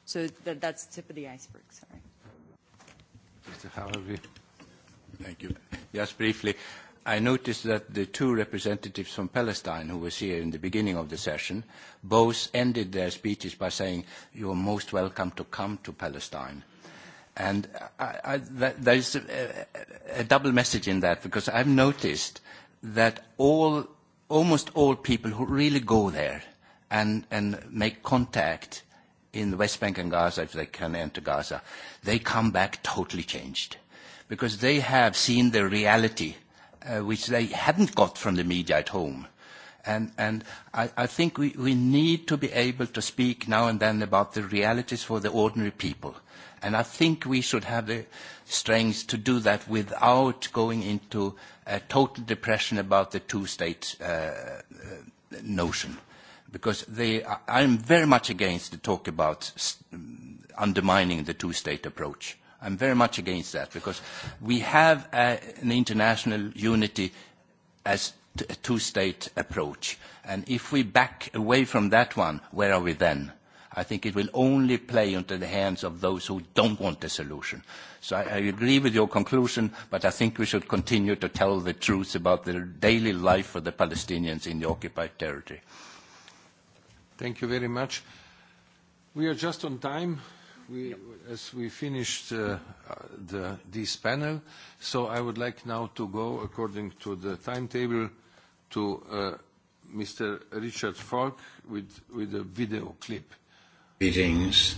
So th- that's the tip of the iceberg, sorry. Mr. Harvey. Thank you. Yes, briefly. I noticed that the two representatives from Palestine who was here in the beginning of the session both ended their speeches by saying, You're most welcome to come to Palestine. And I, I, that, there's a, a double message in that because I've noticed that all, almost all people who really go there and, and make contact in the West Bank and Gaza, if they can enter Gaza, they come back totally changed because they have seen the reality uh, which they hadn't got from the media at home. And, and I, I think we, we need to be able to speak now and then about the realities for the ordinary people. And I think we should have the strength to do that without going into a total depression about the two-state uh, uh, notion. Because they, I, I'm very much against the talk about st- undermining the two-state approach. Uh, I'm very much against that because we have a, an international unity as t- a two state approach. And if we back away from that one, where are we then? I think it will only play into the hands of those who don't want a solution. So I, I agree with your conclusion, but I think we should continue to tell the truth about the daily life of the Palestinians in the occupied territory. Thank you very much. We are just on time as we finished uh, this panel, so I would like now to go according to the timetable to uh, Mr. Richard Falk with a video clip. Greetings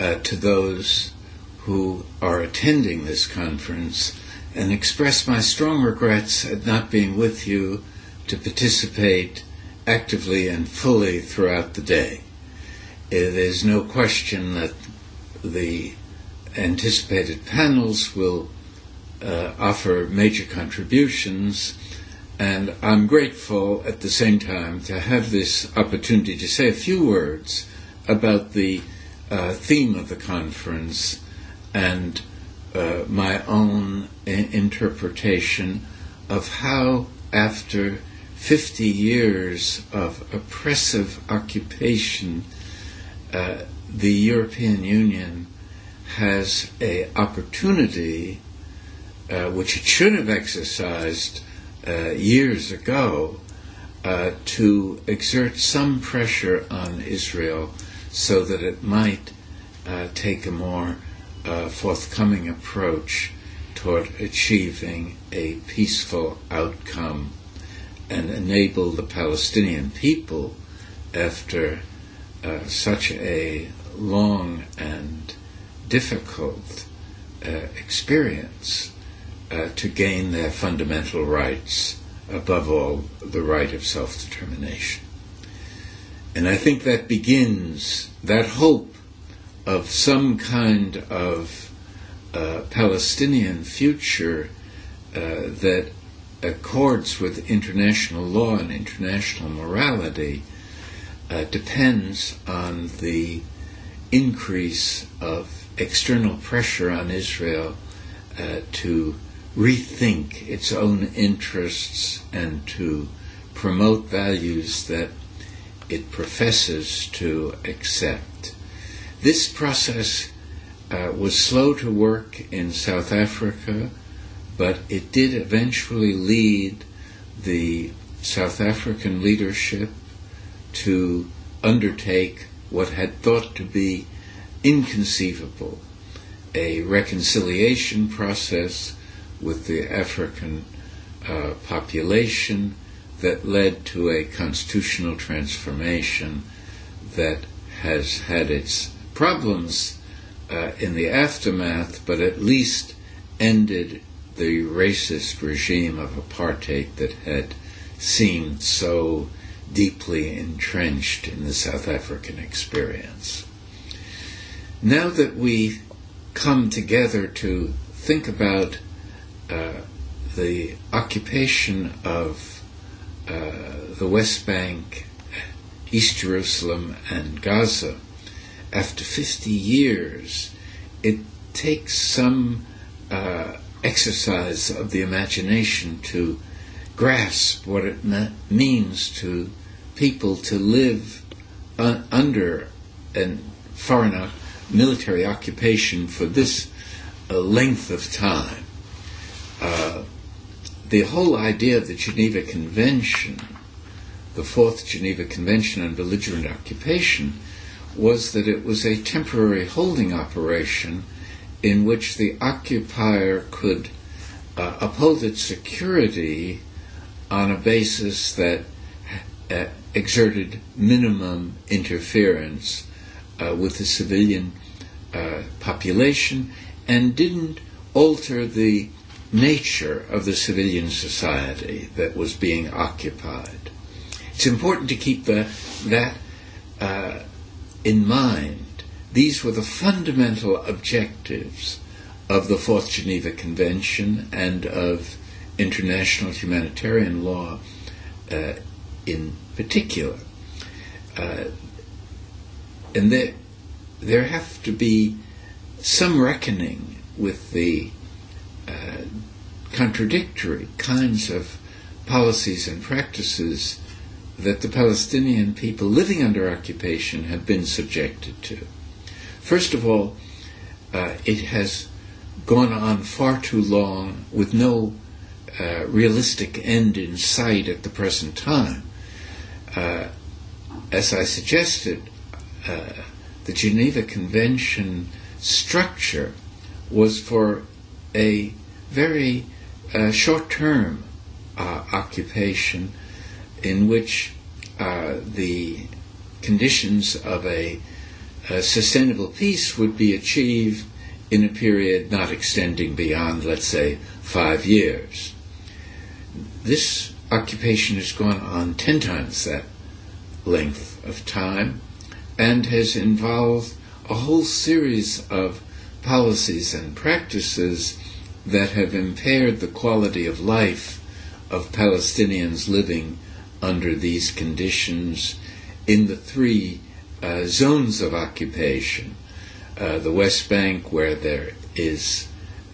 uh, to those who are attending this conference and express my strong regrets at not being with you to participate actively and fully throughout the day. There's no question that the anticipated panels will uh, offer major contributions. And I'm grateful at the same time to have this opportunity to say a few words about the uh, theme of the conference and uh, my own I- interpretation of how, after 50 years of oppressive occupation, uh, the European Union has a opportunity uh, which it should have exercised uh, years ago uh, to exert some pressure on Israel so that it might uh, take a more uh, forthcoming approach toward achieving a peaceful outcome and enable the Palestinian people after uh, such a long and difficult uh, experience uh, to gain their fundamental rights, above all, the right of self determination. And I think that begins that hope of some kind of uh, Palestinian future uh, that accords with international law and international morality uh, depends on the uh, increase of external pressure on Israel uh, to rethink its own interests and to promote values that it professes to accept. This process uh, was slow to work in South Africa, but it did eventually lead the South African leadership to undertake what had thought to be inconceivable a reconciliation process with the African uh, population that led to a constitutional transformation that has had its problems uh, in the aftermath, but at least ended the racist regime of apartheid that had seemed so deeply entrenched in the South African experience. Now that we come together to think about uh, the occupation of uh, the West Bank, East Jerusalem, and Gaza, after 50 years, it takes some uh, exercise of the imagination to grasp what it me- means to people to live uh, under a foreign military occupation for this uh, length of time. Uh, the whole idea of the Geneva Convention, the Fourth Geneva Convention on Belligerent Occupation, was that it was a temporary holding operation in which the occupier could uh, uphold its security on a basis that Uh, exerted minimum interference uh, with the civilian uh, population and didn't alter the nature of the civilian society that was being occupied. It's important to keep the, that uh, in mind. These were the fundamental objectives of the Fourth Geneva Convention and of international humanitarian law. Uh, in particular. Uh, and that there have to be some reckoning with the uh, contradictory kinds of policies and practices that the Palestinian people living under occupation have been subjected to. First of all, uh, it has gone on far too long with no uh, realistic end in sight at the present time uh, as I suggested, uh, the Geneva Convention structure was for a very uh, short term uh, occupation in which uh, the conditions of a, a sustainable peace would be achieved in a period not extending beyond, let's say, five years. This occupation has gone on ten times that length of time and has involved a whole series of policies and practices that have impaired the quality of life of Palestinians living under these conditions in the three uh, zones of occupation uh, the West Bank, where there is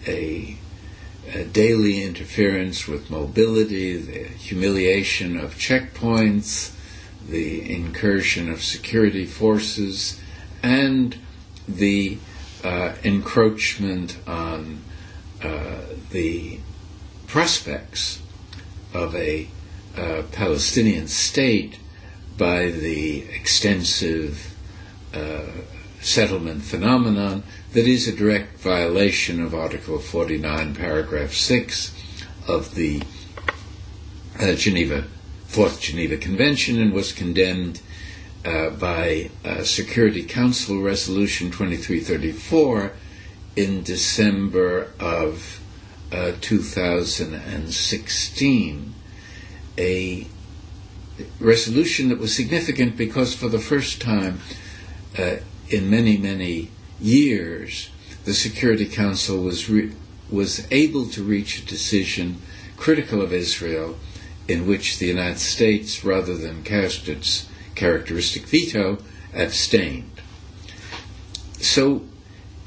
a Uh, daily interference with mobility, the humiliation of checkpoints, the incursion of security forces, and the uh, encroachment on uh, the prospects of a uh, Palestinian state by the extensive uh, settlement phenomenon that is a direct violation of Article 49, Paragraph 6 of the uh, Geneva, Fourth Geneva Convention and was condemned uh, by uh, Security Council Resolution 2334 in December of uh, 2016. A Resolution that was significant because for the first time uh, in many, many years, the Security Council was, re- was able to reach a decision critical of Israel in which the United States, rather than cast its characteristic veto, abstained. So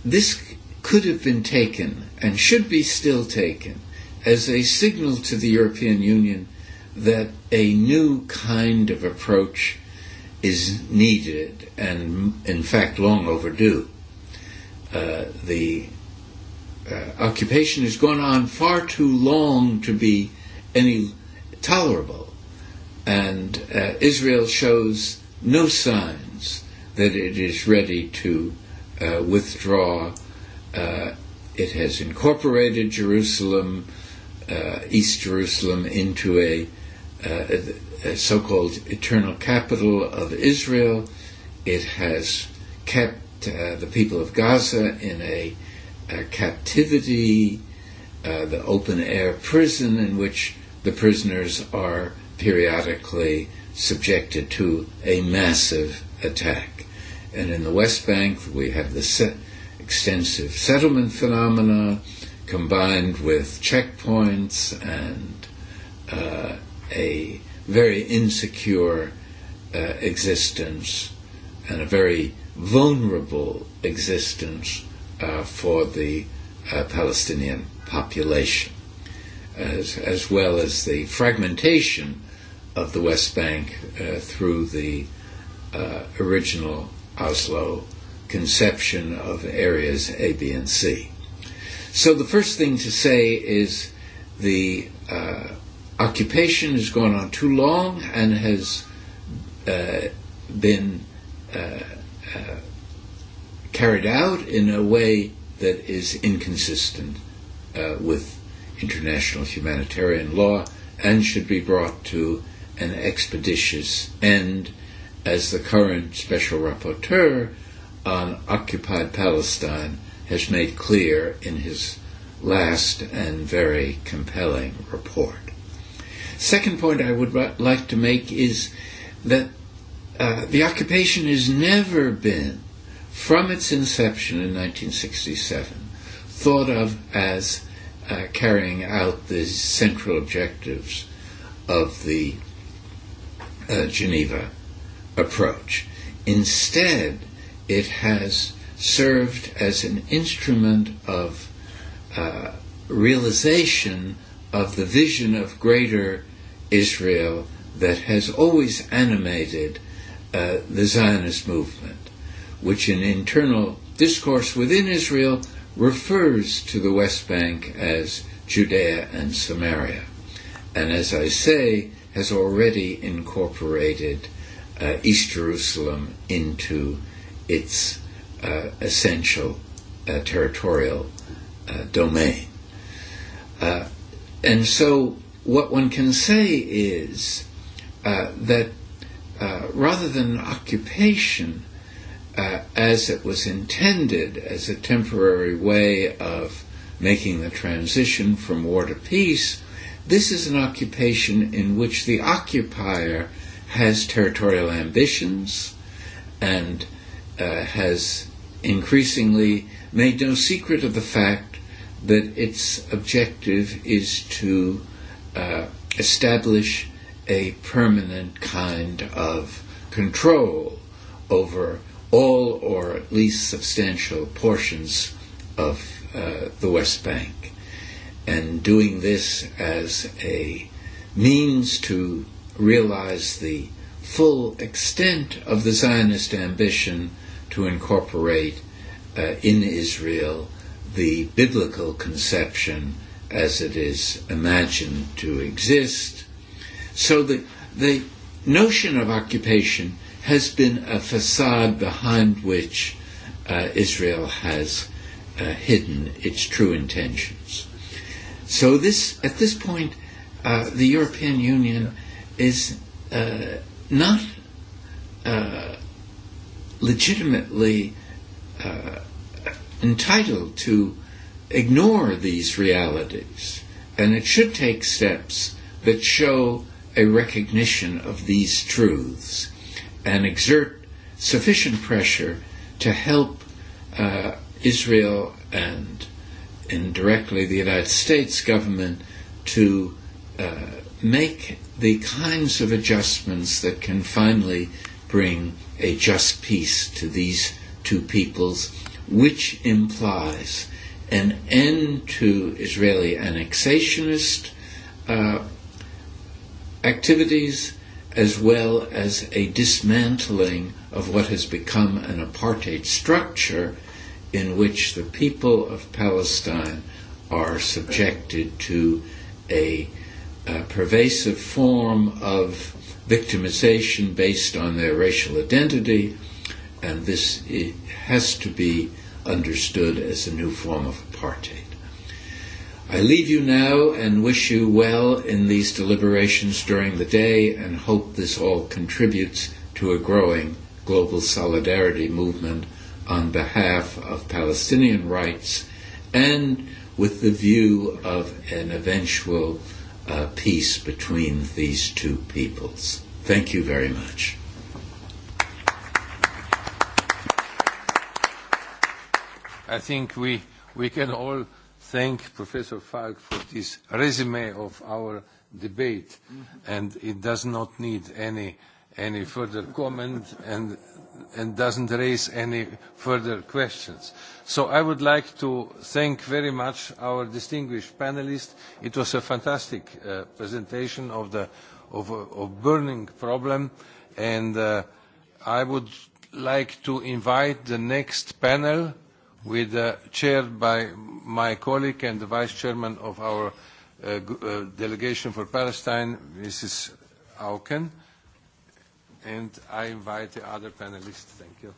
this could have been taken and should be still taken as a signal to the European Union that a new kind of approach is needed and, in fact, long overdue. Uh, the uh, occupation has gone on far too long to be any tolerable, and uh, Israel shows no signs that it is ready to uh, withdraw. Uh, it has incorporated Jerusalem, uh, East Jerusalem, into a uh, uh, so called eternal capital of Israel. It has kept uh, the people of Gaza in a, a captivity, uh, the open air prison in which the prisoners are periodically subjected to a massive attack. And in the West Bank, we have the se- extensive settlement phenomena combined with checkpoints and uh, a very insecure uh, existence and a very vulnerable existence uh, for the uh, Palestinian population, as, as well as the fragmentation of the West Bank uh, through the uh, original Oslo conception of areas A, B, and C. So the first thing to say is the uh, occupation has gone on too long and has uh, been uh, uh, carried out in a way that is inconsistent uh, with international humanitarian law and should be brought to an expeditious end as the current special rapporteur on occupied Palestine has made clear in his last and very compelling report second point I would ri- like to make is that uh, the occupation has never been, from its inception in 1967, thought of as uh, carrying out the central objectives of the uh, Geneva approach. Instead, it has served as an instrument of uh, realization of the vision of greater Israel that has always animated uh, the Zionist movement, which in internal discourse within Israel refers to the West Bank as Judea and Samaria, and as I say, has already incorporated uh, East Jerusalem into its uh, essential uh, territorial uh, domain. Uh, and so what one can say is uh, that uh, rather than occupation, uh, as it was intended as a temporary way of making the transition from war to peace, this is an occupation in which the occupier has territorial ambitions and uh, has increasingly made no secret of the fact that its objective is to uh, establish a permanent kind of control over all or at least substantial portions of uh, the West Bank. And doing this as a means to realize the full extent of the Zionist ambition to incorporate uh, in Israel the biblical conception as it is imagined to exist. So the, the notion of occupation has been a facade behind which uh, Israel has uh, hidden its true intentions. So this, at this point, uh, the European Union is uh, not uh, legitimately uh, entitled to uh, ignore these realities, and it should take steps that show a recognition of these truths and exert sufficient pressure to help uh, Israel and indirectly the United States government to uh, make the kinds of adjustments that can finally bring a just peace to these two peoples, which implies an end to Israeli annexationist uh, activities as well as a dismantling of what has become an apartheid structure in which the people of Palestine are subjected to a, a pervasive form of victimization based on their racial identity. And this it has to be understood as a new form of apartheid. I leave you now and wish you well in these deliberations during the day and hope this all contributes to a growing global solidarity movement on behalf of Palestinian rights and with the view of an eventual uh, peace between these two peoples. Thank you very much. I think we, we can all thank Professor Falk for this resume of our debate. Mm-hmm. And it does not need any, any further comment and, and doesn't raise any further questions. So I would like to thank very much our distinguished panelists. It was a fantastic uh, presentation of the of a uh, of burning problem. And uh, I would like to invite the next panel with, uh, chaired by my colleague and the Vice Chairman of our uh, uh, delegation for Palestine, Mrs. Auken, and I invite the other panelists. Thank you.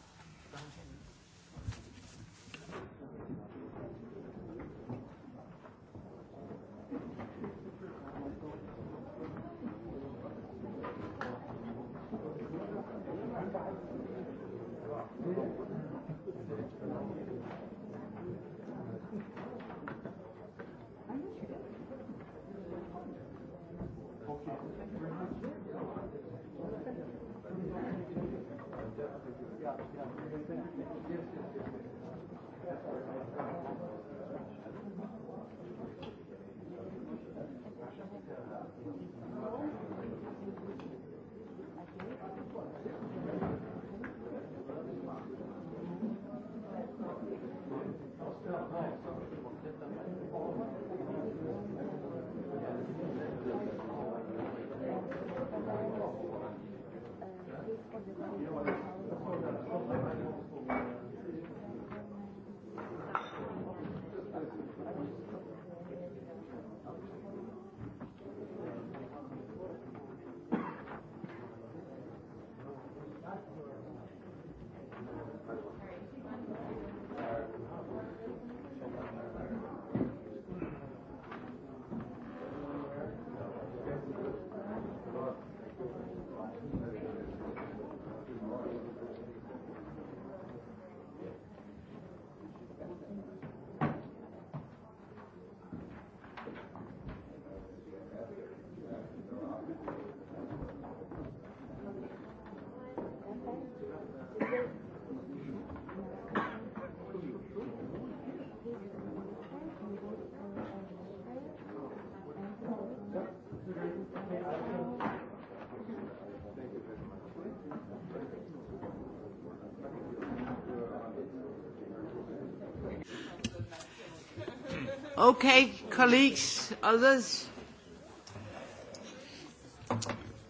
Okay, colleagues, others?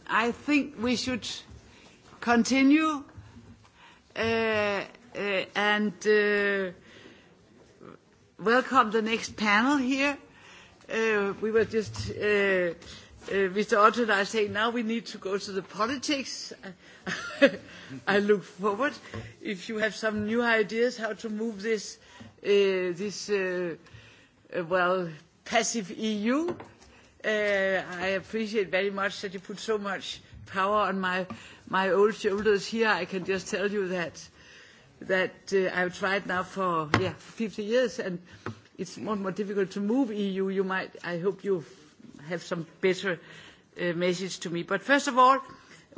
I think we should continue. Uh, uh, and uh, welcome the next panel here. Uh, we were just, uh, uh, Mr. Otto and I say now we need to go to the politics. [laughs] I look forward if you have some new ideas how to move this, uh, this uh, Uh, well, passive EU. Uh, I appreciate very much that you put so much power on my, my old shoulders here. I can just tell you that, that uh, I've tried now for yeah, 50 years, and it's more and more difficult to move EU. You might, I hope you have some better uh, message to me. But first of all,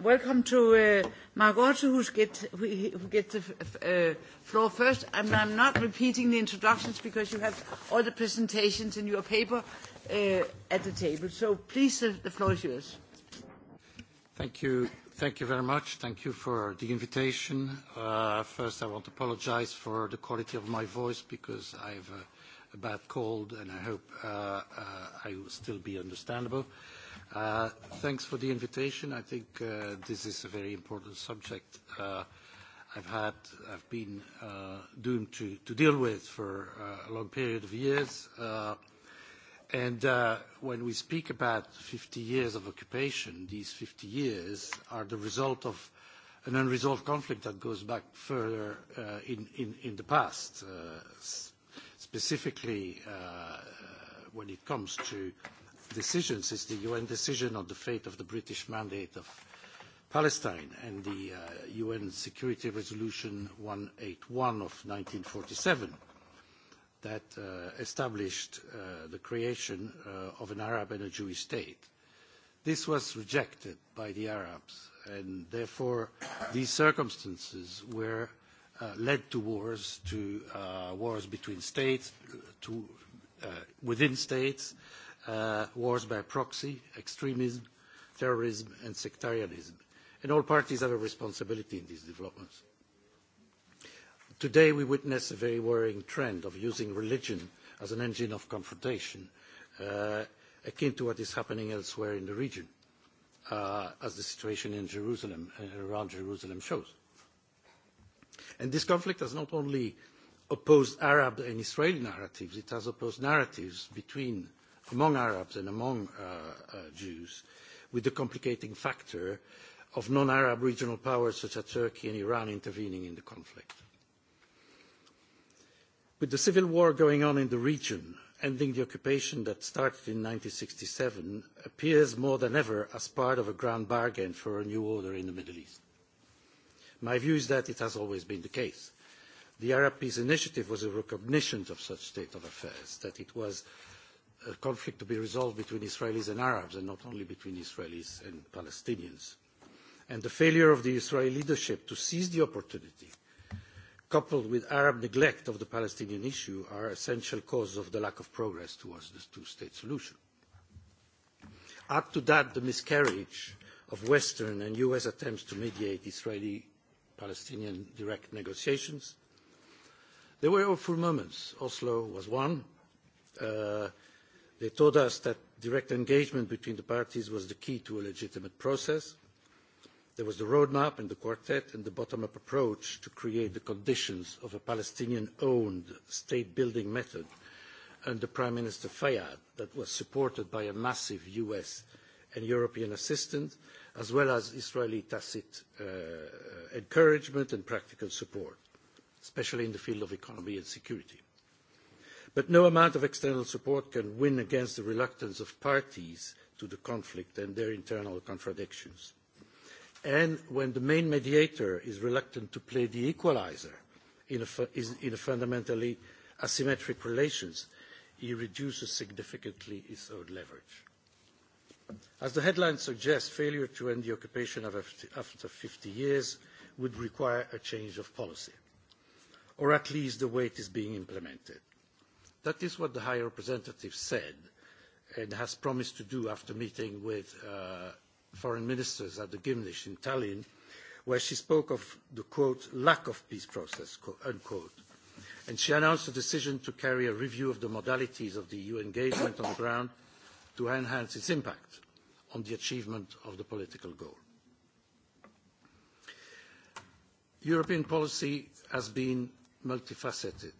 welcome to uh, Margot, who's get, who, who gets the f- f- uh, floor first. And I'm not repeating the introductions because you have all the presentations in your paper uh, at the table. So please, uh, the floor is yours. Thank you. Thank you very much. Thank you for the invitation. Uh, first, I want to apologize for the quality of my voice because I have a, a bad cold, and I hope uh, uh, I will still be understandable. Uh, Uh, thanks for the invitation. I think uh, this is a very important subject uh, I've been doomed to deal with for a long period of years. And when we speak about 50 years of occupation, these 50 years are the result of an unresolved conflict that goes back further in the past, specifically when it comes to decision since the UN decision on the fate of the British Mandate of Palestine and the uh, UN Security Resolution 181 of 1947 that uh, established uh, the creation uh, of an Arab and a Jewish state. This was rejected by the Arabs, and therefore these circumstances were uh, led to wars, to uh, wars between states, to, uh, within states, uh, Uh, wars by proxy, extremism, terrorism, and sectarianism. All parties have a responsibility in these developments. Today, we witness a very worrying trend of using religion as an engine of confrontation, uh, akin to what is happening elsewhere in the region, uh, as the situation in Jerusalem and around Jerusalem shows. This conflict has not only opposed Arab and Israeli narratives, it has opposed narratives between among Arabs and among uh, uh, Jews, with the complicating factor of non Arab regional powers such as Turkey and Iran intervening in the conflict. With the civil war going on in the region, ending the occupation that started in 1967 appears more than ever as part of a grand bargain for a new order in the Middle East. My view is that it has always been the case. The Arab Peace Initiative was a recognition of such state of affairs, that it was conflict to be resolved between Israelis and Arabs and not only between Israelis and Palestinians. And the failure of the Israeli leadership to seize the opportunity, coupled with Arab neglect of the Palestinian issue, are essential causes of the lack of progress towards the two-state solution. Add to that the miscarriage of Western and US attempts to mediate Israeli-Palestinian direct negotiations. There were awful moments. Oslo was one. Uh, They told us that direct engagement between the parties was the key to a legitimate process. There was the roadmap and the quartet and the bottom-up approach to create the conditions of a Palestinian-owned state-building method under Prime Minister Fayyad that was supported by a massive US and European assistance, as well as Israeli tacit uh, encouragement and practical support, especially in the field of economy and security. But no amount of external support can win against the reluctance of parties to the conflict and their internal contradictions. And when the main mediator is reluctant to play the equalizer in a, fu- is in a fundamentally asymmetric relations, he reduces significantly his own leverage. As the headline suggests, failure to end the occupation of after 50 years would require a change of policy, or at least the way it is being implemented. That is what the High Representative said and has promised to do after meeting with uh, foreign ministers at the Gimlish in Tallinn, where she spoke of the, quote, lack of peace process, unquote. And she announced a decision to carry a review of the modalities of the EU engagement on the ground to enhance its impact on the achievement of the political goal. European policy has been multifaceted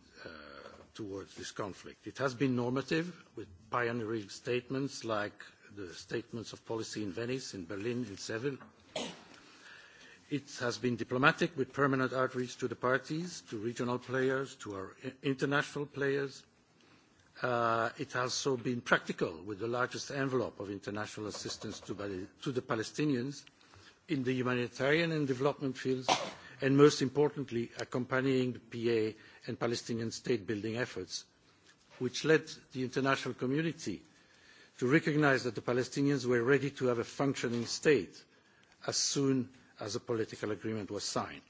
towards this conflict. It has been normative with pioneering statements like the statements of policy in Venice, in Berlin, in Seville. It has been diplomatic with permanent outreach to the parties, to regional players, to our international players. Uh, it has also been practical with the largest envelope of international assistance to, to the Palestinians in the humanitarian and development fields, and most importantly, accompanying the PA and Palestinian state-building efforts, which led the international community to recognize that the Palestinians were ready to have a functioning state as soon as a political agreement was signed.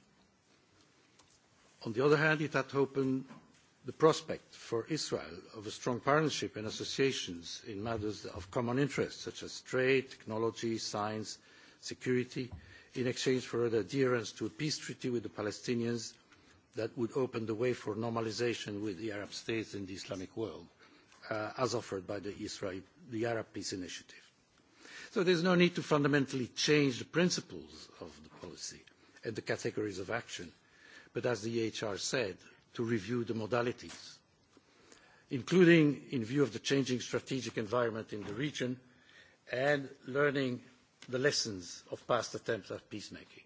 On the other hand, it had opened the prospect for Israel of a strong partnership and associations in matters of common interest, such as trade, technology, science, security, in exchange for the adherence to a peace treaty with the Palestinians that would open the way for normalization with the Arab states in the Islamic world, uh, as offered by the, Israel, the Arab Peace Initiative. So there's no need to fundamentally change the principles of the policy and the categories of action, but as the EHR said, to review the modalities, including in view of the changing strategic environment in the region and learning the lessons of past attempts at peacemaking.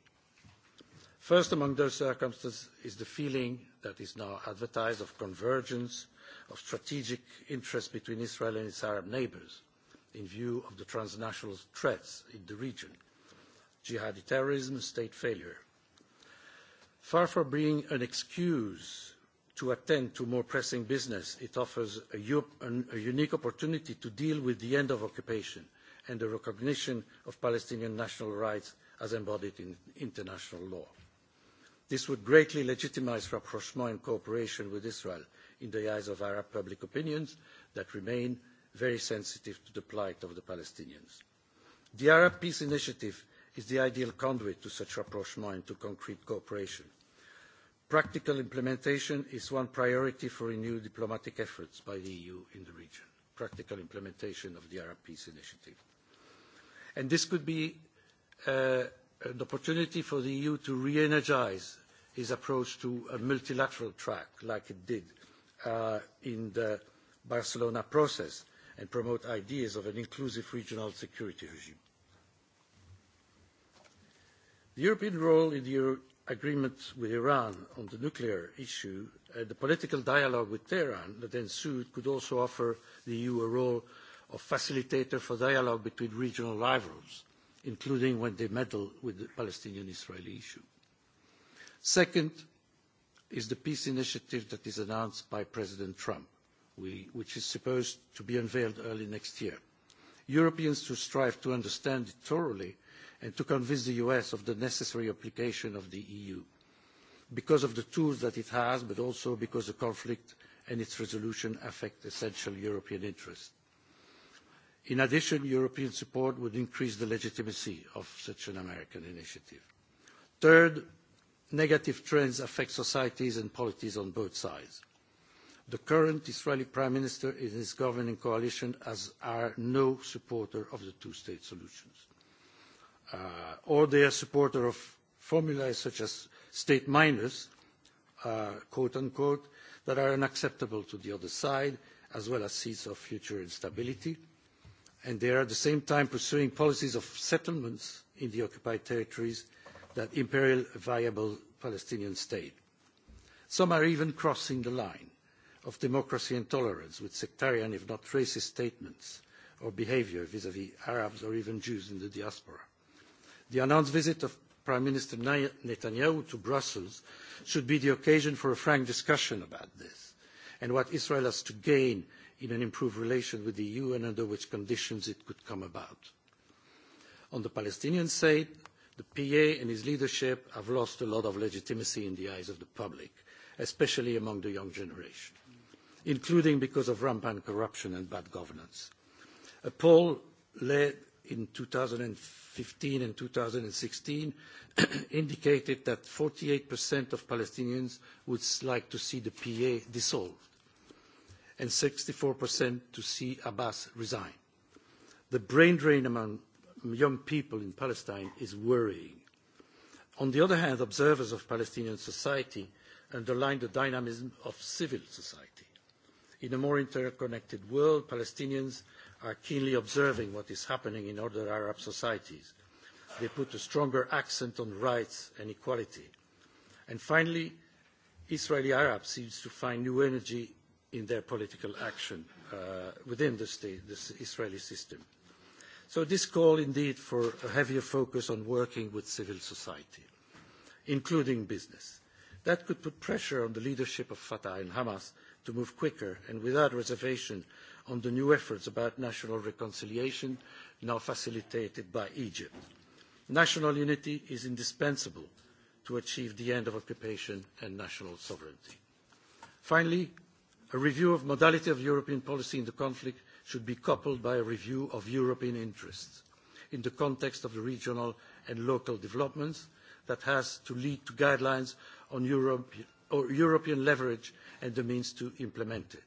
First among those circumstances is the feeling that is now advertised of convergence of strategic interests between Israel and its Arab neighbors in view of the transnational threats in the region, jihadi terrorism, state failure. Far from being an excuse to attend to more pressing business, it offers a, a unique opportunity to deal with the end of occupation and the recognition of Palestinian national rights as embodied in international law. This would greatly legitimize rapprochement and cooperation with Israel in the eyes of Arab public opinions that remain very sensitive to the plight of the Palestinians. The Arab Peace Initiative is the ideal conduit to such rapprochement and to concrete cooperation. Practical implementation is one priority for renewed diplomatic efforts by the EU in the region, practical implementation of the Arab Peace Initiative. This could be uh, an uh, opportunity for the EU to re-energize its approach to a multilateral track like it did uh, in the Barcelona process and promote ideas of an inclusive regional security regime. The European role in the Euro agreement with Iran on the nuclear issue and uh, the political dialogue with Tehran that ensued could also offer the EU a role of facilitator for dialogue between regional rivals including when they meddle with the Palestinian-Israeli issue. Second is the peace initiative that is announced by President Trump, which is supposed to be unveiled early next year. Europeans should strive to understand it thoroughly and to convince the U.S. of the necessary application of the EU because of the tools that it has, but also because the conflict and its resolution affect essential European interests. In addition, European support would increase the legitimacy of such an American initiative. Third, negative trends affect societies and polities on both sides. The current Israeli Prime Minister and his governing coalition as are no supporter of the two-state solutions. Uh, or they are supporter of formulas such as state minors, uh, quote unquote, that are unacceptable to the other side, as well as seeds of future instability. Mm -hmm and they are at the same time pursuing policies of settlements in the occupied territories that imperil a viable Palestinian state. Some are even crossing the line of democracy and tolerance with sectarian, if not racist, statements or behavior vis-à-vis -vis Arabs or even Jews in the diaspora. The announced visit of Prime Minister Netanyahu to Brussels should be the occasion for a frank discussion about this and what Israel has to gain in an improved relation with the EU and under which conditions it could come about. On the Palestinian side, the PA and his leadership have lost a lot of legitimacy in the eyes of the public, especially among the young generation, including because of rampant corruption and bad governance. A poll led in 2015 and 2016 [clears throat] indicated that 48% of Palestinians would like to see the PA dissolved and 64% to see Abbas resign. The brain drain among young people in Palestine is worrying. On the other hand, observers of Palestinian society underline the dynamism of civil society. In a more interconnected world, Palestinians are keenly observing what is happening in other Arab societies. They put a stronger accent on rights and equality. And finally, Israeli Arabs seems to find new energy in their political action uh, within the state, this Israeli system. So this call indeed for a heavier focus on working with civil society, including business. That could put pressure on the leadership of Fatah and Hamas to move quicker and without reservation on the new efforts about national reconciliation now facilitated by Egypt. National unity is indispensable to achieve the end of occupation and national sovereignty. Finally, a review of modality of European policy in the conflict should be coupled by a review of European interests in the context of the regional and local developments that has to lead to guidelines on Europe, or European leverage and the means to implement it.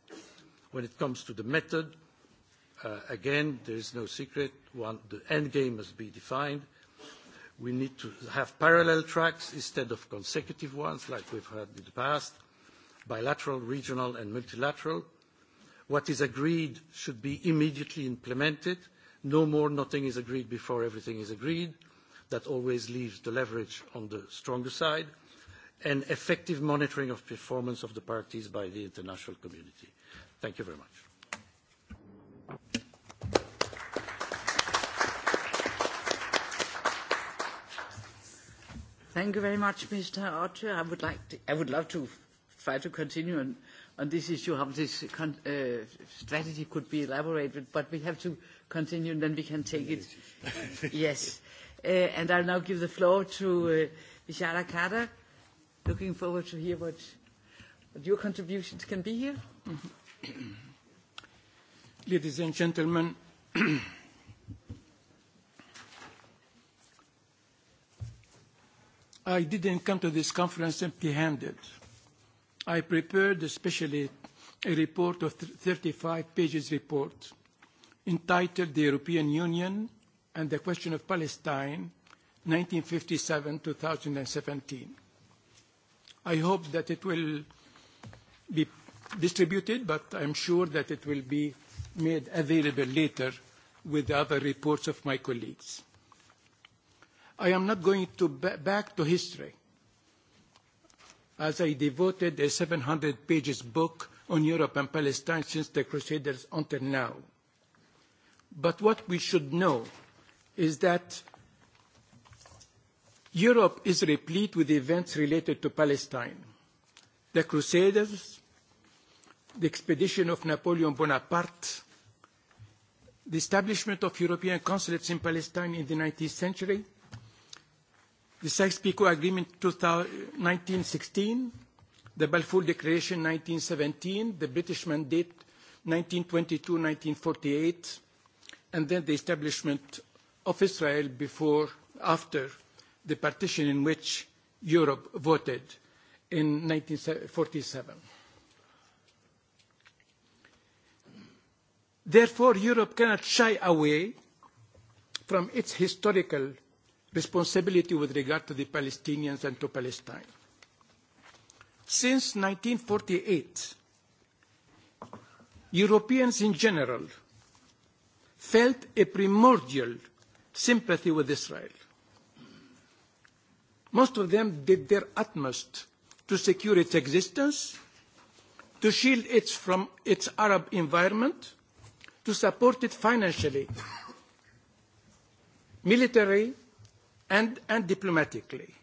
When it comes to the method, uh, again, there is no secret. One, the end game must be defined. We need to have parallel tracks instead of consecutive ones like we've had in the past bilateral, regional, and multilateral. What is agreed should be immediately implemented. No more nothing is agreed before everything is agreed. That always leaves the leverage on the stronger side. And effective monitoring of performance of the parties by the international community. Thank you very much. Thank you very much, Mr. Otto. I would love to try to continue on this issue, how this uh, strategy could be elaborated, but we have to continue, and then we can take it. [laughs] Yes. Uh, and I'll now give the floor to Vishala uh, Katta. Looking forward to hear what your contributions can be here. Mm-hmm. Ladies and gentlemen, [clears throat] I didn't come to this conference empty-handed. I prepared especially a report of 35 pages report entitled The European Union and the Question of Palestine, 1957-2017. I hope that it will be distributed, but I'm sure that it will be made available later with the other reports of my colleagues. I am not going to b- back to history as I devoted a uh, 700 pages book on Europe and Palestine since the Crusaders until now. But what we should know is that Europe is replete with events related to Palestine. The Crusaders, the expedition of Napoleon Bonaparte, the establishment of European consulates in Palestine in the 19th century, the Sykes-Picot Agreement 1916, the Balfour Declaration 1917, the British Mandate 1922-1948, and then the establishment of Israel before, after the partition in which Europe voted in 1947. Therefore, Europe cannot shy away from its historical responsibility with regard to the Palestinians and to Palestine. Since 1948, Europeans in general felt a primordial sympathy with Israel. Most of them did their utmost to secure its existence, to shield it from its Arab environment, to support it financially, militarily, and, and diplomatically.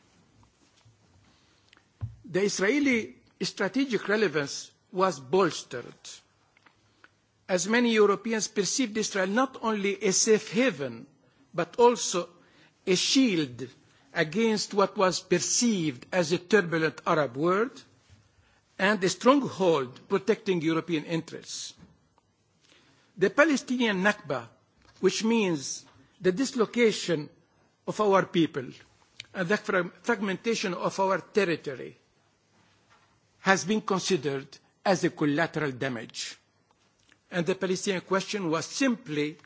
The Israeli strategic relevance was bolstered as many Europeans perceived Israel not only a safe haven, but also a shield against what was perceived as a turbulent Arab world and a stronghold protecting European interests. The Palestinian Nakba, which means the dislocation of our people and the fragmentation of our territory has been considered as a collateral damage. And the Palestinian question was simply,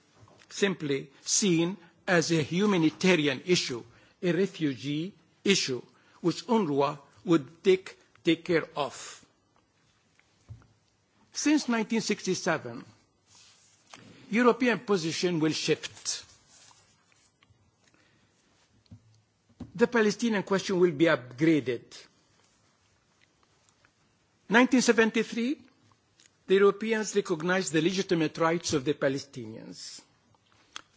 simply seen as a humanitarian issue, a refugee issue, which UNRWA would take, take care of. Since 1967, European position will shift. In the Palestinian question will be upgraded. 1973, the Europeans recognized the legitimate rights of the Palestinians.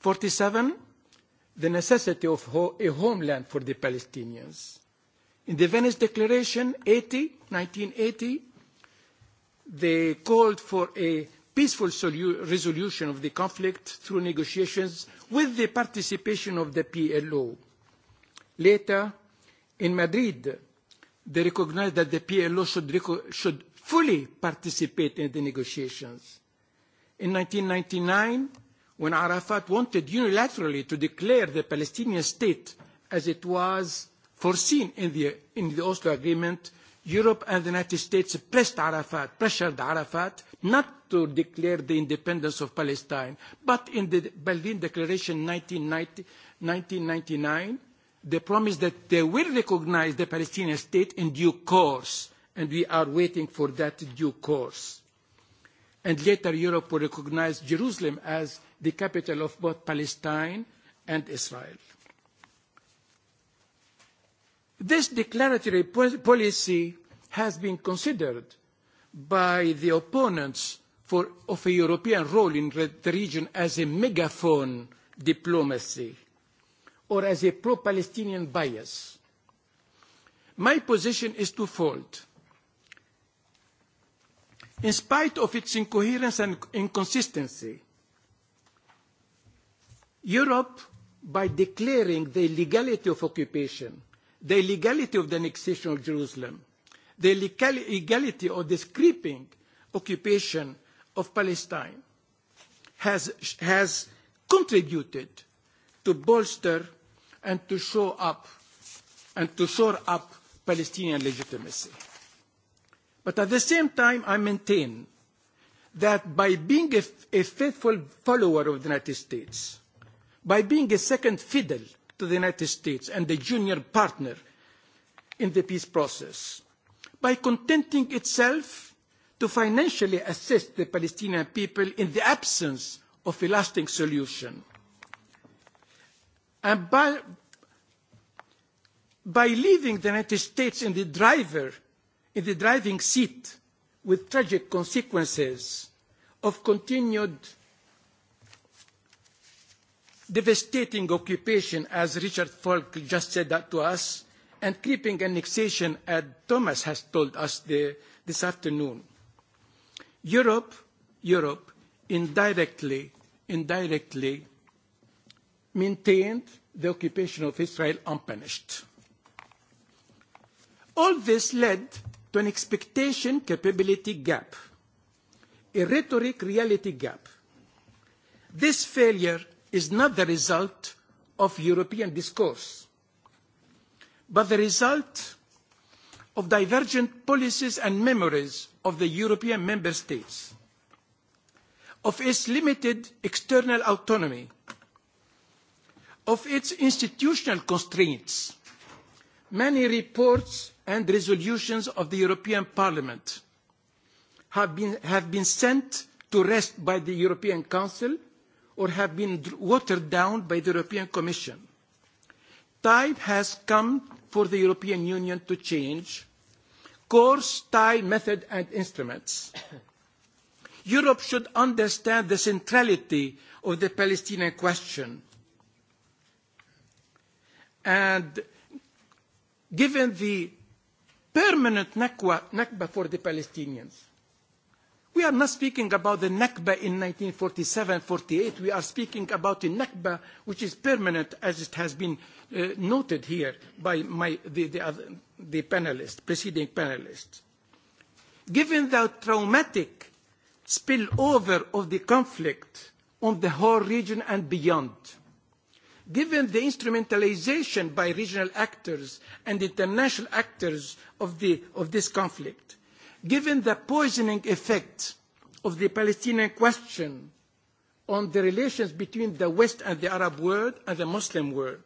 47, the necessity of ho- a homeland for the Palestinians. In the Venice Declaration, 80, 1980, they called for a peaceful solu- resolution of the conflict through negotiations with the participation of the PLO. Later, in Madrid, they recognized that the PLO should, should fully participate in the negotiations. In 1999, when Arafat wanted unilaterally to declare the Palestinian state as it was foreseen in the, in the Oslo Agreement, Europe and the United States pressed Arafat, pressured Arafat not to declare the independence of Palestine. But in the Berlin Declaration 1990, 1999, the promise that they will recognize the Palestinian state in due course, and we are waiting for that due course. And later, Europe will recognize Jerusalem as the capital of both Palestine and Israel. This declaratory policy has been considered by the opponents for, of a European role in the region as a megaphone diplomacy or as a pro-Palestinian bias. My position is twofold. In spite of its incoherence and inconsistency, Europe, by declaring the legality of occupation, the legality of the annexation of Jerusalem, the legality of the creeping occupation of Palestine, has, has contributed to bolster and to show up and to shore up Palestinian legitimacy. But at the same time, I maintain that by being a, f- a faithful follower of the United States, by being a second fiddle to the United States and a junior partner in the peace process, by contenting itself to financially assist the Palestinian people in the absence of a lasting solution, And by, by leaving the United States in the driver, in the driving seat with tragic consequences of continued devastating occupation, as Richard Falk just said that to us, and creeping annexation, as Thomas has told us the, this afternoon. Europe, Europe, indirectly, indirectly maintained the occupation of Israel unpunished. All this led to an expectation capability gap, a rhetoric reality gap. This failure is not the result of European discourse, but the result of divergent policies and memories of the European Member States, of its limited external autonomy, of its institutional constraints, many reports and resolutions of the European Parliament have been, have been sent to rest by the European Council or have been watered down by the European Commission. Time has come for the European Union to change course, time, method and instruments. Europe should understand the centrality of the Palestinian question And given the permanent Nakba, Nakba for the Palestinians, we are not speaking about the Nakba in 1947-48. We are speaking about a Nakba which is permanent, as it has been uh, noted here by my, the, the, other, the panelist, preceding panelists. Given the traumatic spillover of the conflict on the whole region and beyond, given the instrumentalization by regional actors and international actors of, the, of this conflict, given the poisoning effect of the Palestinian question on the relations between the West and the Arab world and the Muslim world,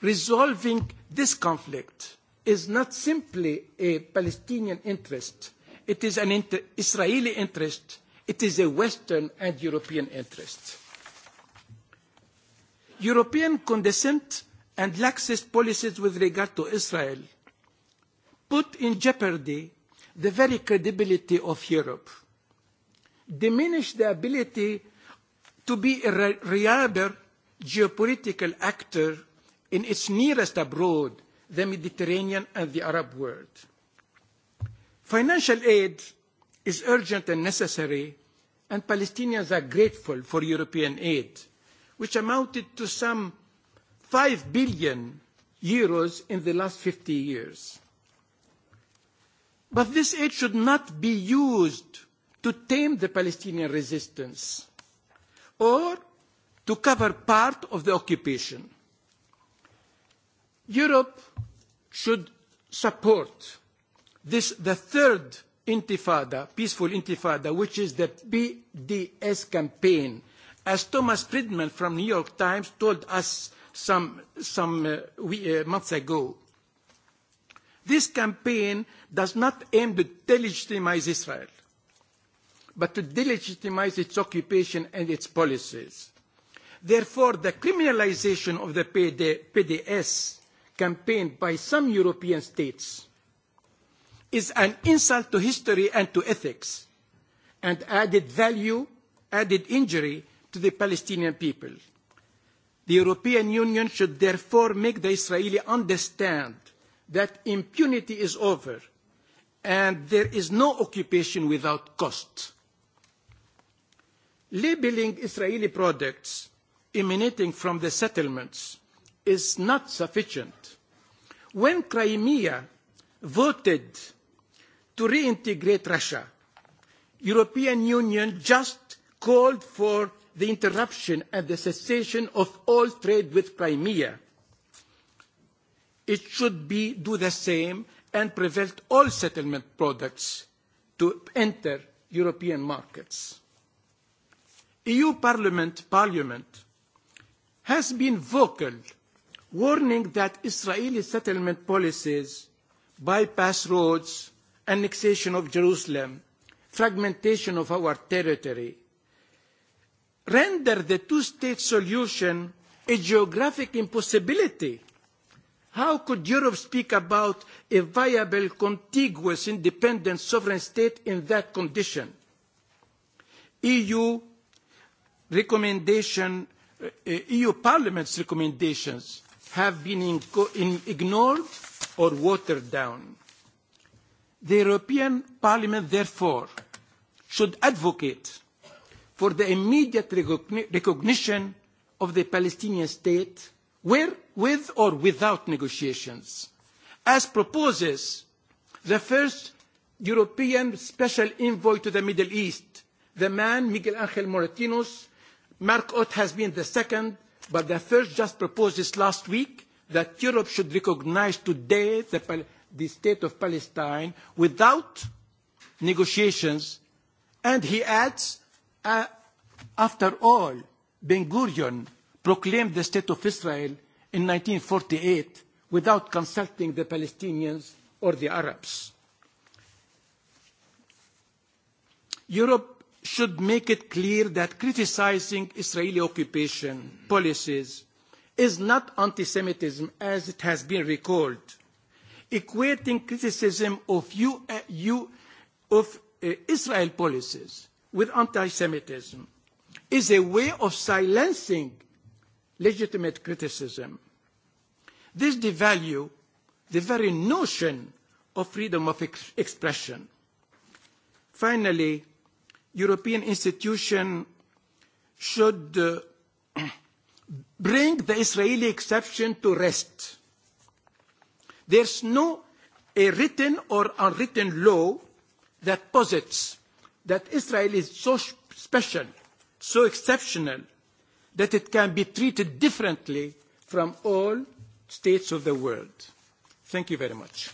resolving this conflict is not simply a Palestinian interest, it is an inter- Israeli interest, it is a Western and European interest. European condescent and laxist policies with regard to Israel put in jeopardy the very credibility of Europe, diminish the ability to be a reliable geopolitical actor in its nearest abroad, the Mediterranean and the Arab world. Financial aid is urgent and necessary, and Palestinians are grateful for European aid which amounted to some 5 billion euros in the last 50 years. But this aid should not be used to tame the Palestinian resistance or to cover part of the occupation. Europe should support this, the third intifada, peaceful intifada, which is the BDS campaign As Thomas Friedman from New York Times told us some, some uh, we, uh, months ago, this campaign does not aim to delegitimize Israel, but to delegitimize its occupation and its policies. Therefore, the criminalization of the PDS campaign by some European states is an insult to history and to ethics and added value, added injury to the Palestinian people. The European Union should therefore make the Israeli understand that impunity is over and there is no occupation without cost. Labeling Israeli products emanating from the settlements is not sufficient. When Crimea voted to reintegrate Russia, European Union just called for the interruption and the cessation of all trade with Crimea. It should be do the same and prevent all settlement products to enter European markets. EU Parliament, Parliament has been vocal, warning that Israeli settlement policies, bypass roads, annexation of Jerusalem, fragmentation of our territory, render the two-state solution a geographic impossibility. How could Europe speak about a viable, contiguous, independent, sovereign state in that condition? EU recommendation, uh, EU Parliament's recommendations have been in, in, ignored or watered down. The European Parliament, therefore, should advocate for the immediate recognition of the Palestinian state, where, with or without negotiations, as proposes the first European special envoy to the Middle East, the man Miguel Angel Moratinos. Mark Ott has been the second, but the first just proposed this last week that Europe should recognize today the, the state of Palestine without negotiations. And he adds uh, after all, Ben Gurion proclaimed the State of Israel in 1948 without consulting the Palestinians or the Arabs. Europe should make it clear that criticizing Israeli occupation policies is not anti Semitism as it has been recalled. Equating criticism of, U, uh, U, of uh, Israel policies with anti Semitism is a way of silencing legitimate criticism. This devalue the very notion of freedom of ex- expression. Finally, European institutions should uh, [clears throat] bring the Israeli exception to rest. There's no a written or unwritten law that posits that Israel is so special, so exceptional, that it can be treated differently from all states of the world. Thank you very much.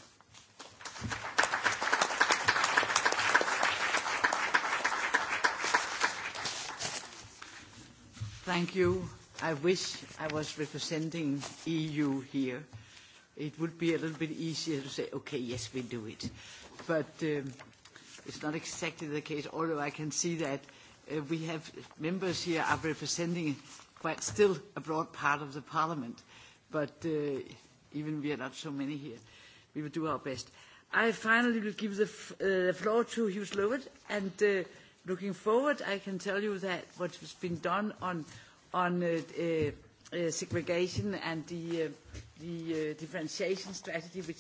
Thank you. I wish I was representing EU here. It would be a little bit easier to say, okay, yes, we do it. But um, it's not exactly the case, although I can see that uh, we have members here are representing quite still a broad part of the parliament, but uh, even we are not so many here. We will do our best. I finally will give the, f- uh, the floor to Hugh Lovett, and uh, looking forward, I can tell you that what has been done on, on uh, uh, uh segregation and the, uh, the uh, differentiation strategy, which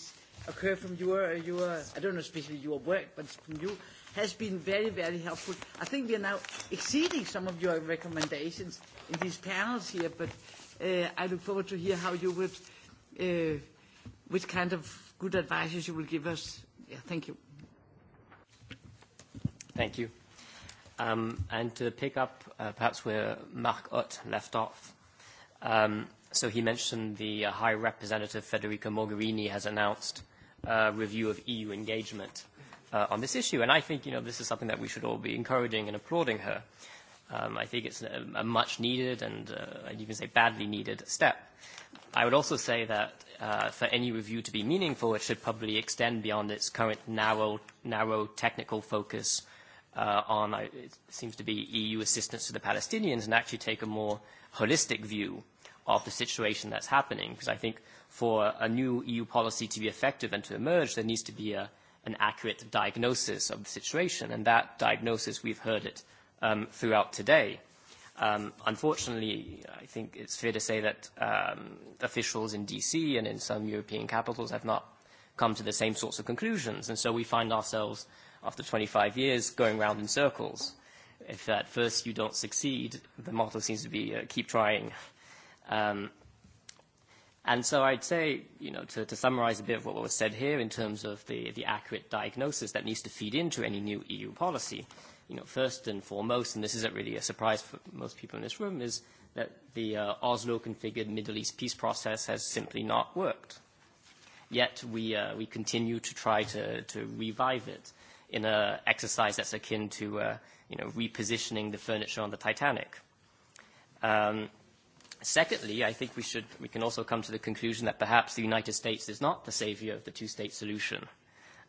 occur from your, uh, your I don't know especially your work, but from you, has been very, very helpful. I think we are now exceeding some of your recommendations in these panels here, but uh, I look forward to hear how you would, uh, which kind of good advices you will give us. Yeah, thank you. Thank you. Um, and to pick up uh, perhaps where Mark Ott left off. Um, so he mentioned the uh, High Representative Federica Mogherini has announced uh, review of EU engagement uh, on this issue. And I think you know, this is something that we should all be encouraging and applauding her. Um, I think it's a, a much needed and uh, I'd even say badly needed step. I would also say that uh, for any review to be meaningful, it should probably extend beyond its current narrow, narrow technical focus uh, on, uh, it seems to be, EU assistance to the Palestinians and actually take a more holistic view of the situation that's happening. Because I think for a new EU policy to be effective and to emerge, there needs to be a, an accurate diagnosis of the situation, and that diagnosis, we've heard it um, throughout today. Um, unfortunately, I think it's fair to say that um, officials in DC and in some European capitals have not come to the same sorts of conclusions, and so we find ourselves, after 25 years, going round in circles. If at first you don't succeed, the motto seems to be uh, keep trying. [laughs] Um, And so I'd say, you know, to, to summarize a bit of what was said here in terms of the, the accurate diagnosis that needs to feed into any new EU policy, you know, first and foremost, and this isn't really a surprise for most people in this room, is that the uh, Oslo-configured Middle East peace process has simply not worked. Yet we, uh, we continue to try to, to revive it in an exercise that's akin to, uh, you know, repositioning the furniture on the Titanic. Um, Secondly, I think we, should, we can also come to the conclusion that perhaps the United States is not the savior of the two state solution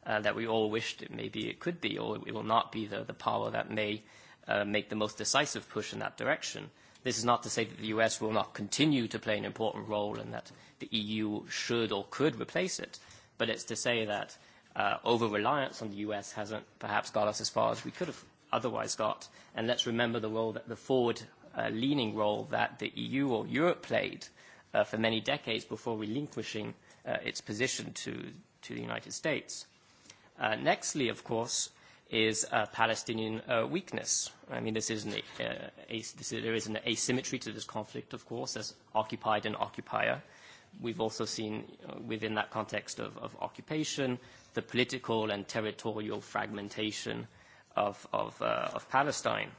uh, that we all wished it maybe it could be, or it will not be the, the power that may uh, make the most decisive push in that direction. This is not to say that the US will not continue to play an important role and that the EU should or could replace it, but it's to say that uh, over reliance on the US hasn't perhaps got us as far as we could have otherwise got. And let's remember the role that the Ford uh, leaning role that the EU or Europe played uh, for many decades before relinquishing uh, its position to, to the United States. Uh, nextly, of course, is uh, Palestinian uh, weakness. I mean, this isn't a, uh, a, this is, there is an asymmetry to this conflict, of course, as occupied and occupier. We've also seen uh, within that context of, of occupation the political and territorial fragmentation of, of, uh, of Palestine. Uh,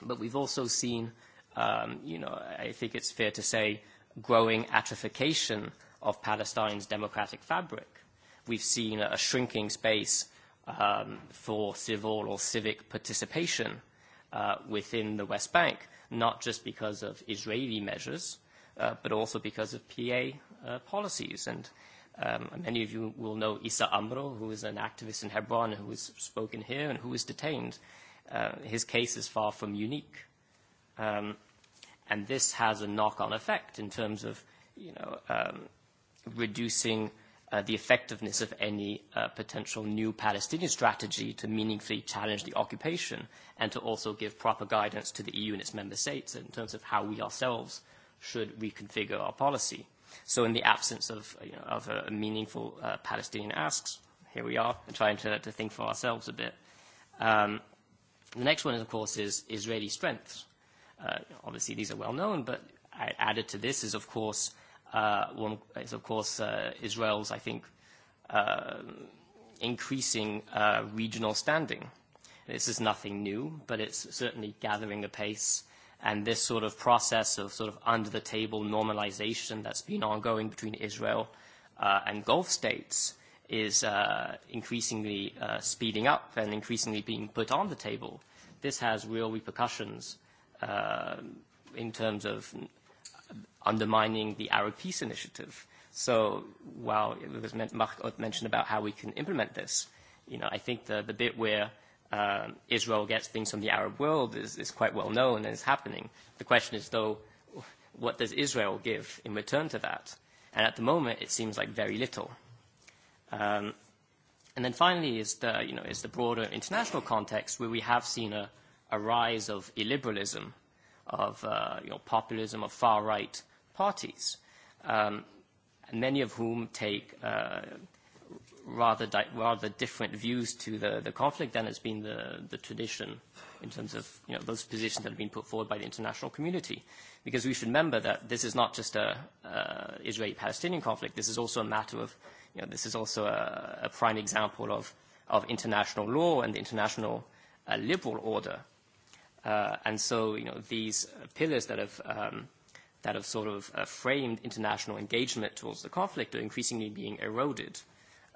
But we've also seen, um, you know, I think it's fair to say, growing atrophication of Palestine's democratic fabric. We've seen a shrinking space um, for civil or civic participation uh, within the West Bank, not just because of Israeli measures, uh, but also because of PA uh, policies. And um, many of you will know Issa Amro, who is an activist in Hebron, who has spoken here and who was detained. Uh, his case is far from unique. Um, and this has a knock-on effect in terms of you know, um, reducing uh, the effectiveness of any uh, potential new Palestinian strategy to meaningfully challenge the occupation and to also give proper guidance to the EU and its member states in terms of how we ourselves should reconfigure our policy. So in the absence of, you know, of a meaningful uh, Palestinian asks, here we are trying to, to think for ourselves a bit. Um, The next one, of course, is Israeli strength. Uh, obviously, these are well known, but added to this is, of course, uh, one is, of course, uh, Israel's, I think, increasing regional standing. This is nothing new, but it's certainly gathering apace, and this sort of process of sort of under-the-table normalization that's been ongoing between Israel and Gulf states is uh, increasingly uh, speeding up and increasingly being put on the table, this has real repercussions uh, in terms of undermining the Arab peace initiative. So while it was meant, mentioned about how we can implement this, you know, I think the, the bit where uh, Israel gets things from the Arab world is, is quite well known and is happening. The question is, though, what does Israel give in return to that? And at the moment, it seems like very little. Um, and then finally is the, you know, is the broader international context, where we have seen a rise of illiberalism, of, uh, you know, populism, of far-right parties, um, many of whom take uh, rather different views to the conflict than has been the tradition in terms of, you know, those positions that have been put forward by the international community. Because we should remember that this is not just a uh, Israeli-Palestinian conflict, this is also a matter of you know, this is also a, a prime example of, of international law and the international uh, liberal order. Uh, and so, you know, these pillars that have, um, that have sort of uh, framed international engagement towards the conflict are increasingly being eroded,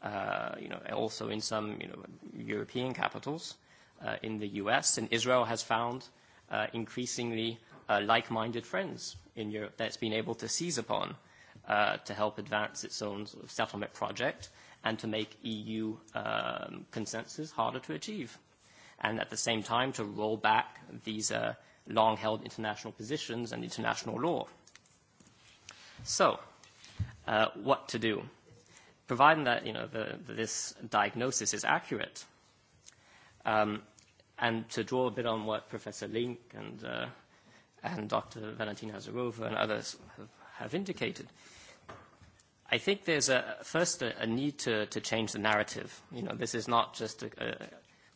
uh, you know, also in some, you know, European capitals uh, in the U.S. And Israel has found uh, increasingly uh, like-minded friends in Europe that's been able to seize upon uh, uh, to help advance its own sort of settlement project and to make EU um, consensus harder to achieve. And at the same time, to roll back these uh, long held international positions and international law. So, uh, what to do? Providing that you know, the, the, this diagnosis is accurate, um, and to draw a bit on what Professor Link and, uh, and Dr. Valentina Zarova and others have, have indicated, I think there's a, first a, a need to, to change the narrative. You know, this is not just a, a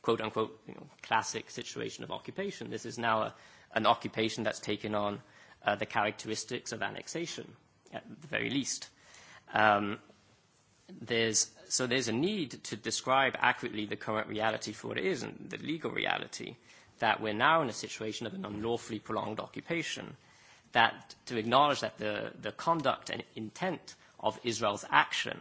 quote-unquote you know, classic situation of occupation. This is now a, an occupation that's taken on uh, the characteristics of annexation, at the very least. Um, there's, so there's a need to describe accurately the current reality for what it is, and the legal reality, that we're now in a situation of an unlawfully prolonged occupation, that to acknowledge that the, the conduct and intent – of Israel's action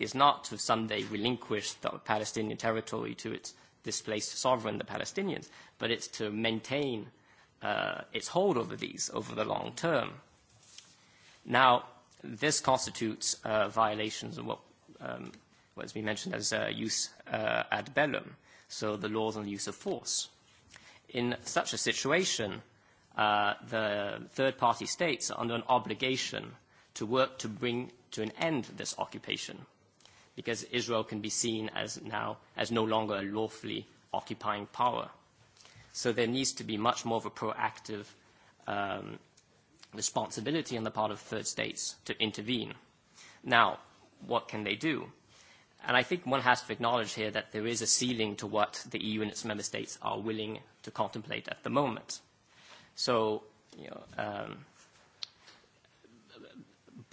is not to someday relinquish the Palestinian territory to its displaced sovereign, the Palestinians, but it's to maintain uh, its hold over these over the long term. Now, this constitutes uh, violations of what, um, what has been mentioned as uh, use uh, ad bellum, so the laws on the use of force. In such a situation, uh, the third-party states are under an obligation to work to bring to an end this occupation because Israel can be seen as now as no longer a lawfully occupying power. So there needs to be much more of a proactive um, responsibility on the part of third states to intervene. Now, what can they do? And I think one has to acknowledge here that there is a ceiling to what the EU and its member states are willing to contemplate at the moment. So, you know, um,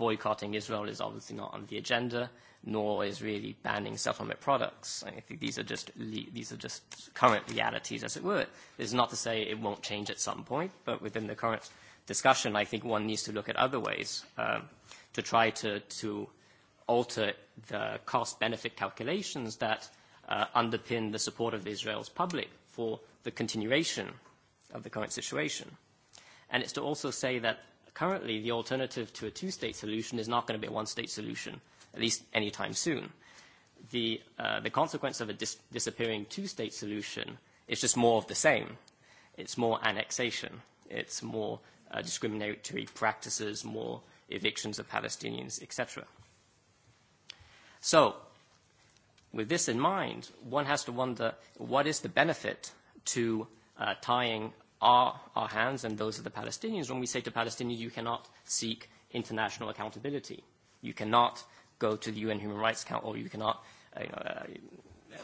boycotting Israel is obviously not on the agenda, nor is really banning self-made products. I think these are just le- these are just current realities, as it were. It's not to say it won't change at some point, but within the current discussion, I think one needs to look at other ways um, to try to, to alter the cost-benefit calculations that uh, underpin the support of Israel's public for the continuation of the current situation. And it's to also say that currently, the alternative to a two-state solution is not going to be a one-state solution, at least anytime soon. The, uh, the consequence of a dis disappearing two-state solution is just more of the same. It's more annexation. It's more uh, discriminatory practices, more evictions of Palestinians, etc. So with this in mind, one has to wonder what is the benefit to uh, tying are our hands and those of the Palestinians when we say to Palestinians, you cannot seek international accountability. You cannot go to the UN Human Rights Council, or you cannot, uh, you know, uh,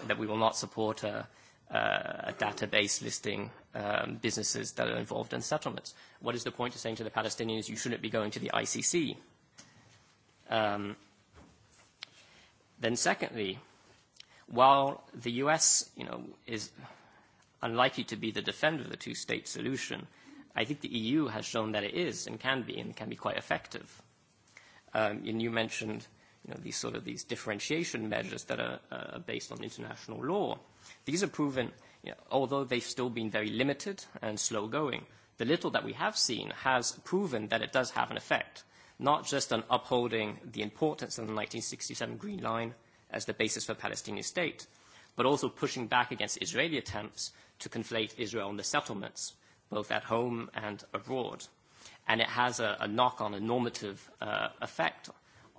that we will not support a, uh, a database listing um, businesses that are involved in settlements. What is the point of saying to the Palestinians, you shouldn't be going to the ICC? Um, then secondly, while the US, you know, is, unlikely to be the defender of the two-state solution, I think the EU has shown that it is and can be and can be quite effective. Um, and you mentioned you know, these sort of these differentiation measures that are uh, based on international law. These are proven, you know, although they've still been very limited and slow going, the little that we have seen has proven that it does have an effect, not just on upholding the importance of the 1967 Green Line as the basis for a Palestinian state, but also pushing back against Israeli attempts to conflate Israel and the settlements, both at home and abroad. And it has a, a knock on, a normative uh, effect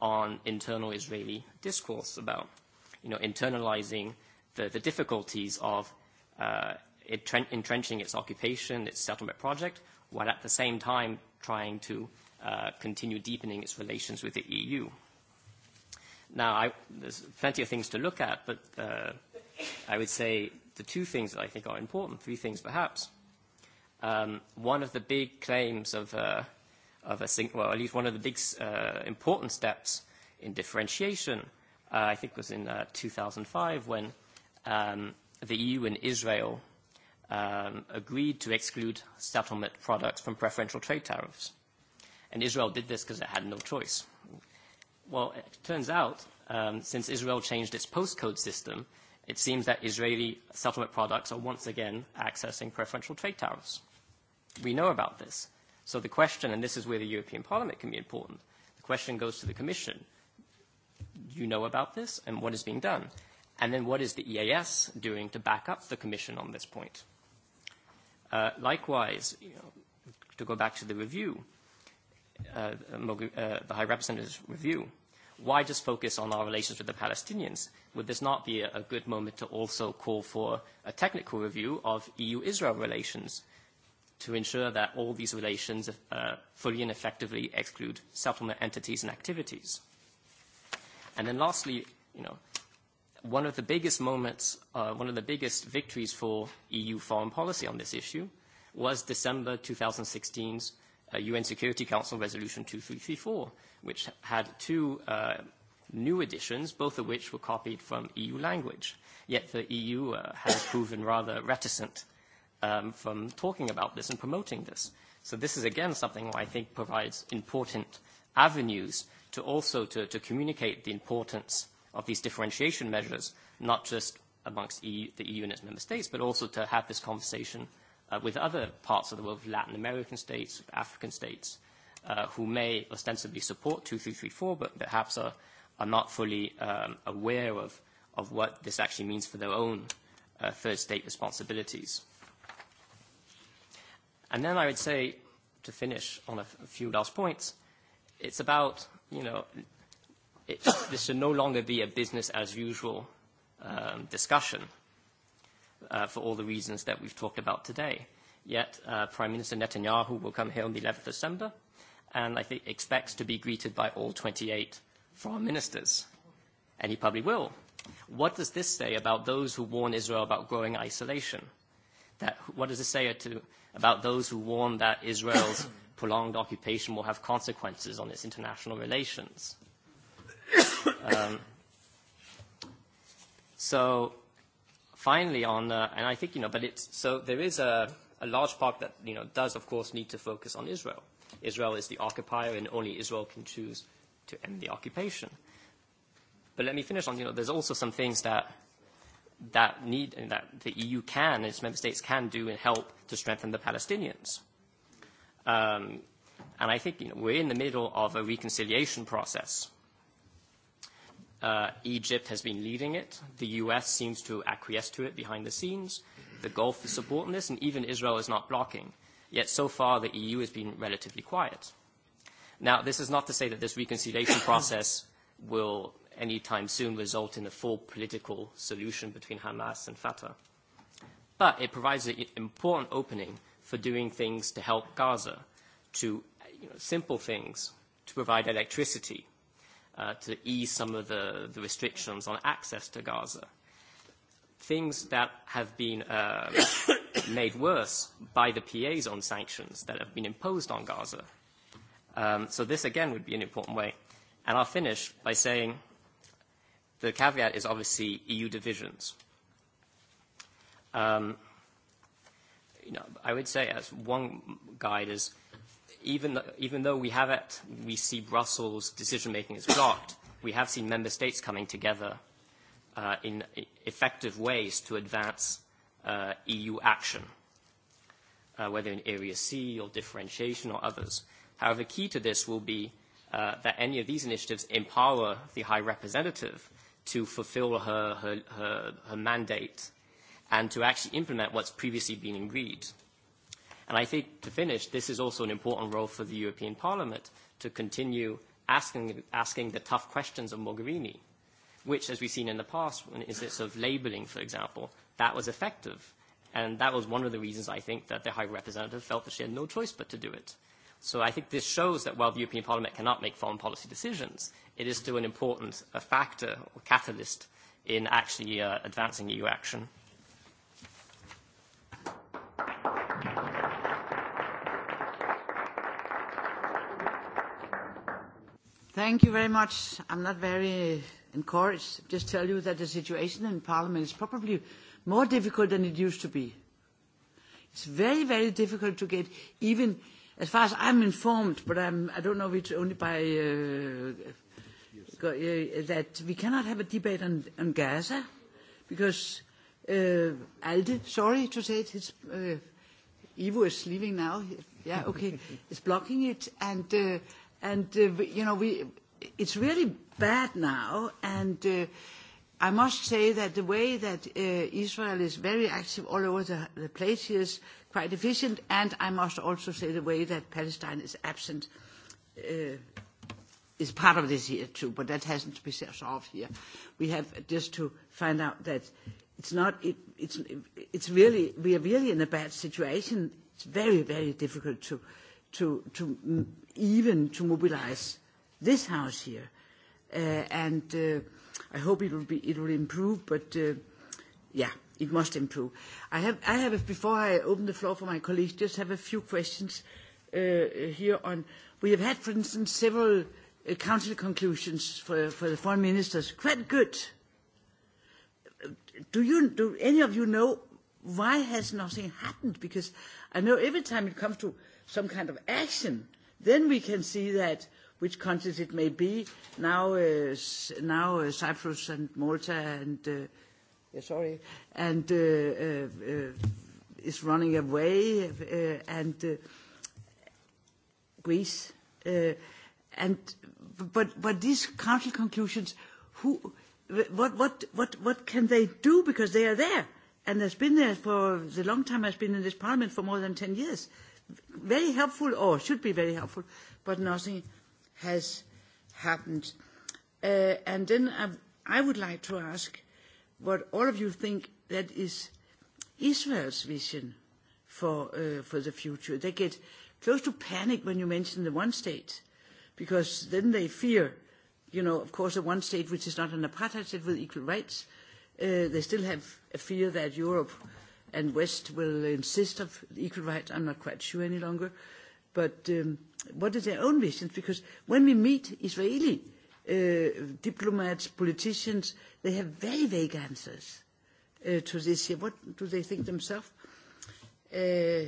on internal Israeli discourse about you know, internalizing the, the difficulties of uh, entren- entrenching its occupation, its settlement project, while at the same time trying to uh, continue deepening its relations with the EU. Now, I, there's plenty of things to look at, but uh, I would say the two things that I think are important, three things perhaps. Um, one of the big claims of, uh, of a sing well, at least one of the big uh, important steps in differentiation, uh, I think was in uh, 2005 when um, the EU and Israel um, agreed to exclude settlement products from preferential trade tariffs. And Israel did this because it had no choice. Well, it turns out, um, since Israel changed its postcode system, It seems that Israeli settlement products are once again accessing preferential trade tariffs. We know about this. So the question, and this is where the European Parliament can be important, the question goes to the Commission. Do you know about this and what is being done? And then what is the EAS doing to back up the Commission on this point? Uh, likewise, to go back to the review, uh, uh, the High Representative's review, why just focus on our relations with the Palestinians? Would this not be a good moment to also call for a technical review of EU-Israel relations to ensure that all these relations uh, fully and effectively exclude settlement entities and activities? And then lastly, you know, one of the biggest moments, uh, one of the biggest victories for EU foreign policy on this issue was December 2016's uh, UN Security Council Resolution 2334, which had two uh, new additions, both of which were copied from EU language. Yet the EU uh, has proven rather reticent um, from talking about this and promoting this. So this is, again, something I think provides important avenues to also to, to communicate the importance of these differentiation measures, not just amongst EU, the EU and its member states, but also to have this conversation uh, with other parts of the world, Latin American states, African states, uh, who may ostensibly support 2334, but perhaps are, are not fully um, aware of, of what this actually means for their own uh, third state responsibilities. And then I would say, to finish on a, f- a few last points, it's about, you know, it, this should no longer be a business as usual um, discussion uh, for all the reasons that we've talked about today. Yet uh, Prime Minister Netanyahu will come here on the 11th of December and I think expects to be greeted by all 28 foreign ministers. And he probably will. What does this say about those who warn Israel about growing isolation? That, what does it say to, about those who warn that Israel's [coughs] prolonged occupation will have consequences on its international relations? [coughs] um, so finally on, uh, and I think, you know, but it's, so there is a, a large part that, you know, does of course need to focus on Israel. Israel is the occupier and only Israel can choose to end the occupation. But let me finish on, you know, there's also some things that, that need, and that the EU can, and its member states can do and help to strengthen the Palestinians. Um, and I think, you know, we're in the middle of a reconciliation process. Uh, Egypt has been leading it. The U.S. seems to acquiesce to it behind the scenes. The Gulf is supporting this, and even Israel is not blocking. Yet so far, the EU has been relatively quiet. Now, this is not to say that this reconciliation [coughs] process will anytime soon result in a full political solution between Hamas and Fatah. But it provides an important opening for doing things to help Gaza, to, you know, simple things, to provide electricity, Uh, to ease some of the, the restrictions on access to Gaza. Things that have been uh, [coughs] made worse by the PA's own sanctions that have been imposed on Gaza. Um, so this, again, would be an important way. And I'll finish by saying the caveat is obviously EU divisions. Um, you know, I would say as one guide is even, th even though we have it, we see Brussels' decision-making is blocked, we have seen member states coming together uh, in e effective ways to advance uh, EU action, uh, whether in Area C or differentiation or others. However, key to this will be uh, that any of these initiatives empower the High Representative to fulfill her, her, her, her mandate and to actually implement what's previously been agreed. Uh, And I think to finish, this is also an important role for the European Parliament to continue asking, asking the tough questions of Mogherini, which, as we've seen in the past, when it's sort of labeling, for example, that was effective. And that was one of the reasons I think that the High Representative felt that she had no choice but to do it. So I think this shows that while the European Parliament cannot make foreign policy decisions, it is still an important a factor or catalyst in actually uh, advancing EU action. Thank you very much. I'm not very encouraged. Just tell you that the situation in Parliament is probably more difficult than it used to be. It's very, very difficult to get even, as far as I'm informed, but I'm, I don't know if it's only by uh, yes. uh, that we cannot have a debate on, on Gaza because uh, Alde, sorry to say it, his, uh, Ivo is leaving now. Yeah, okay. He's blocking it and. Uh, and uh, you know we it's really bad now and uh, i must say that the way that uh, israel is very active all over the, the place here is quite efficient and i must also say the way that palestine is absent uh, is part of this here too but that hasn't to be solved here we have just to find out that it's not it, it's it's really we are really in a bad situation it's very very difficult to to to m- even to mobilize this house here. Uh, and uh, I hope it will, be, it will improve, but uh, yeah, it must improve. I have, I have, before I open the floor for my colleagues, just have a few questions uh, here on. We have had, for instance, several uh, council conclusions for, for the foreign ministers. Quite good. Do, you, do any of you know why has nothing happened? Because I know every time it comes to some kind of action, uh, Then we can see that which countries it may be. Now, uh, uh, Cyprus and Malta and uh, is running away, and Greece. But these council conclusions, what can they do? Because they are there, and they've been there for the long time I've been in this parliament, for more than 10 years very helpful or should be very helpful, but nothing has happened. Uh, and then I, I would like to ask what all of you think that is Israel's vision for, uh, for the future. They get close to panic when you mention the one state, because then they fear, you know, of course, a one state which is not an apartheid state with equal rights. Uh, they still have a fear that Europe. Okay and West will insist of equal rights. I'm not quite sure any longer. But um, what are their own visions? Because when we meet Israeli uh, diplomats, politicians, they have very vague answers uh, to this. Here. What do they think themselves? Uh,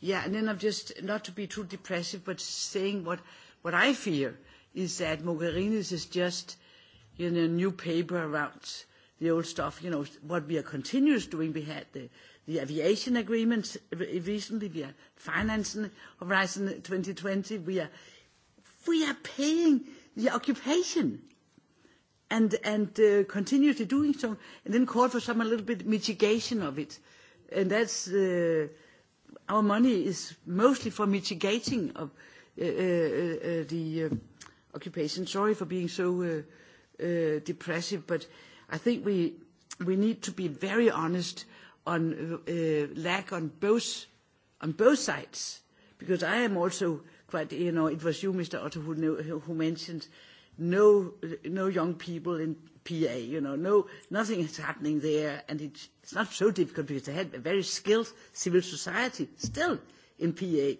yeah, and then I'm just, not to be too depressive, but saying what, what I fear is that Mogherini is just you know, a new paper around the old stuff, you know, what we are continuously doing. We had the the aviation agreement recently, we are financing Horizon 2020. We are paying the occupation and uh, continuously doing so, and then call for some a little bit mitigation of it. That's uh, our money is mostly for mitigating of uh, the occupation. Sorry for being so depressive, but I think we need to be very honest on uh, lack on both on both sides because I am also quite you know it was you Mr. Otto who, knew, who mentioned no no young people in PA you know no nothing is happening there and it's, it's not so difficult because they had a very skilled civil society still in PA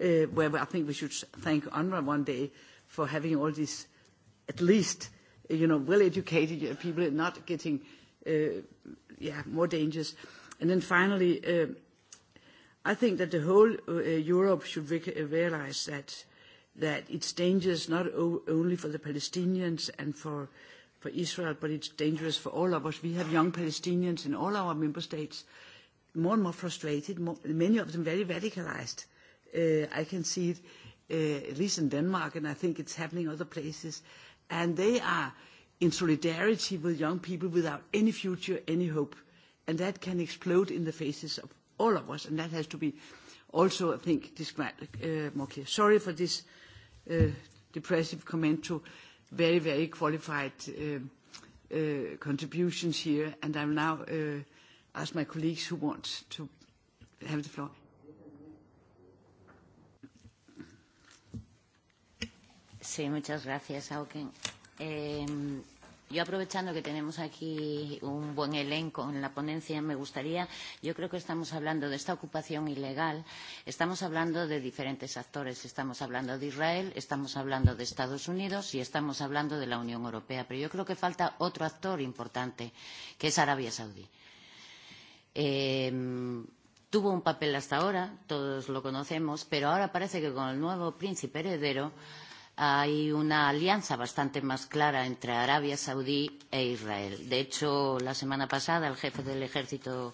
uh, eh, where I think we should thank UNRWA one day for having all these at least you know well educated people and not getting uh, yeah more dangerous. Finally, uh, I think that the whole uh, Europe should uh, realize that it's dangerous not only for the Palestinians and for Israel, but it's dangerous for all of us. We have young Palestinians in all our member states, more and more frustrated, many of them very radicalized. I can see it at least in Denmark, and I think it's happening other places. They are in solidarity with young people without any future, any hope and that can explode in the faces of all of us, and that has to be also, I think, described uh, more clearly. Sorry for this uh, depressive comment to very, very qualified uh, uh, contributions here, and I will now uh, ask my colleagues who want to have the floor. Sí, muchas gracias, Auken. Eh, yo aprovechando que tenemos aquí un buen elenco en la ponencia, me gustaría, yo creo que estamos hablando de esta ocupación ilegal, estamos hablando de diferentes actores, estamos hablando de Israel, estamos hablando de Estados Unidos y estamos hablando de la Unión Europea, pero yo creo que falta otro actor importante, que es Arabia Saudí. Eh, tuvo un papel hasta ahora, todos lo conocemos, pero ahora parece que con el nuevo príncipe heredero, hay una alianza bastante más clara entre Arabia Saudí e Israel. De hecho, la semana pasada el jefe del ejército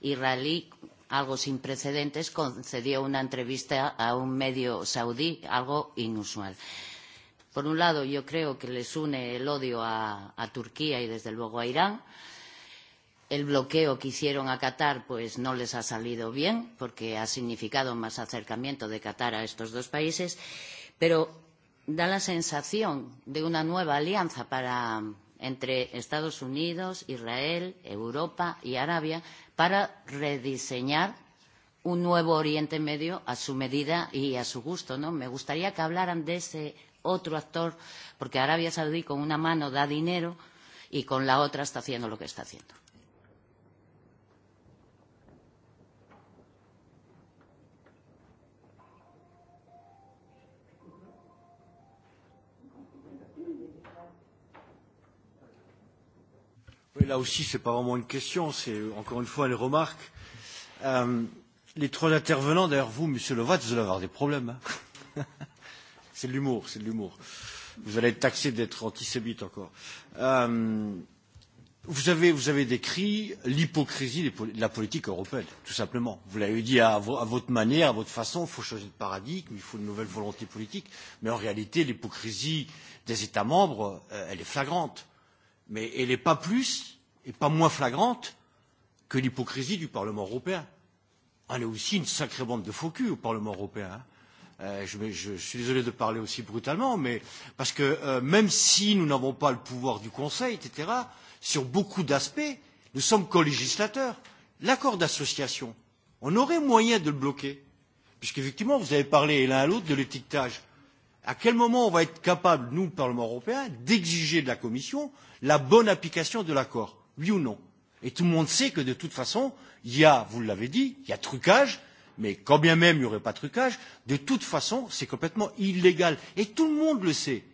israelí, algo sin precedentes, concedió una entrevista a un medio saudí, algo inusual. Por un lado, yo creo que les une el odio a, a Turquía y, desde luego, a Irán. El bloqueo que hicieron a Qatar pues, no les ha salido bien, porque ha significado más acercamiento de Qatar a estos dos países. Pero da la sensación de una nueva alianza para, entre Estados Unidos, Israel, Europa y Arabia para rediseñar un nuevo Oriente Medio a su medida y a su gusto. ¿no? Me gustaría que hablaran de ese otro actor, porque Arabia Saudí con una mano da dinero y con la otra está haciendo lo que está haciendo. Oui, là aussi, ce n'est pas vraiment une question, c'est encore une fois une remarque. Euh, les trois intervenants, d'ailleurs vous, Monsieur Lovat, vous allez avoir des problèmes. Hein. [laughs] c'est de l'humour, c'est de l'humour. Vous allez être taxé d'être antisémite encore. Euh, vous, avez, vous avez décrit l'hypocrisie de la politique européenne, tout simplement. Vous l'avez dit à, à votre manière, à votre façon, il faut changer de paradigme, il faut une nouvelle volonté politique. Mais en réalité, l'hypocrisie des États membres, euh, elle est flagrante mais elle n'est pas plus et pas moins flagrante que l'hypocrisie du Parlement européen. On est aussi une sacrée bande de faux culs au Parlement européen. Euh, je, je, je suis désolé de parler aussi brutalement, mais parce que euh, même si nous n'avons pas le pouvoir du Conseil, etc., sur beaucoup d'aspects, nous sommes co-législateurs. L'accord d'association, on aurait moyen de le bloquer, puisqu'effectivement, vous avez parlé l'un à l'autre de l'étiquetage à quel moment on va être capable, nous, Parlement européen, d'exiger de la Commission la bonne application de l'accord, oui ou non Et tout le monde sait que, de toute façon, il y a, vous l'avez dit, il y a trucage, mais quand bien même il n'y aurait pas de trucage, de toute façon, c'est complètement illégal. Et tout le monde le sait.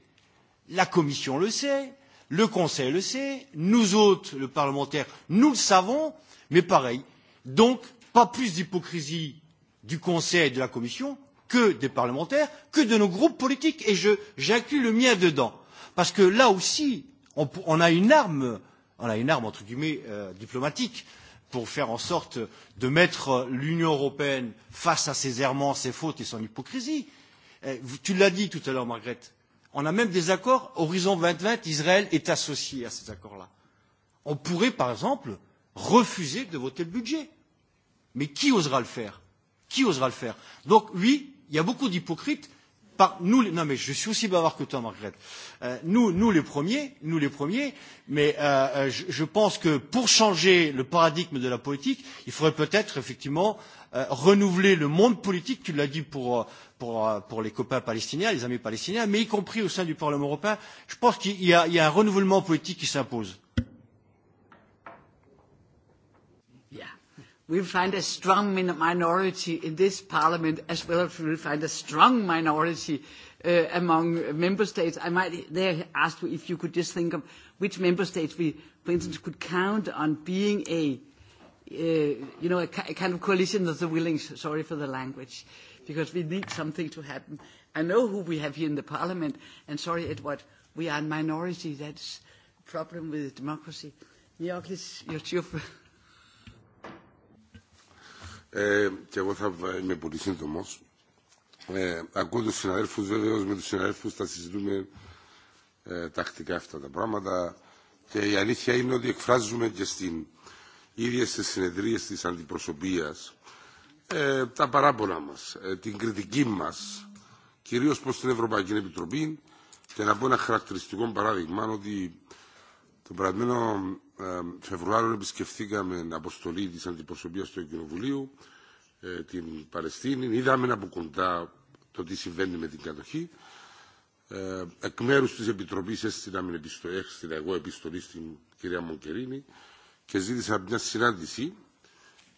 La Commission le sait, le Conseil le sait, nous autres, le parlementaire, nous le savons, mais pareil. Donc, pas plus d'hypocrisie du Conseil et de la Commission, que des parlementaires, que de nos groupes politiques, et j'inclus le mien dedans. Parce que là aussi, on, on a une arme, on a une arme entre guillemets euh, diplomatique pour faire en sorte de mettre euh, l'Union européenne face à ses errements, ses fautes et son hypocrisie. Et eh, tu l'as dit tout à l'heure, Margaret, on a même des accords Horizon 2020, Israël est associé à ces accords-là. On pourrait, par exemple, refuser de voter le budget. Mais qui osera le faire Qui osera le faire Donc, oui, Il y a beaucoup d'hypocrites. Par nous, non mais je suis aussi bavard que toi, Margaret. Euh, nous, nous les premiers, nous les premiers. Mais euh, euh, je, je pense que pour changer le paradigme de la politique, il faudrait peut-être effectivement euh, renouveler le monde politique. Tu l'as dit pour, euh, pour euh, pour les copains palestiniens, les amis palestiniens, mais y compris au sein du Parlement européen. Je pense qu'il y, y a un renouvellement politique qui s'impose. we will find a strong min- minority in this parliament as well as we will find a strong minority uh, among member states. I might there ask you if you could just think of which member states we, for instance, could count on being a, uh, you know, a, ca- a kind of coalition of the willing. Sorry for the language, because we need something to happen. I know who we have here in the parliament, and sorry, Edward, we are a minority. That's problem with democracy. Miaklis, you're cheerful και εγώ θα είμαι πολύ σύντομο. Ε, ακούω του συναδέλφου, βεβαίω με του συναδέλφου θα συζητούμε ε, τακτικά αυτά τα πράγματα. Και η αλήθεια είναι ότι εκφράζουμε και στην ίδια στι συνεδρίε τη αντιπροσωπεία ε, τα παράπονα μα, ε, την κριτική μα, κυρίω προ την Ευρωπαϊκή Επιτροπή. Και να πω ένα χαρακτηριστικό παράδειγμα ότι το περασμένο Φεβρουάριο επισκεφθήκαμε αποστολή της αντιπροσωπείας του Κοινοβουλίου την Παλαιστίνη. Είδαμε από κοντά το τι συμβαίνει με την κατοχή. Εκ μέρους της Επιτροπής έστεινα, επιστο... έστεινα εγώ επιστολή στην κυρία Μονκερίνη και ζήτησα μια συνάντηση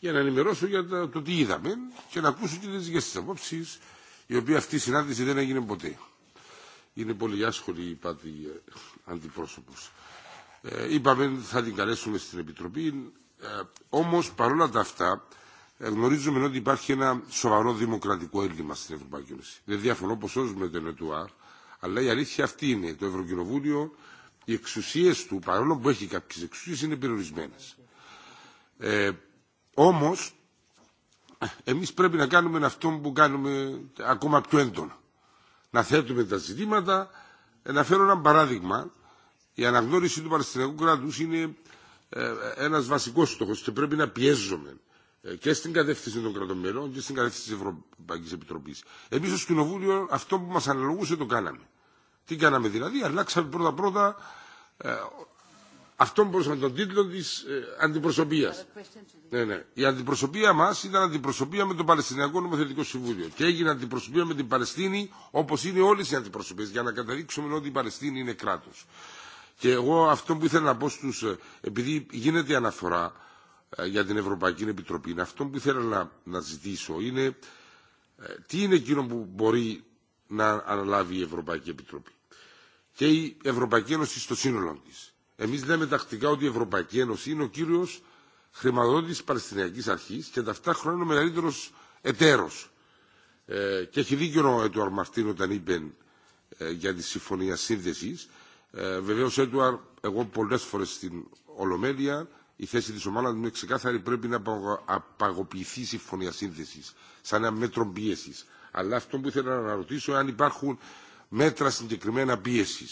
για να ενημερώσω για το τι είδαμε και να ακούσω και τις δικές της απόψεις η οποία αυτή η συνάντηση δεν έγινε ποτέ. Είναι πολύ άσχολη, είπα, αντιπρόσωπος είπαμε θα την καλέσουμε στην Επιτροπή. Ε, όμως παρόλα τα αυτά γνωρίζουμε ότι υπάρχει ένα σοβαρό δημοκρατικό έλλειμμα στην Ευρωπαϊκή Ένωση. Δεν διαφωνώ ποσό με τον Ετουάρ, αλλά η αλήθεια αυτή είναι. Το Ευρωκοινοβούλιο, οι εξουσίε του, παρόλο που έχει κάποιε εξουσίε, είναι περιορισμένε. Ε, Όμω, εμεί πρέπει να κάνουμε αυτό που κάνουμε ακόμα πιο έντονα. Να θέτουμε τα ζητήματα. Ε, να φέρω ένα παράδειγμα. Η αναγνώριση του Παλαιστινιακού κράτου είναι ένα βασικό στόχο και πρέπει να πιέζομαι και στην κατεύθυνση των κρατομελών και στην κατεύθυνση τη Ευρωπαϊκή Επιτροπή. Εμεί ω Κοινοβούλιο αυτό που μα αναλογούσε το κάναμε. Τι κάναμε δηλαδή, αλλάξαμε πρώτα-πρώτα ε, αυτό που μπορούσαμε τον τίτλο τη ε, αντιπροσωπεία. Ναι, ναι. Η αντιπροσωπεία μα ήταν αντιπροσωπεία με το Παλαιστινιακό Νομοθετικό Συμβούλιο. Και έγινε αντιπροσωπεία με την Παλαιστίνη όπω είναι όλε οι αντιπροσωπείε. Για να καταδείξουμε ότι η Παλαιστίνη είναι κράτο. Και εγώ αυτό που ήθελα να πω στου, επειδή γίνεται αναφορά για την Ευρωπαϊκή Επιτροπή, αυτό που ήθελα να, να ζητήσω είναι τι είναι εκείνο που μπορεί να αναλάβει η Ευρωπαϊκή Επιτροπή και η Ευρωπαϊκή Ένωση στο σύνολο τη. Εμεί λέμε τακτικά ότι η Ευρωπαϊκή Ένωση είναι ο κύριο χρηματοδότη τη Παλαιστινιακή Αρχή και ταυτόχρονα είναι ο μεγαλύτερο εταίρο. Ε, και έχει δίκιο ο Ετουαρ Μαρτίν όταν είπε ε, για τη συμφωνία σύνδεση, Βεβαίω, Έντουαρ, εγώ πολλέ φορέ στην Ολομέλεια η θέση τη ομάδα μου είναι ξεκάθαρη. Πρέπει να απαγοποιηθεί η συμφωνία σύνθεση, σαν ένα μέτρο πίεση. Αλλά αυτό που ήθελα να αναρωτήσω, αν υπάρχουν μέτρα συγκεκριμένα πίεση.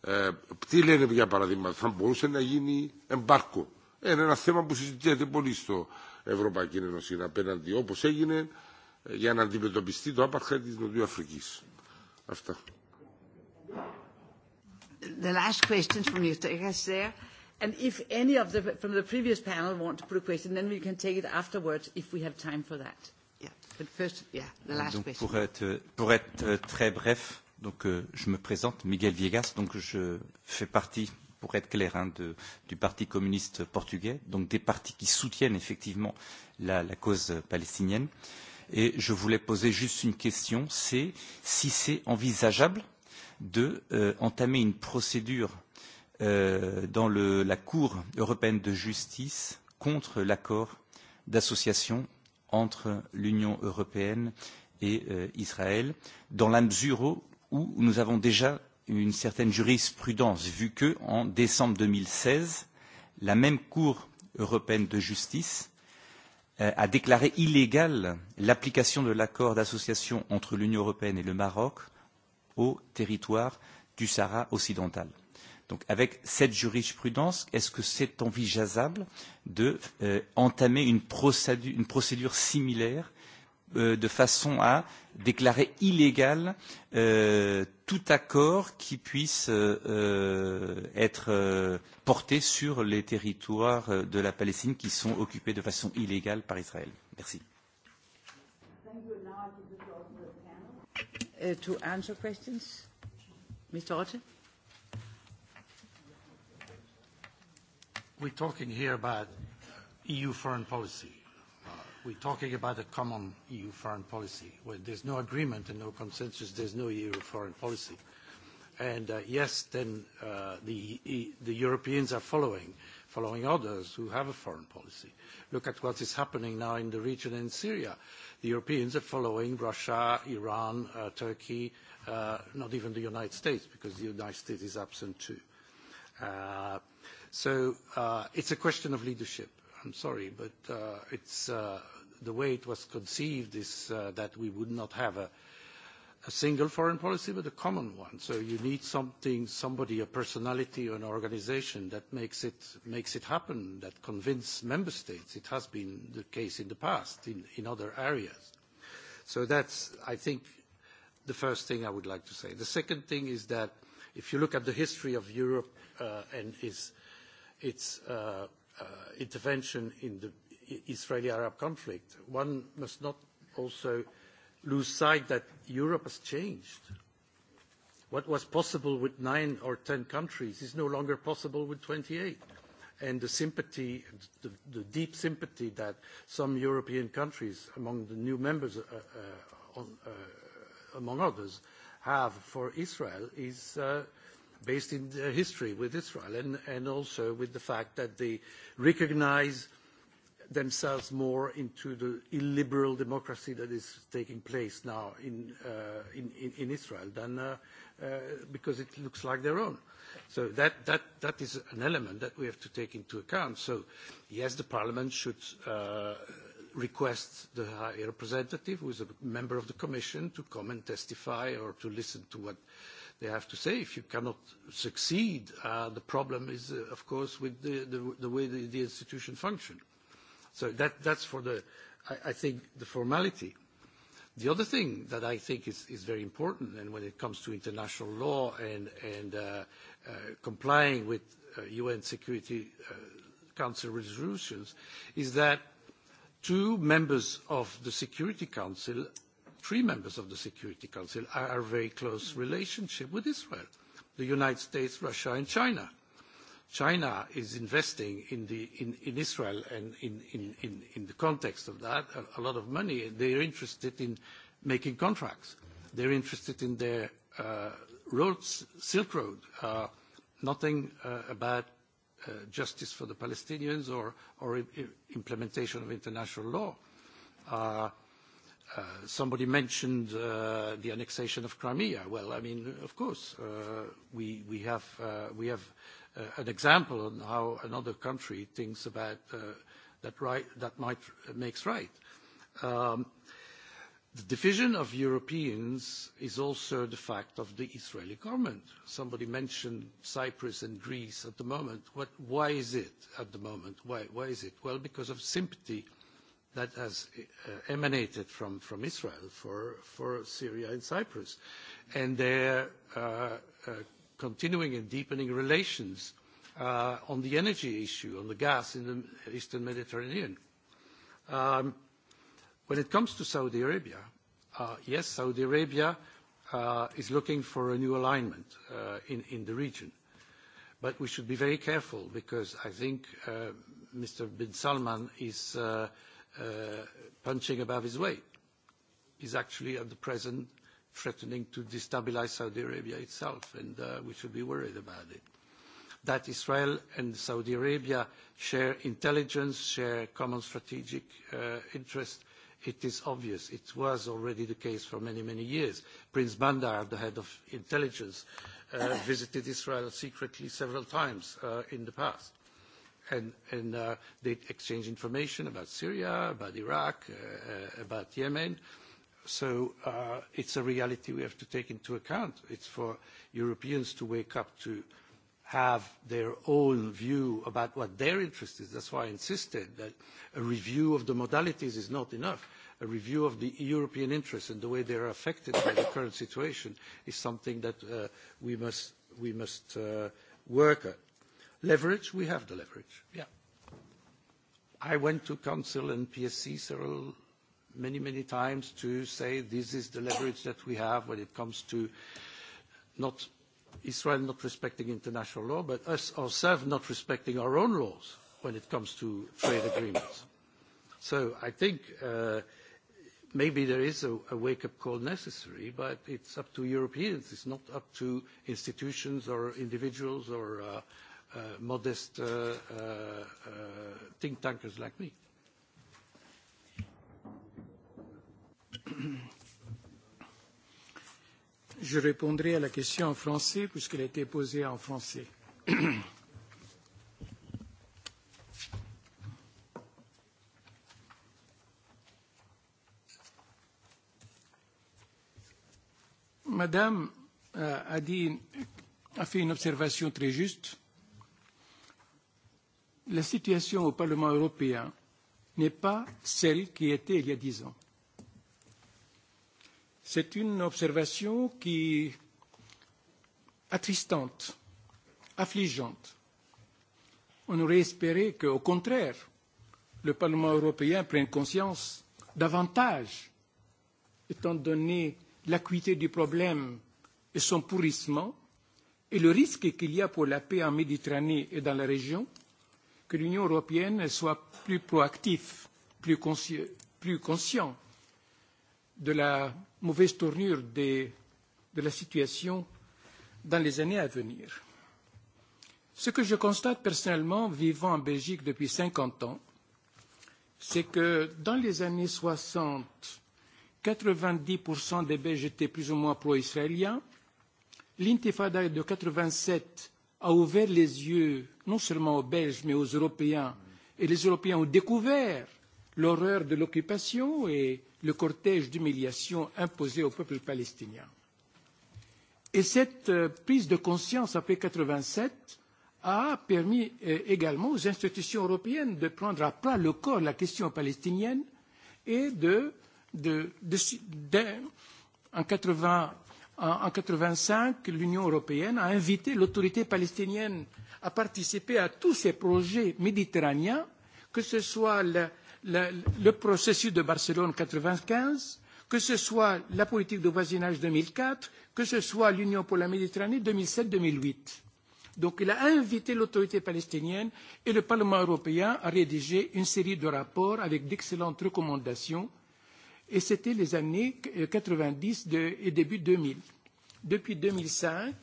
Ε, τι λένε για παράδειγμα, θα μπορούσε να γίνει εμπάρκο. Ε, είναι ένα θέμα που συζητιέται πολύ στο Ευρωπαϊκή Ένωση απέναντι όπω έγινε για να αντιμετωπιστεί το άπαρχα τη Νοτιού Αφρική. Αυτά last question from you, Jessica, there. If any of the, from the previous panel want to put a question, then we can take it afterwards if we have time for that. Yeah. First, yeah, the last question. Pour être euh, très bref, donc euh, je me présente, Miguel Viegas. Donc je fais partie, pour être clair, hein, du Parti communiste portugais, donc des partis qui soutiennent effectivement la cause palestinienne. Et je voulais poser juste une question, c'est si c'est envisageable d'entamer de, euh, une procédure euh, dans le, la Cour européenne de justice contre l'accord d'association entre l'Union européenne et euh, Israël, dans la mesure où nous avons déjà une certaine jurisprudence, vu qu'en décembre 2016, la même Cour européenne de justice euh, a déclaré illégale l'application de l'accord d'association entre l'Union européenne et le Maroc euh, au territoire du Sahara occidental. Donc avec cette jurisprudence, est-ce que c'est envisageable d'entamer de, euh, une, procédu une procédure similaire euh, de façon à déclarer illégal euh, tout accord qui puisse euh, euh être euh, porté sur les territoires euh, de la Palestine qui sont occupés de façon illégale par Israël Merci. Uh, to answer questions. Mr. Otte? We're talking here about EU foreign policy. Uh, we're talking about a common EU foreign policy. When there's no agreement and no consensus, there's no EU foreign policy. And uh, yes, then uh, the, e, the Europeans are following. Uh, following others who have a foreign policy. Look at what is happening now in the region in Syria. The Europeans are following Russia, Iran, uh, Turkey, uh, not even the United States, because the United States is absent too. Uh, so uh, it's a question of leadership. I'm sorry, but uh, it's uh, the way it was conceived is uh, that we would not have a, uh, a single foreign policy, but a common one. So you need something, somebody, a personality or an organization that makes it, makes it happen, that convince member states. It has been the case in the past in, in other areas. So that's, I think, the first thing I would like to say. The second thing is that if you look at the history of Europe uh, and its, its uh, uh, intervention in the Israeli-Arab conflict, one must not also lose sight that Europe has changed. What was possible with nine or ten countries is no longer possible with 28. And the sympathy, the, the deep sympathy that some European countries, among the new members, uh, uh, on, uh, among others, have for Israel is uh, based in their uh, history with Israel and, and also with the fact that they recognize uh, themselves more into the illiberal democracy that is taking place now in uh, Israel than uh, uh, because it looks like their own. So that is an element that we have to take into account. So yes, the parliament should request the high representative, who is a member of the commission, to come and testify or to listen to what they have to say. If you cannot succeed, the problem is, of course, with the way the institution function. That's for the, I think, the formality. The other thing that I think is very important, and when it comes to international law and uh, uh, complying with UN uh, Security Council resolutions, is that two members of the Security Council, three members of the Security Council, are a very close relationship with Israel, the United States, Russia, and China. China is investing in Israel and in the context of that, a lot of money. They're interested in making contracts. They're interested in their uh, roads, Silk Road. Uh, nothing uh, about justice for the Palestinians or implementation of international law. Somebody mentioned the annexation of Crimea. Well, I mean, of course, we have Uh, an example on how another country thinks about uh, that right that might makes right. Um, the division of Europeans is also the fact of the Israeli government. Somebody mentioned Cyprus and Greece at the moment. What, why is it at the moment? Why, why is it? Well, because of sympathy that has uh, emanated from, from Israel for, for Syria and Cyprus. And their uh, uh, continuing and deepening relations uh, on the energy issue, on the gas in the Eastern Mediterranean. Um, when it comes to Saudi Arabia, uh, yes, Saudi Arabia uh, is looking for a new alignment uh, in, in the region. But we should be very careful because I think uh, Mr. Bin Salman is uh, uh, punching above his weight. He's actually at the present threatening to destabilize Saudi Arabia itself, and uh, we should be worried about it. That Israel and Saudi Arabia share intelligence, share common strategic uh, interest, it is obvious. It was already the case for many, many years. Prince Bandar, the head of intelligence, uh, [coughs] visited Israel secretly several times uh, in the past. And, and uh, they exchange information about Syria, about Iraq, uh, uh, about Yemen. Uh, Uh, it's a reality we have to take into account. It's for Europeans to wake up to have their own view about what their interest is. That's why I insisted that a review of the modalities is not enough. A review of the European interests and the way they are affected by the current situation is something that uh, we must uh, work at. Leverage, we have the leverage. Yeah. I went to council and PSC several many, many times to say this is the leverage that we have when it comes to not Israel not respecting international law, but us ourselves not respecting our own laws when it comes to trade agreements. I think uh, maybe there is a wake-up call necessary, but it's up to Europeans. It's not up to institutions or individuals or uh, uh, modest think tankers like me. Je répondrai à la question en français puisqu'elle a été posée en français. Madame euh, a, dit, a fait une observation très juste. La situation au Parlement européen n'est pas celle qui était il y a dix ans. C'est une observation qui attristante, affligeante. On aurait espéré qu'au contraire, le Parlement européen prenne conscience davantage, étant donné l'acuité du problème et son pourrissement, et le risque qu'il y a pour la paix en Méditerranée et dans la région, que l'Union européenne soit plus proactive, plus, consci plus consciente de la mauvaise tournure des, de la situation dans les années à venir. Ce que je constate personnellement, vivant en Belgique depuis 50 ans, c'est que dans les années 60, 90% des Belges étaient plus ou moins pro-israéliens. L'intifada de 1987 a ouvert les yeux non seulement aux Belges mais aux Européens et les Européens ont découvert l'horreur de l'occupation et le cortège d'humiliation imposé au peuple palestinien. Et cette euh, prise de conscience après 1987 a permis euh, également aux institutions européennes de prendre à plat le corps la question palestinienne et de, de, de, de, de en 80, en 1985, l'Union européenne a invité l'autorité palestinienne à participer à tous ces projets méditerranéens, que ce soit la, euh, la, le processus de Barcelone 95, que ce soit la politique de voisinage 2004, que ce soit l'Union pour la Méditerranée 2007-2008. Donc il a invité l'autorité palestinienne et le Parlement européen à rédiger une série de rapports avec d'excellentes recommandations. Et c'était les années 90 euh, de, et début 2000. Depuis 2005,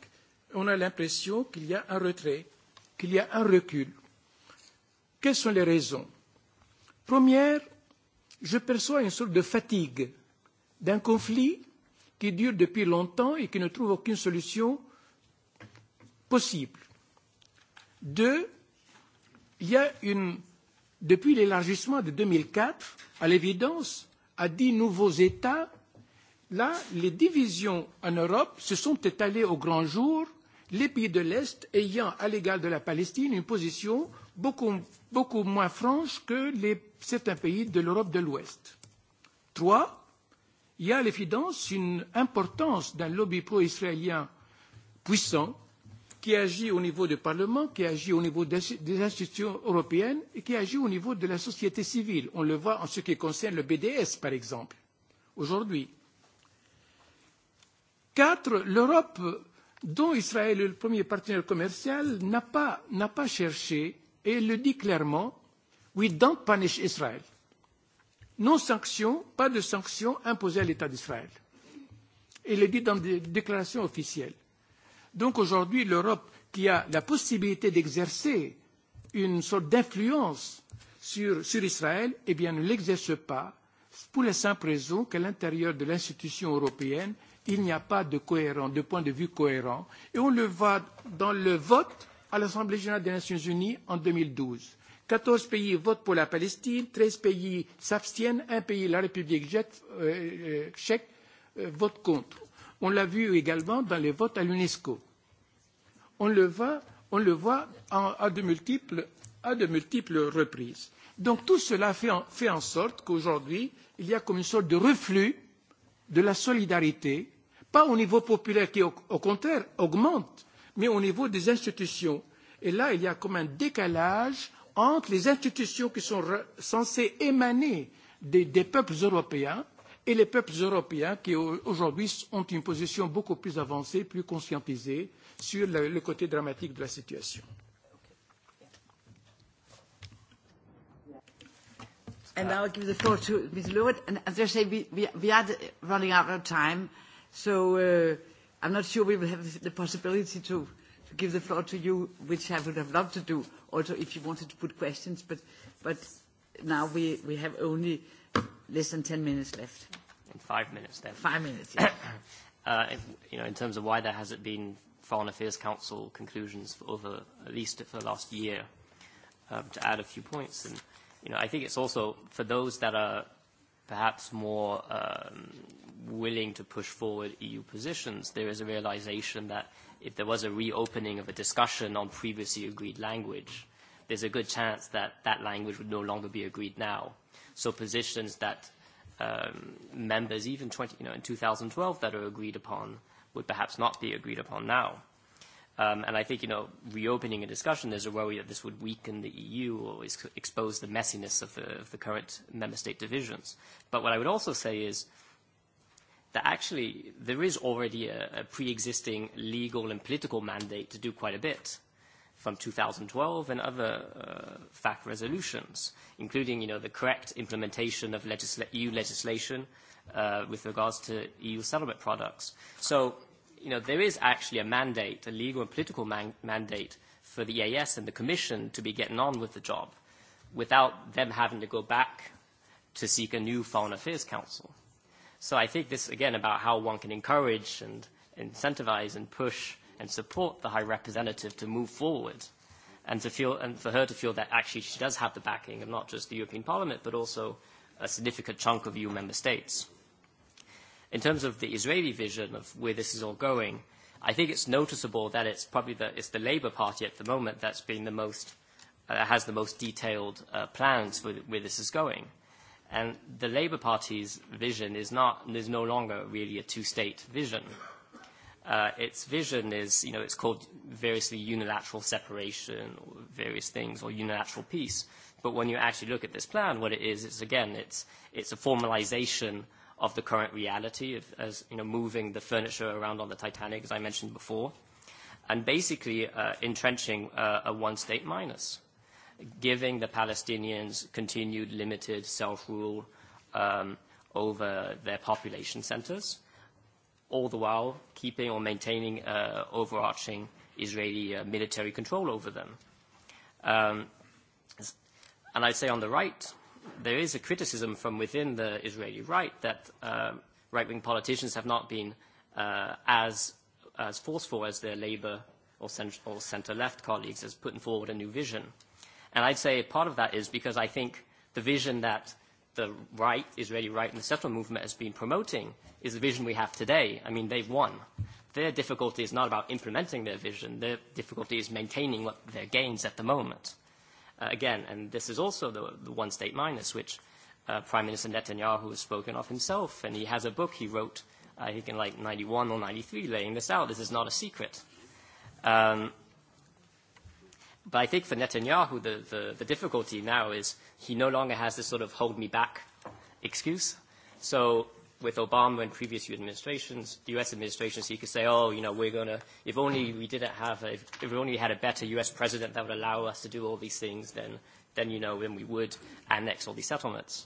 on a l'impression qu'il y a un retrait, qu'il y a un recul. Quelles sont les raisons Première, je perçois une sorte de fatigue d'un conflit qui dure depuis longtemps et qui ne trouve aucune solution possible. Deux, il y a une, depuis l'élargissement de 2004, à l'évidence, à dix nouveaux États, là, les divisions en Europe se sont étalées au grand jour, les pays de l'Est ayant à l'égard de la Palestine une position beaucoup, beaucoup moins franche que les c'est un pays de l'Europe de l'Ouest. Trois, il y a à l'évidence une importance d'un lobby pro-israélien puissant qui agit au niveau du Parlement, qui agit au niveau des institutions européennes et qui agit au niveau de la société civile. On le voit en ce qui concerne le BDS, par exemple, aujourd'hui. Quatre, l'Europe dont Israël est le premier partenaire commercial n'a pas, n'a pas cherché, et le dit clairement, we don't punish Israel. No sanctions, pas de sanctions imposées à l'État d'Israël. Il est dit dans des déclarations officielles. Donc aujourd'hui, l'Europe, qui a la possibilité d'exercer une sorte d'influence sur, sur Israël, eh bien, ne l'exerce pas pour la simple raison qu'à l'intérieur de l'institution européenne, il n'y a pas de cohérent, de point de vue cohérent. Et on le voit dans le vote à l'Assemblée générale des Nations unies en 2012. 14 pays votent pour la Palestine, 13 pays s'abstiennent, un pays, la République tchèque, euh, euh, vote contre. On l'a vu également dans les votes à l'UNESCO. On le voit, on le voit en, à, de multiples, à de multiples reprises. Donc tout cela fait en, fait en sorte qu'aujourd'hui, il y a comme une sorte de reflux de la solidarité, pas au niveau populaire qui, au, au contraire, augmente, mais au niveau des institutions. Et là, il y a comme un décalage entre les institutions qui sont censées émaner des, des peuples européens et les peuples européens qui aujourd'hui ont une position beaucoup plus avancée, plus conscientisée sur le, le côté dramatique de la situation. And now I give the floor to Ms. Lewitt. And as I say, we, we, we are running out of time, so uh, I'm not sure we will have the possibility to, give the floor to you, which I would have loved to do, also if you wanted to put questions, but, but now we, we have only less than 10 minutes left. In five minutes, then. Five minutes, [coughs] yeah. uh, if, you know, in terms of why there hasn't been Foreign Affairs Council conclusions for over at least for the last year, um, to add a few points. And, you know, I think it's also for those that are perhaps more um, willing to push forward EU positions, there is a realization that – if there was a reopening of a discussion on previously agreed language, there's a good chance that that language would no longer be agreed now. So positions that um, members, even 20, you know, in 2012, that are agreed upon would perhaps not be agreed upon now. Um, and I think, you know, reopening a discussion, there's a worry that this would weaken the EU or ex- expose the messiness of the, of the current member state divisions. But what I would also say is, that actually there is already a, a pre-existing legal and political mandate to do quite a bit from 2012 and other uh, FAC resolutions, including you know, the correct implementation of legisla EU legislation uh, with regards to EU settlement products. So you know, there is actually a mandate, a legal and political man mandate for the EAS and the Commission to be getting on with the job without them having to go back to seek a new Foreign Affairs Council. So I think this, again, about how one can encourage and incentivize and push and support the High Representative to move forward and, to feel, and for her to feel that actually she does have the backing of not just the European Parliament, but also a significant chunk of EU member states. In terms of the Israeli vision of where this is all going, I think it's noticeable that it's probably the, it's the Labour Party at the moment that's been the most, uh, has the most detailed uh, plans for where this is going. And the Labour Party's vision is, not, is no longer really a two-state vision. Uh, its vision is, you know, it's called variously unilateral separation or various things or unilateral peace. But when you actually look at this plan, what it is, is again, it's, it's a formalization of the current reality of, as, you know, moving the furniture around on the Titanic, as I mentioned before, and basically uh, entrenching uh, a one-state minus. Uh, giving the Palestinians continued limited self-rule um, over their population centers, all the while keeping or maintaining uh, overarching Israeli uh, military control over them. Um, and I'd say on the right, there is a criticism from within the Israeli right that uh, right-wing politicians have not been uh, as, as forceful as their labor or, cent- or center-left colleagues has put forward a new vision. And I'd say part of that is because I think the vision that the right, Israeli right and the settler movement has been promoting is the vision we have today. I mean, they've won. Their difficulty is not about implementing their vision. Their difficulty is maintaining what their gains at the moment. Uh, again, and this is also the, the one state minus, which uh, Prime Minister Netanyahu has spoken of himself. And he has a book he wrote, uh, I think in like 91 or 93, laying this out. This is not a secret. Um, But I think for Netanyahu, the, the, the difficulty now is he no longer has this sort of hold me back excuse. So with Obama and previous administrations, U.S. administrations, he could say, oh, you know, we're going to, if only we didn't have, a, if we only had a better U.S. president that would allow us to do all these things, then, then, you know, then we would annex all these settlements.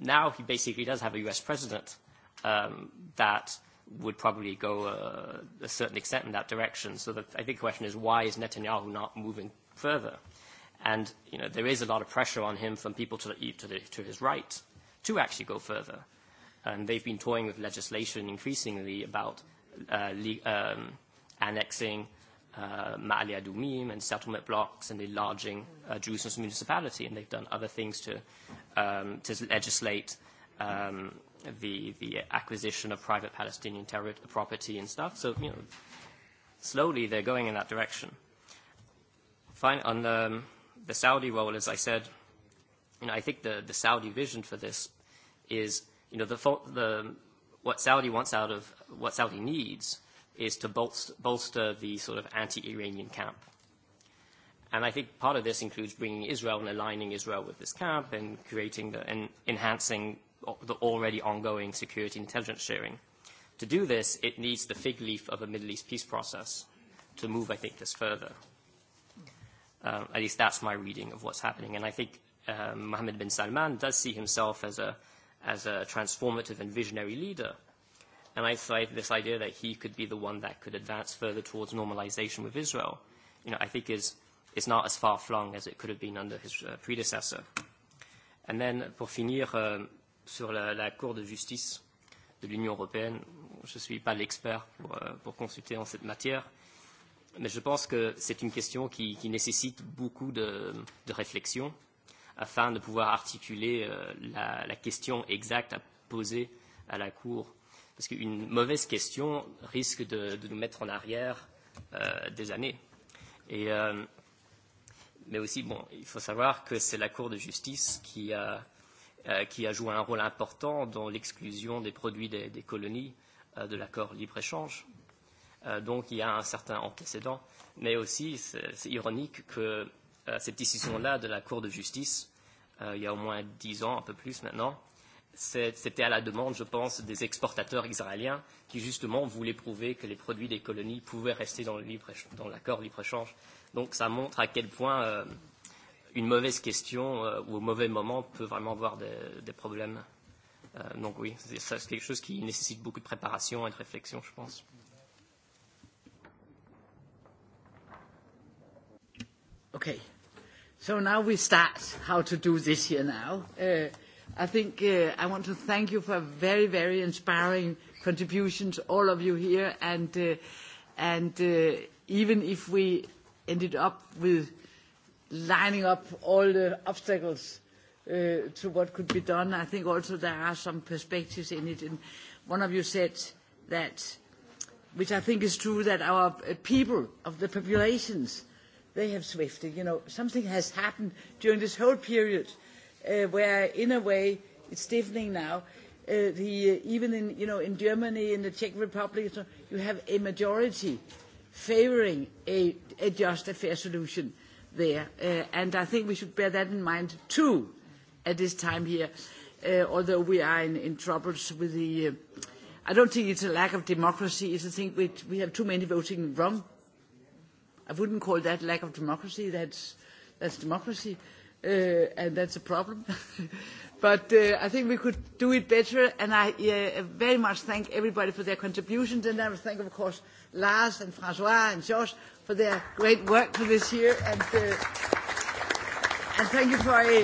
Now he basically does have a U.S. president um, that, would probably go uh, a certain extent in that direction. So the, I think the question is, why is Netanyahu not moving further? And you know, there is a lot of pressure on him from people to, the, to, the, to his right to actually go further. And they've been toying with legislation increasingly about uh, le- um, annexing uh, Ma'ali Adumim and settlement blocks and enlarging uh, Jerusalem's municipality. And they've done other things to, um, to legislate um, – the the acquisition of private Palestinian terror property and stuff. So you know, slowly they're going in that direction. Fine. On the um, the Saudi role, as I said, you know, I think the the Saudi vision for this is you know the the what Saudi wants out of what Saudi needs is to bolster, bolster the sort of anti-Iranian camp. And I think part of this includes bringing Israel and aligning Israel with this camp and creating the, and enhancing the already ongoing security intelligence sharing. To do this, it needs the fig leaf of a Middle East peace process to move, I think, this further. Um, at least that's my reading of what's happening. And I think um, Mohammed bin Salman does see himself as a, as a transformative and visionary leader. And I cite this idea that he could be the one that could advance further towards normalization with Israel, you know, I think is, is not as far flung as it could have been under his uh, predecessor. And then, pour finir, uh, um, sur la, la Cour de justice de l'Union européenne. Je ne suis pas l'expert pour, euh, pour consulter en cette matière, mais je pense que c'est une question qui, qui nécessite beaucoup de, de réflexion afin de pouvoir articuler euh, la, la question exacte à poser à la Cour. Parce qu'une mauvaise question risque de, de nous mettre en arrière euh, des années. Et, euh, mais aussi, bon, il faut savoir que c'est la Cour de justice qui a. Euh, Euh, qui a joué un rôle important dans l'exclusion des produits des, des colonies euh, de l'accord libre-échange. Euh, donc il y a un certain antécédent, mais aussi c'est ironique que euh, cette décision-là de la Cour de justice, euh, il y a au moins dix ans, un peu plus maintenant, c'était à la demande, je pense, des exportateurs israéliens qui justement voulaient prouver que les produits des colonies pouvaient rester dans l'accord libre-échange. Donc ça montre à quel point euh, une mauvaise question euh, ou au mauvais moment peut vraiment avoir des, des problèmes. Euh, donc oui, c'est, ça, c'est quelque chose qui nécessite beaucoup de préparation et de réflexion, je pense. Okay, so now we start how to do this here now. Uh, I think uh, I want to thank you for very, very inspiring contributions, all of you here. And, uh, and uh, even if we ended up with lining up all the obstacles uh, to what could be done. I think also there are some perspectives in it. And one of you said that, which I think is true, that our uh, people of the populations, they have swifted. You know, something has happened during this whole period uh, where, in a way, it's stiffening now. Uh, the, uh, even in, you know, in Germany, in the Czech Republic, you have a majority favoring a, a just, a fair solution. Uh, there. Uh, and I think we should bear that in mind too at this time here, uh, although we are in, in troubles with the. Uh, I don't think it's a lack of democracy, it's a thing we, we have too many voting wrong. I wouldn't call that lack of democracy, that's, that's democracy, uh, and that's a problem. [laughs] but uh, I think we could do it better. And I uh, very much thank everybody for their contributions. And I would thank, of course, Lars and Francois and Josh for their great work for this year. And, uh, and thank you for a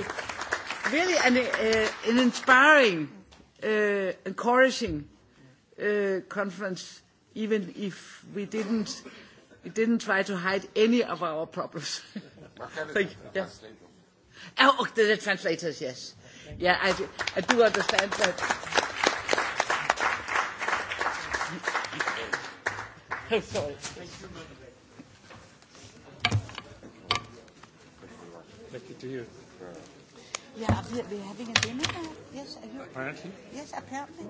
really an, uh, an inspiring, uh, encouraging uh, conference, even if we didn't, we didn't try to hide any of our problems. [laughs] thank you. Yeah. Oh, oh, the translators, yes. Yeah, I do, I do understand that. I'm sorry. Thank you, Thank you to you. Yeah, ja, we're having a dinner. Yes, are you? Apparently. Yes, apparently.